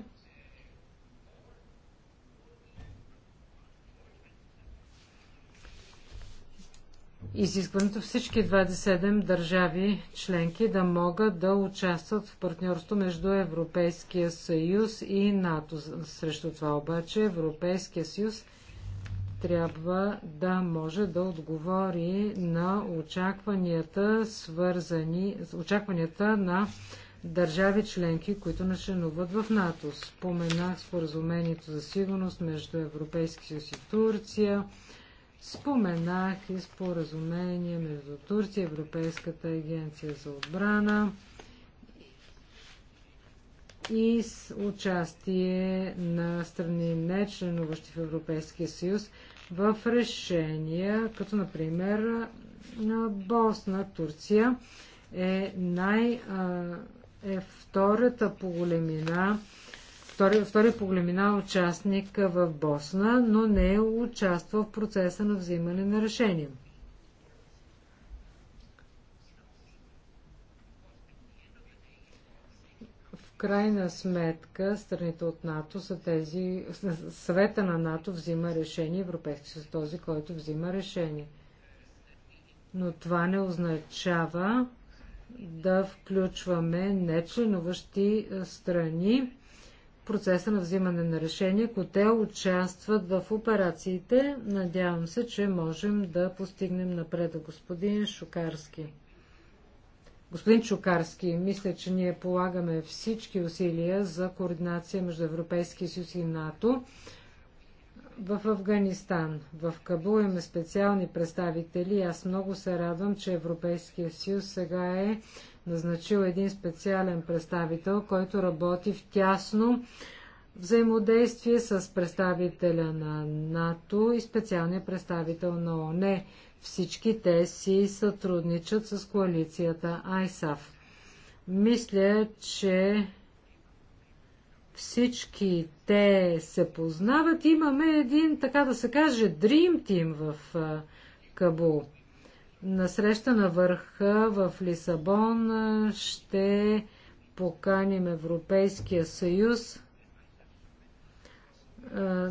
изискването всички 27 държави членки да могат да участват в партньорство между Европейския съюз и НАТО. Срещу това обаче Европейския съюз трябва да може да отговори на очакванията, свързани, очакванията на държави членки, които начленуват в НАТО. Споменах споразумението за сигурност между Европейския съюз и Турция, Споменах и споразумение между Турция и Европейската агенция за отбрана и с участие на страни не членуващи в Европейския съюз в решения, като например Босна, Турция е най- е втората по големина втори, втори по големина участник в Босна, но не е участвал в процеса на взимане на решения. В крайна сметка страните от НАТО са тези, съвета на НАТО взима решение, Европейски съюз е този, който взима решение. Но това не означава да включваме нечленуващи страни процеса на взимане на решения, ако те участват в операциите. Надявам се, че можем да постигнем напреда. Господин Шукарски. Господин Чукарски, мисля, че ние полагаме всички усилия за координация между Европейския съюз и НАТО в Афганистан. В Кабул имаме специални представители. Аз много се радвам, че Европейския съюз сега е назначил един специален представител, който работи в тясно взаимодействие с представителя на НАТО и специалния представител на ОНЕ. Всички те си сътрудничат с коалицията АЙСАФ. Мисля, че всички те се познават. Имаме един, така да се каже, Dream Team в Кабул. На среща на върха в Лисабон ще поканим Европейския съюз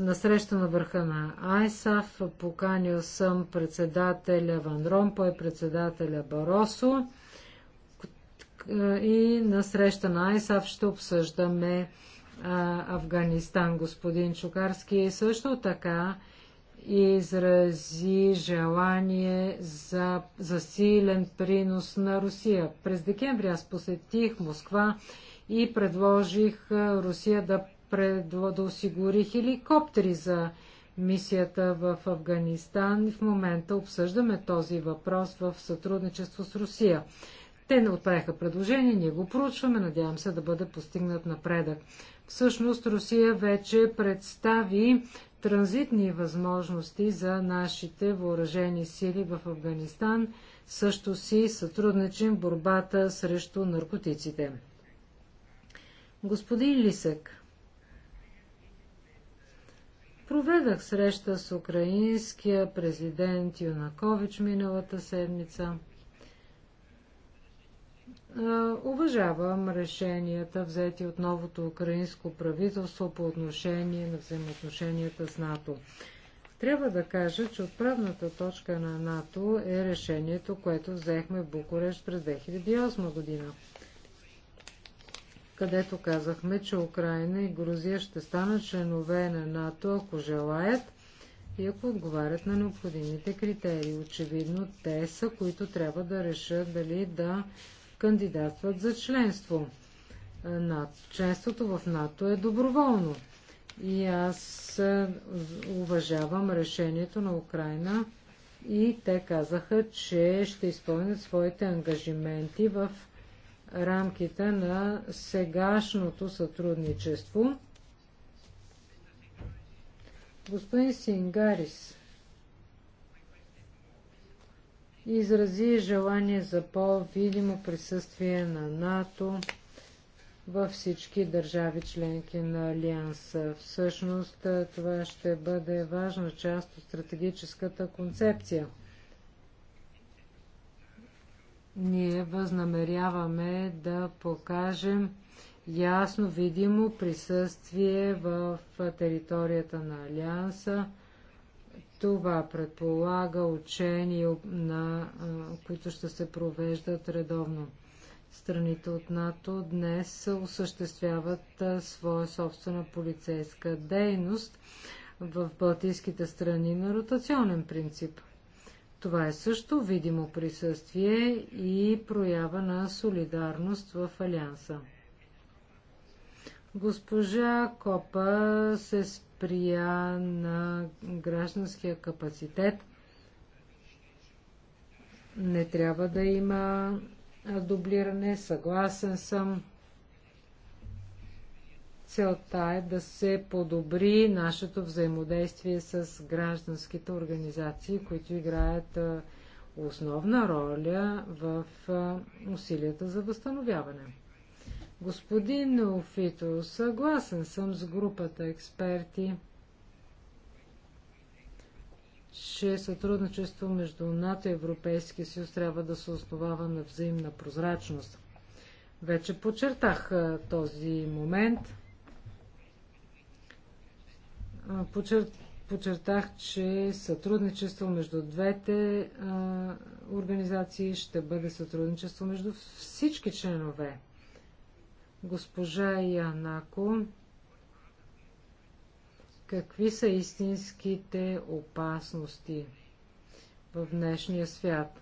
на среща на върха на АйСАФ. Поканил съм председателя Ван Ромпой, председателя Баросо и на среща на АйСАФ ще обсъждаме Афганистан. Господин Чукарски също така изрази желание за засилен принос на Русия. През декември аз посетих Москва и предложих Русия да, предло, да осигури хеликоптери за мисията в Афганистан. В момента обсъждаме този въпрос в сътрудничество с Русия. Те не отправиха предложение, ние го проучваме, надявам се да бъде постигнат напредък. Всъщност Русия вече представи транзитни възможности за нашите въоръжени сили в Афганистан. Също си сътрудничим борбата срещу наркотиците. Господин Лисък, проведах среща с украинския президент Юнакович миналата седмица – е, уважавам решенията, взети от новото украинско правителство по отношение на взаимоотношенията с НАТО. Трябва да кажа, че отправната точка на НАТО е решението, което взехме в Букурещ през 2008 година, където казахме, че Украина и Грузия ще станат членове на НАТО, ако желаят и ако отговарят на необходимите критерии. Очевидно, те са, които трябва да решат дали да кандидатстват за членство. Е, членството в НАТО е доброволно. И аз е, уважавам решението на Украина и те казаха, че ще изпълнят своите ангажименти в рамките на сегашното сътрудничество. Господин Сингарис, изрази желание за по-видимо присъствие на НАТО във всички държави членки на Алианса. Всъщност това ще бъде важна част от стратегическата концепция. Ние възнамеряваме да покажем ясно видимо присъствие в територията на Алианса това предполага учения, на, които ще се провеждат редовно. Страните от НАТО днес осъществяват своя собствена полицейска дейност в Балтийските страни на ротационен принцип. Това е също видимо присъствие и проява на солидарност в Алианса. Госпожа Копа се спи благоприя на гражданския капацитет. Не трябва да има дублиране, съгласен съм. Целта е да се подобри нашето взаимодействие с гражданските организации, които играят основна роля в усилията за възстановяване. Господин Неофито, съгласен съм с групата експерти, че сътрудничество между НАТО и Европейския съюз трябва да се основава на взаимна прозрачност. Вече подчертах този момент. Почер... Подчертах, че сътрудничество между двете а, организации ще бъде сътрудничество между всички членове Госпожа Янако, какви са истинските опасности в днешния свят?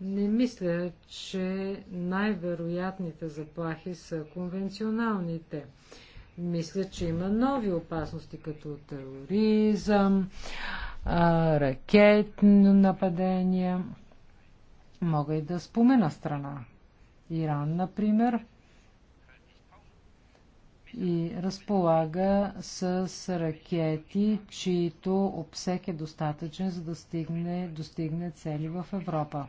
Не мисля, че най-вероятните заплахи са конвенционалните. Мисля, че има нови опасности, като тероризъм, ракетни нападения. Мога и да спомена страна. Иран, например, и разполага с ракети, чието обсек е достатъчен, за да стигне, достигне цели в Европа.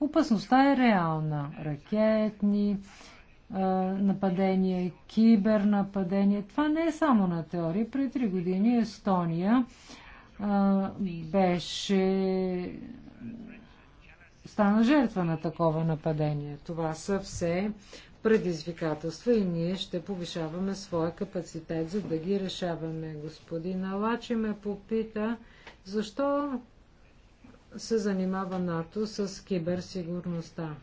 Опасността е реална. Ракетни е, нападения, кибернападения. Това не е само на теория. При три години Естония е, беше стана жертва на такова нападение. Това са все предизвикателства и ние ще повишаваме своя капацитет, за да ги решаваме. Господин Алачи ме попита, защо се занимава НАТО с киберсигурността.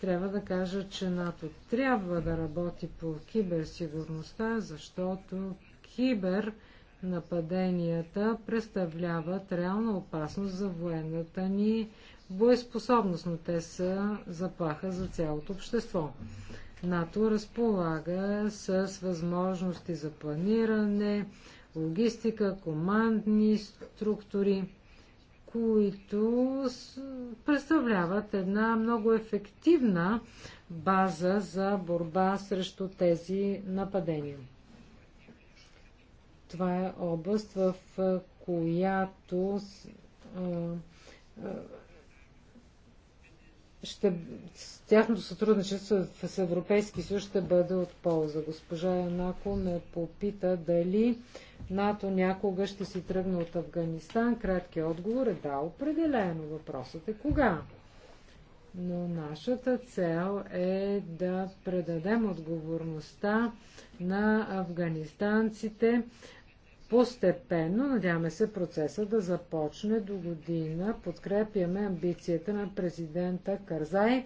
Трябва да кажа, че НАТО трябва да работи по киберсигурността, защото кибер нападенията представляват реална опасност за военната ни боеспособност, но те са заплаха за цялото общество. НАТО разполага с възможности за планиране, логистика, командни структури, които представляват една много ефективна база за борба срещу тези нападения. Това е област, в която ще, тяхното сътрудничество с Европейски съюз ще бъде от полза. Госпожа Янако ме попита дали НАТО някога ще си тръгне от Афганистан. Краткият отговор е да, определено. Въпросът е кога. Но нашата цел е да предадем отговорността на афганистанците Постепенно, надяваме се, процеса да започне до година. Подкрепяме амбицията на президента Карзай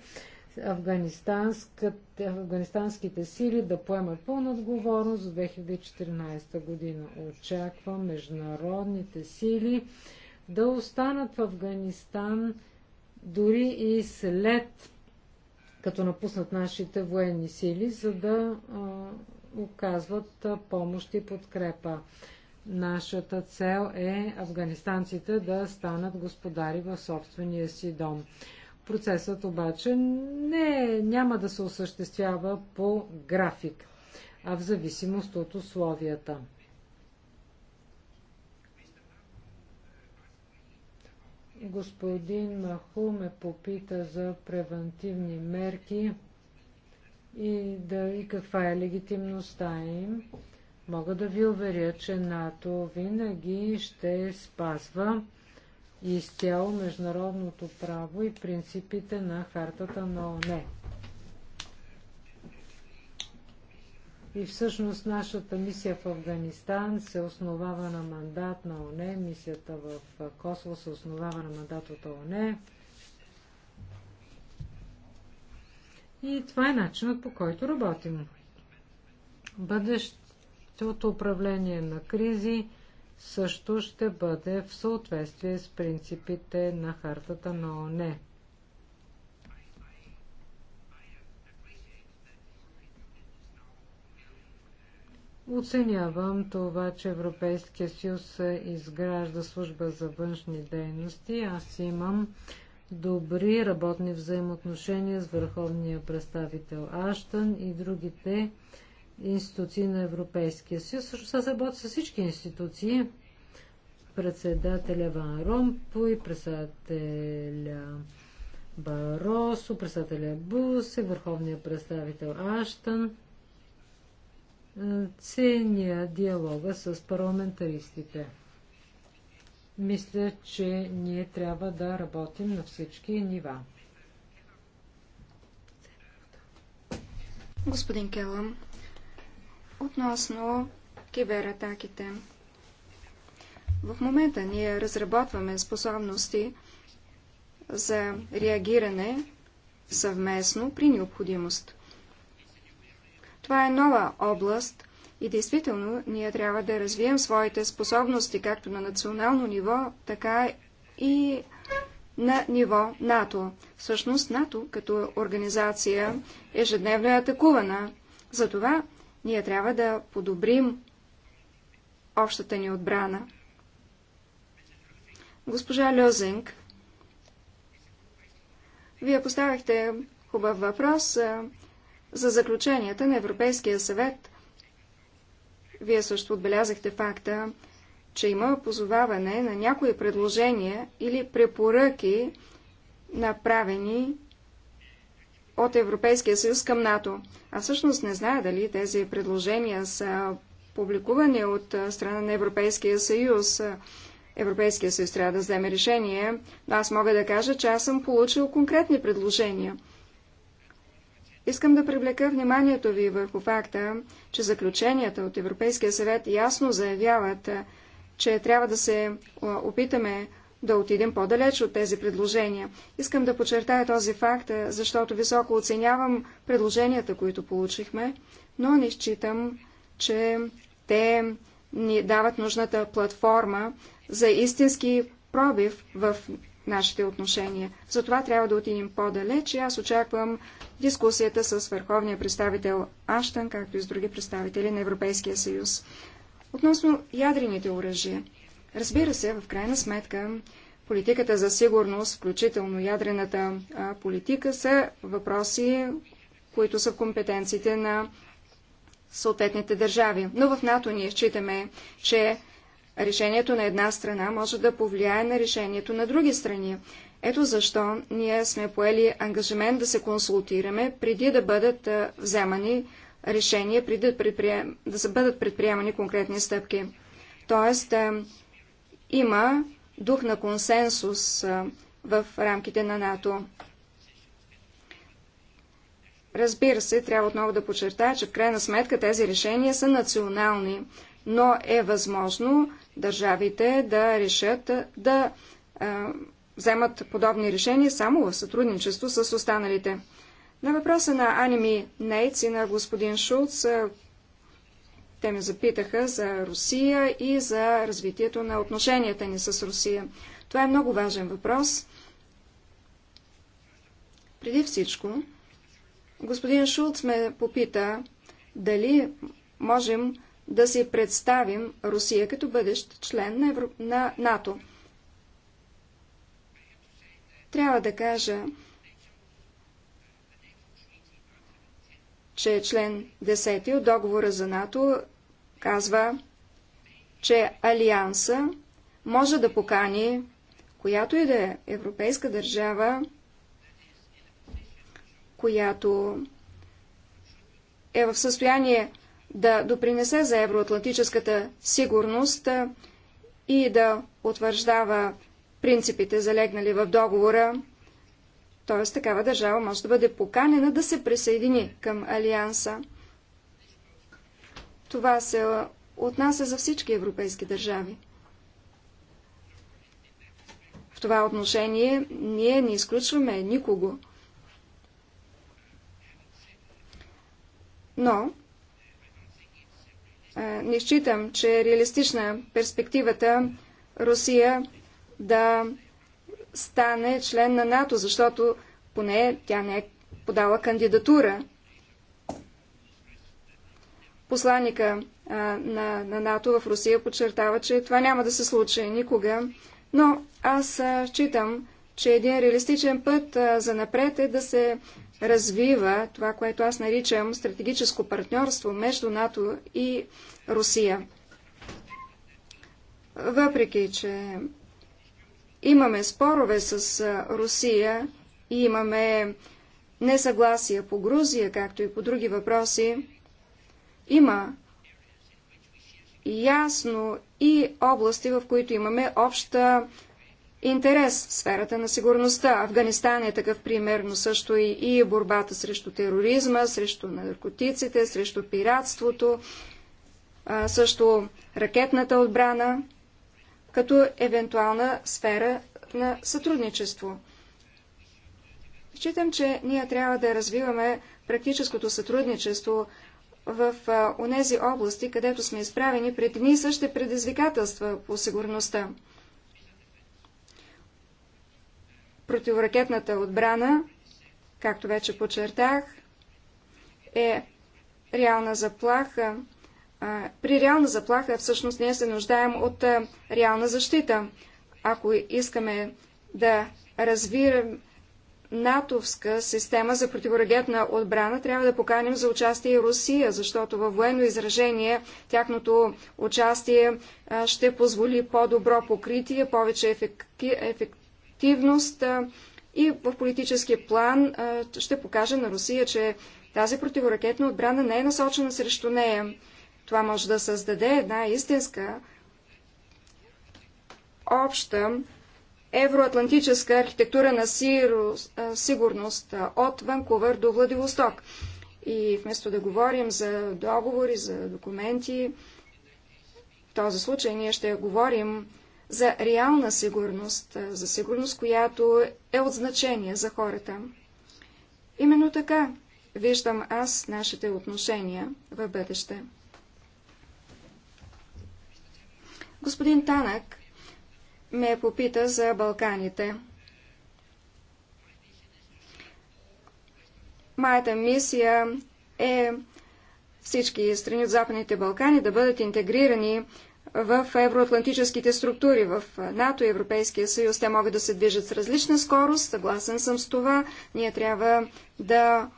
афганистанските сили да поемат пълна отговорност за 2014 година. Очаква международните сили да останат в Афганистан дори и след като напуснат нашите военни сили, за да а, оказват помощ и подкрепа. Нашата цел е афганистанците да станат господари в собствения си дом. Процесът обаче не, няма да се осъществява по график, а в зависимост от условията. Господин Маху ме попита за превентивни мерки и, да, и каква е легитимността им. Мога да ви уверя, че НАТО винаги ще спазва изцяло международното право и принципите на хартата на ОНЕ. И всъщност нашата мисия в Афганистан се основава на мандат на ОНЕ, мисията в Косово се основава на мандат от ОНЕ. И това е начинът по който работим. Бъдещ от управление на кризи също ще бъде в съответствие с принципите на хартата на ОНЕ. Оценявам това, че Европейския съюз изгражда служба за външни дейности. Аз имам добри работни взаимоотношения с върховния представител Аштън и другите институции на Европейския съюз. Също се работи с всички институции. Председателя Ван и председателя Баросо, председателя и върховния представител Аштън. Ценя диалога с парламентаристите. Мисля, че ние трябва да работим на всички нива. Господин Келъм, Относно кибератаките. В момента ние разработваме способности за реагиране съвместно при необходимост. Това е нова област и действително ние трябва да развием своите способности както на национално ниво, така и на ниво НАТО. Всъщност НАТО като организация ежедневно е атакувана. Затова ние трябва да подобрим общата ни отбрана. Госпожа Льозинг, вие поставихте хубав въпрос за заключенията на Европейския съвет. Вие също отбелязахте факта, че има позоваване на някои предложения или препоръки, направени от Европейския съюз към НАТО. А всъщност не зная дали тези предложения са публикувани от страна на Европейския съюз. Европейския съюз трябва да вземе решение, но аз мога да кажа, че аз съм получил конкретни предложения. Искам да привлека вниманието ви върху факта, че заключенията от Европейския съвет ясно заявяват, че трябва да се опитаме да отидем по-далеч от тези предложения. Искам да подчертая този факт, е, защото високо оценявам предложенията, които получихме, но не считам, че те ни дават нужната платформа за истински пробив в нашите отношения. Затова трябва да отидем по-далеч и аз очаквам дискусията с върховния представител Аштан, както и с други представители на Европейския съюз. Относно ядрените оръжия – Разбира се, в крайна сметка, политиката за сигурност, включително ядрената политика, са въпроси, които са в компетенциите на съответните държави. Но в НАТО ние считаме, че решението на една страна може да повлияе на решението на други страни. Ето защо ние сме поели ангажимент да се консултираме преди да бъдат вземани решения, преди да, предприем... да бъдат предприемани конкретни стъпки. Тоест, има дух на консенсус в рамките на НАТО. Разбира се, трябва отново да подчертая, че в крайна сметка тези решения са национални, но е възможно държавите да решат да а, вземат подобни решения само в сътрудничество с останалите. На въпроса на Аними Нейтс и на господин Шулц, те ме запитаха за Русия и за развитието на отношенията ни с Русия. Това е много важен въпрос. Преди всичко, господин Шулц ме попита дали можем да си представим Русия като бъдещ член на, Евро... на НАТО. Трябва да кажа, че член 10 от договора за НАТО казва, че Алианса може да покани която и да е европейска държава, която е в състояние да допринесе за евроатлантическата сигурност и да утвърждава принципите, залегнали в договора, т.е. такава държава може да бъде поканена да се присъедини към Алианса. Това се отнася за всички европейски държави. В това отношение ние не изключваме никого. Но не считам, че е реалистична перспективата Русия да стане член на НАТО, защото поне тя не е подала кандидатура. Посланника а, на, на НАТО в Русия подчертава, че това няма да се случи никога, но аз а, считам, че един реалистичен път а, за напред е да се развива това, което аз наричам стратегическо партньорство между НАТО и Русия. Въпреки, че Имаме спорове с Русия и имаме несъгласия по Грузия, както и по други въпроси. Има ясно и области, в които имаме обща интерес в сферата на сигурността. Афганистан е такъв пример, но също и, и борбата срещу тероризма, срещу наркотиците, срещу пиратството, също ракетната отбрана като евентуална сфера на сътрудничество. Считам, че ние трябва да развиваме практическото сътрудничество в онези области, където сме изправени пред едни и същи предизвикателства по сигурността. Противоракетната отбрана, както вече подчертах, е реална заплаха при реална заплаха всъщност ние се нуждаем от реална защита. Ако искаме да развием натовска система за противоракетна отбрана, трябва да поканим за участие и Русия, защото във военно изражение тяхното участие ще позволи по-добро покритие, повече ефективност и в политически план ще покаже на Русия, че тази противоракетна отбрана не е насочена срещу нея. Това може да създаде една истинска обща евроатлантическа архитектура на сигурност от Ванкувър до Владивосток. И вместо да говорим за договори, за документи, в този случай ние ще говорим за реална сигурност, за сигурност, която е от значение за хората. Именно така виждам аз нашите отношения в бъдеще. Господин Танак ме попита за Балканите. Моята мисия е всички страни от Западните Балкани да бъдат интегрирани в евроатлантическите структури, в НАТО и Европейския съюз. Те могат да се движат с различна скорост, съгласен съм с това. Ние трябва да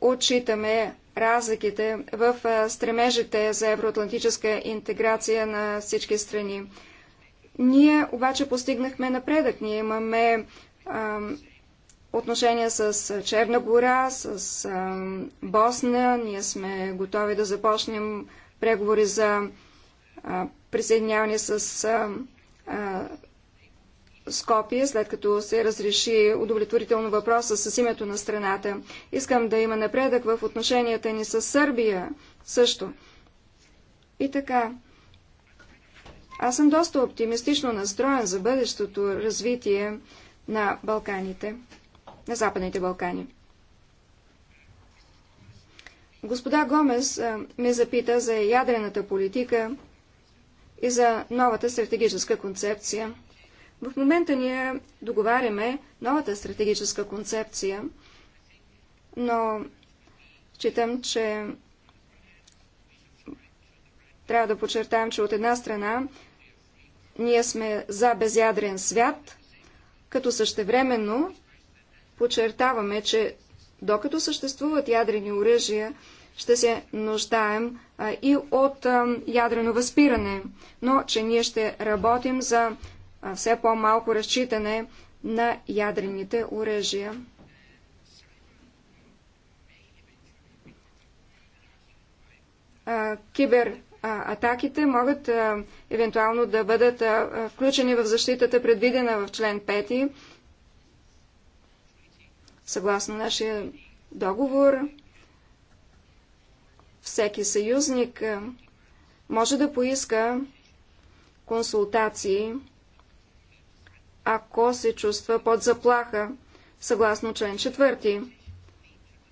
отчитаме разликите в стремежите за евроатлантическа интеграция на всички страни. Ние обаче постигнахме напредък. Ние имаме а, отношения с Черна гора, с а, Босна. Ние сме готови да започнем преговори за а, присъединяване с а, а, Скопие, след като се разреши удовлетворително въпроса с името на страната. Искам да има напредък в отношенията ни с Сърбия също. И така. Аз съм доста оптимистично настроен за бъдещото развитие на Балканите, на Западните Балкани. Господа Гомес ме запита за ядрената политика и за новата стратегическа концепция. В момента ние договаряме новата стратегическа концепция, но считам, че трябва да подчертаем, че от една страна ние сме за безядрен свят, като същевременно подчертаваме, че докато съществуват ядрени оръжия, ще се нуждаем а, и от а, ядрено възпиране, но че ние ще работим за все по-малко разчитане на ядрените оръжия. Кибератаките могат евентуално да бъдат включени в защитата, предвидена в член 5, съгласно нашия договор. Всеки съюзник може да поиска консултации ако се чувства под заплаха, съгласно член 4.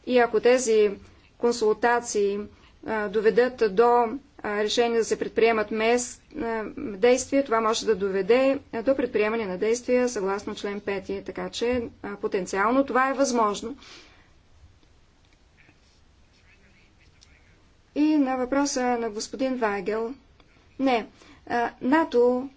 И ако тези консултации а, доведат до а, решение да се предприемат мес, а, действия, това може да доведе до предприемане на действия съгласно член 5. Така че потенциално това е възможно. И на въпроса на господин Вагел. Не, НАТО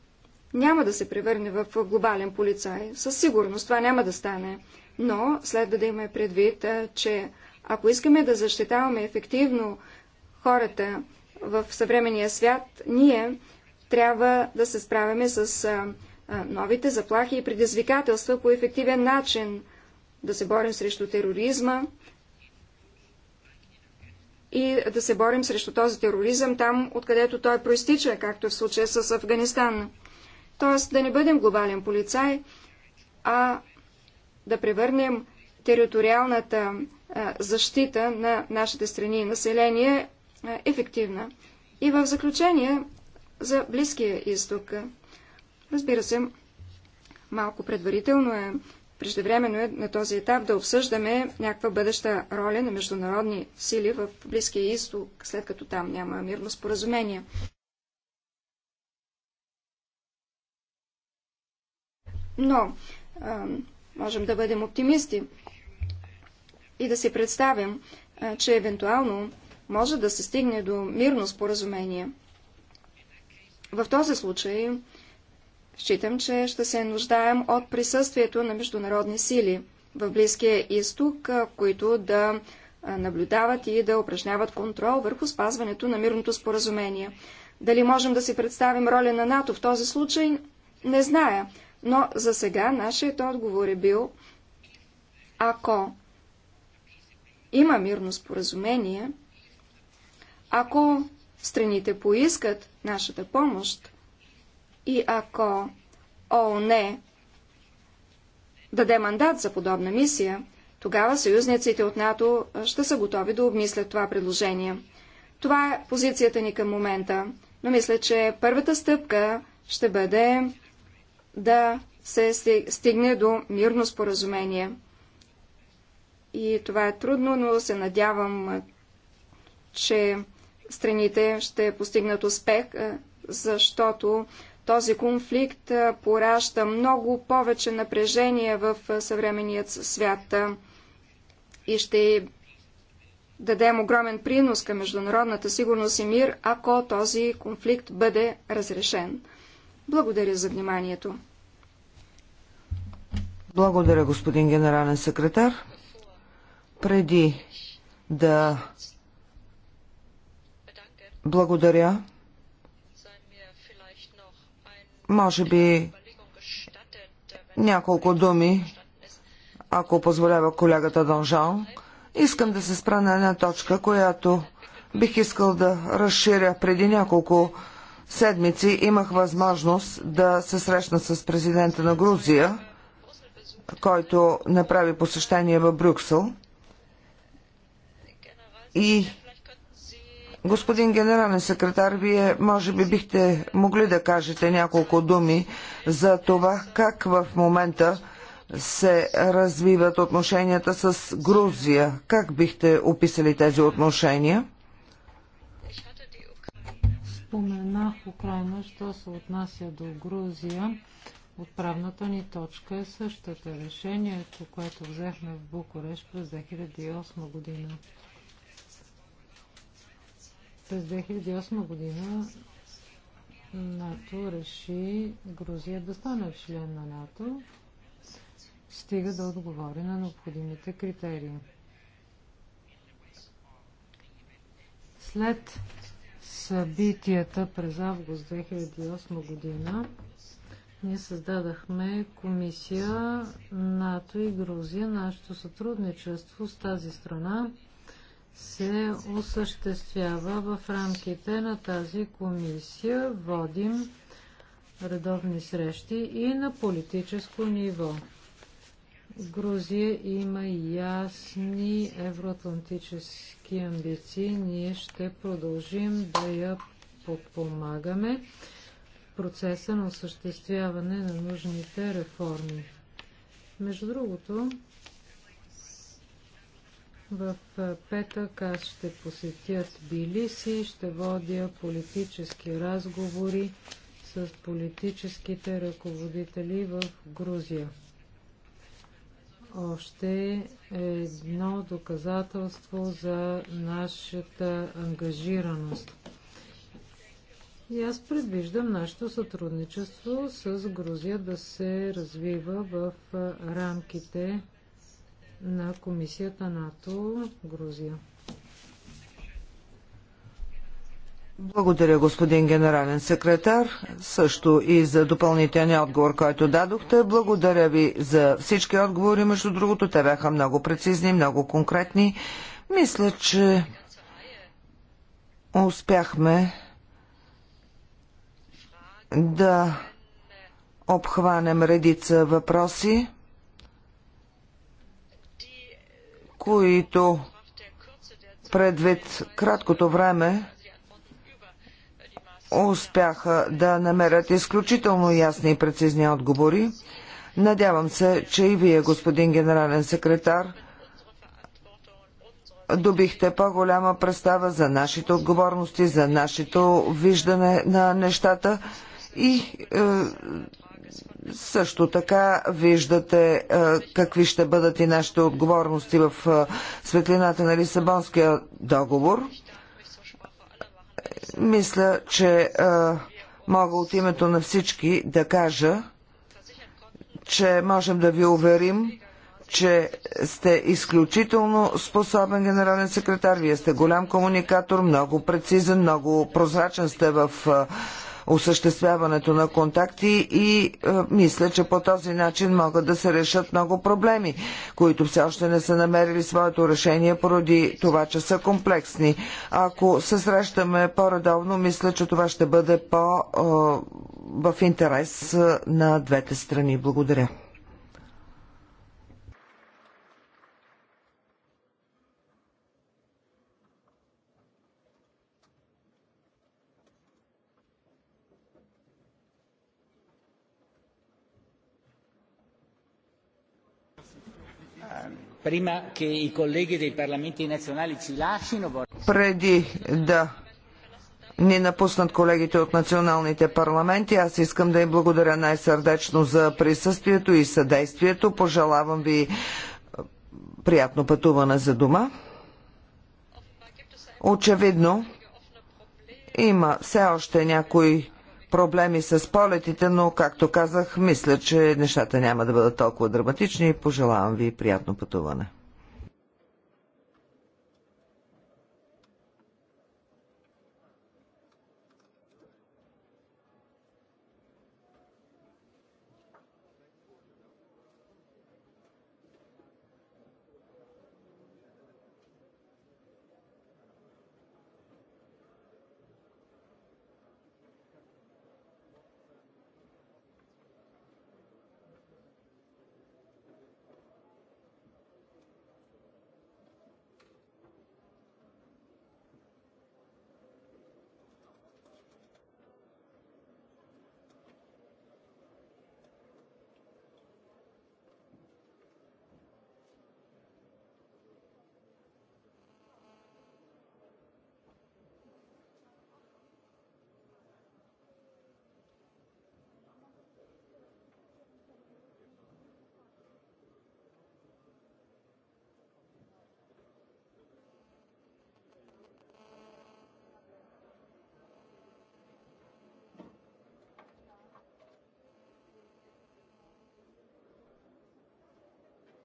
няма да се превърне в глобален полицай. Със сигурност това няма да стане. Но следва да имаме предвид, че ако искаме да защитаваме ефективно хората в съвременния свят, ние трябва да се справяме с новите заплахи и предизвикателства по ефективен начин, да се борим срещу тероризма и да се борим срещу този тероризъм там, откъдето той проистича, както в случая с Афганистан. Т.е. да не бъдем глобален полицай, а да превърнем териториалната защита на нашите страни и население ефективна. И в заключение за Близкия изток. Разбира се, малко предварително е, преждевременно е на този етап да обсъждаме някаква бъдеща роля на международни сили в Близкия изток, след като там няма мирно споразумение. но а, можем да бъдем оптимисти и да си представим, а, че евентуално може да се стигне до мирно споразумение. В този случай считам, че ще се нуждаем от присъствието на международни сили в Близкия изток, които да наблюдават и да упражняват контрол върху спазването на мирното споразумение. Дали можем да си представим роля на НАТО в този случай, не зная, но за сега нашият отговор е бил, ако има мирно споразумение, ако страните поискат нашата помощ и ако ООН даде мандат за подобна мисия, тогава съюзниците от НАТО ще са готови да обмислят това предложение. Това е позицията ни към момента, но мисля, че първата стъпка ще бъде да се стигне до мирно споразумение. И това е трудно, но се надявам, че страните ще постигнат успех, защото този конфликт пораща много повече напрежение в съвременният свят и ще дадем огромен принос към международната сигурност и мир, ако този конфликт бъде разрешен. Благодаря за вниманието. Благодаря, господин генерален секретар. Преди да благодаря, може би няколко думи, ако позволява колегата Донжан. Искам да се спра на една точка, която бих искал да разширя преди няколко седмици имах възможност да се срещна с президента на Грузия, който направи посещение в Брюксел. И господин генерален секретар, вие може би бихте могли да кажете няколко думи за това как в момента се развиват отношенията с Грузия. Как бихте описали тези отношения? Споменах Украина, що се отнася до Грузия. Отправната ни точка е същата решението, което взехме в Букуреш през 2008 година. През 2008 година НАТО реши Грузия да стане член на НАТО, стига да отговори на необходимите критерии. След събитията през август 2008 година, ние създадахме комисия НАТО и Грузия. Нашето сътрудничество с тази страна се осъществява в рамките на тази комисия. Водим редовни срещи и на политическо ниво. Грузия има ясни евроатлантически амбиции. Ние ще продължим да я подпомагаме процеса на осъществяване на нужните реформи. Между другото, в петък аз ще посетя Тбилиси, ще водя политически разговори с политическите ръководители в Грузия още едно доказателство за нашата ангажираност. И аз предвиждам нашето сътрудничество с Грузия да се развива в рамките на Комисията НАТО Грузия. Благодаря, господин генерален секретар, също и за допълнителния отговор, който дадохте. Благодаря ви за всички отговори. Между другото, те бяха много прецизни, много конкретни. Мисля, че успяхме да обхванем редица въпроси, които предвид краткото време, успяха да намерят изключително ясни и прецизни отговори. Надявам се, че и вие, господин генерален секретар, добихте по-голяма представа за нашите отговорности, за нашето виждане на нещата и е, също така виждате е, какви ще бъдат и нашите отговорности в е, светлината на Лисабонския договор. Мисля, че а, мога от името на всички да кажа, че можем да ви уверим, че сте изключително способен генерален секретар. Вие сте голям комуникатор, много прецизен, много прозрачен сте в а, осъществяването на контакти и е, мисля, че по този начин могат да се решат много проблеми, които все още не са намерили своето решение поради това, че са комплексни. Ако се срещаме по-редовно, мисля, че това ще бъде по е, в интерес е, на двете страни. Благодаря. Преди да ни напуснат колегите от националните парламенти. Аз искам да им благодаря най-сърдечно за присъствието и съдействието. Пожелавам ви е, приятно пътуване за дома. Очевидно има все още някои проблеми с полетите, но, както казах, мисля, че нещата няма да бъдат толкова драматични пожелавам ви приятно пътуване.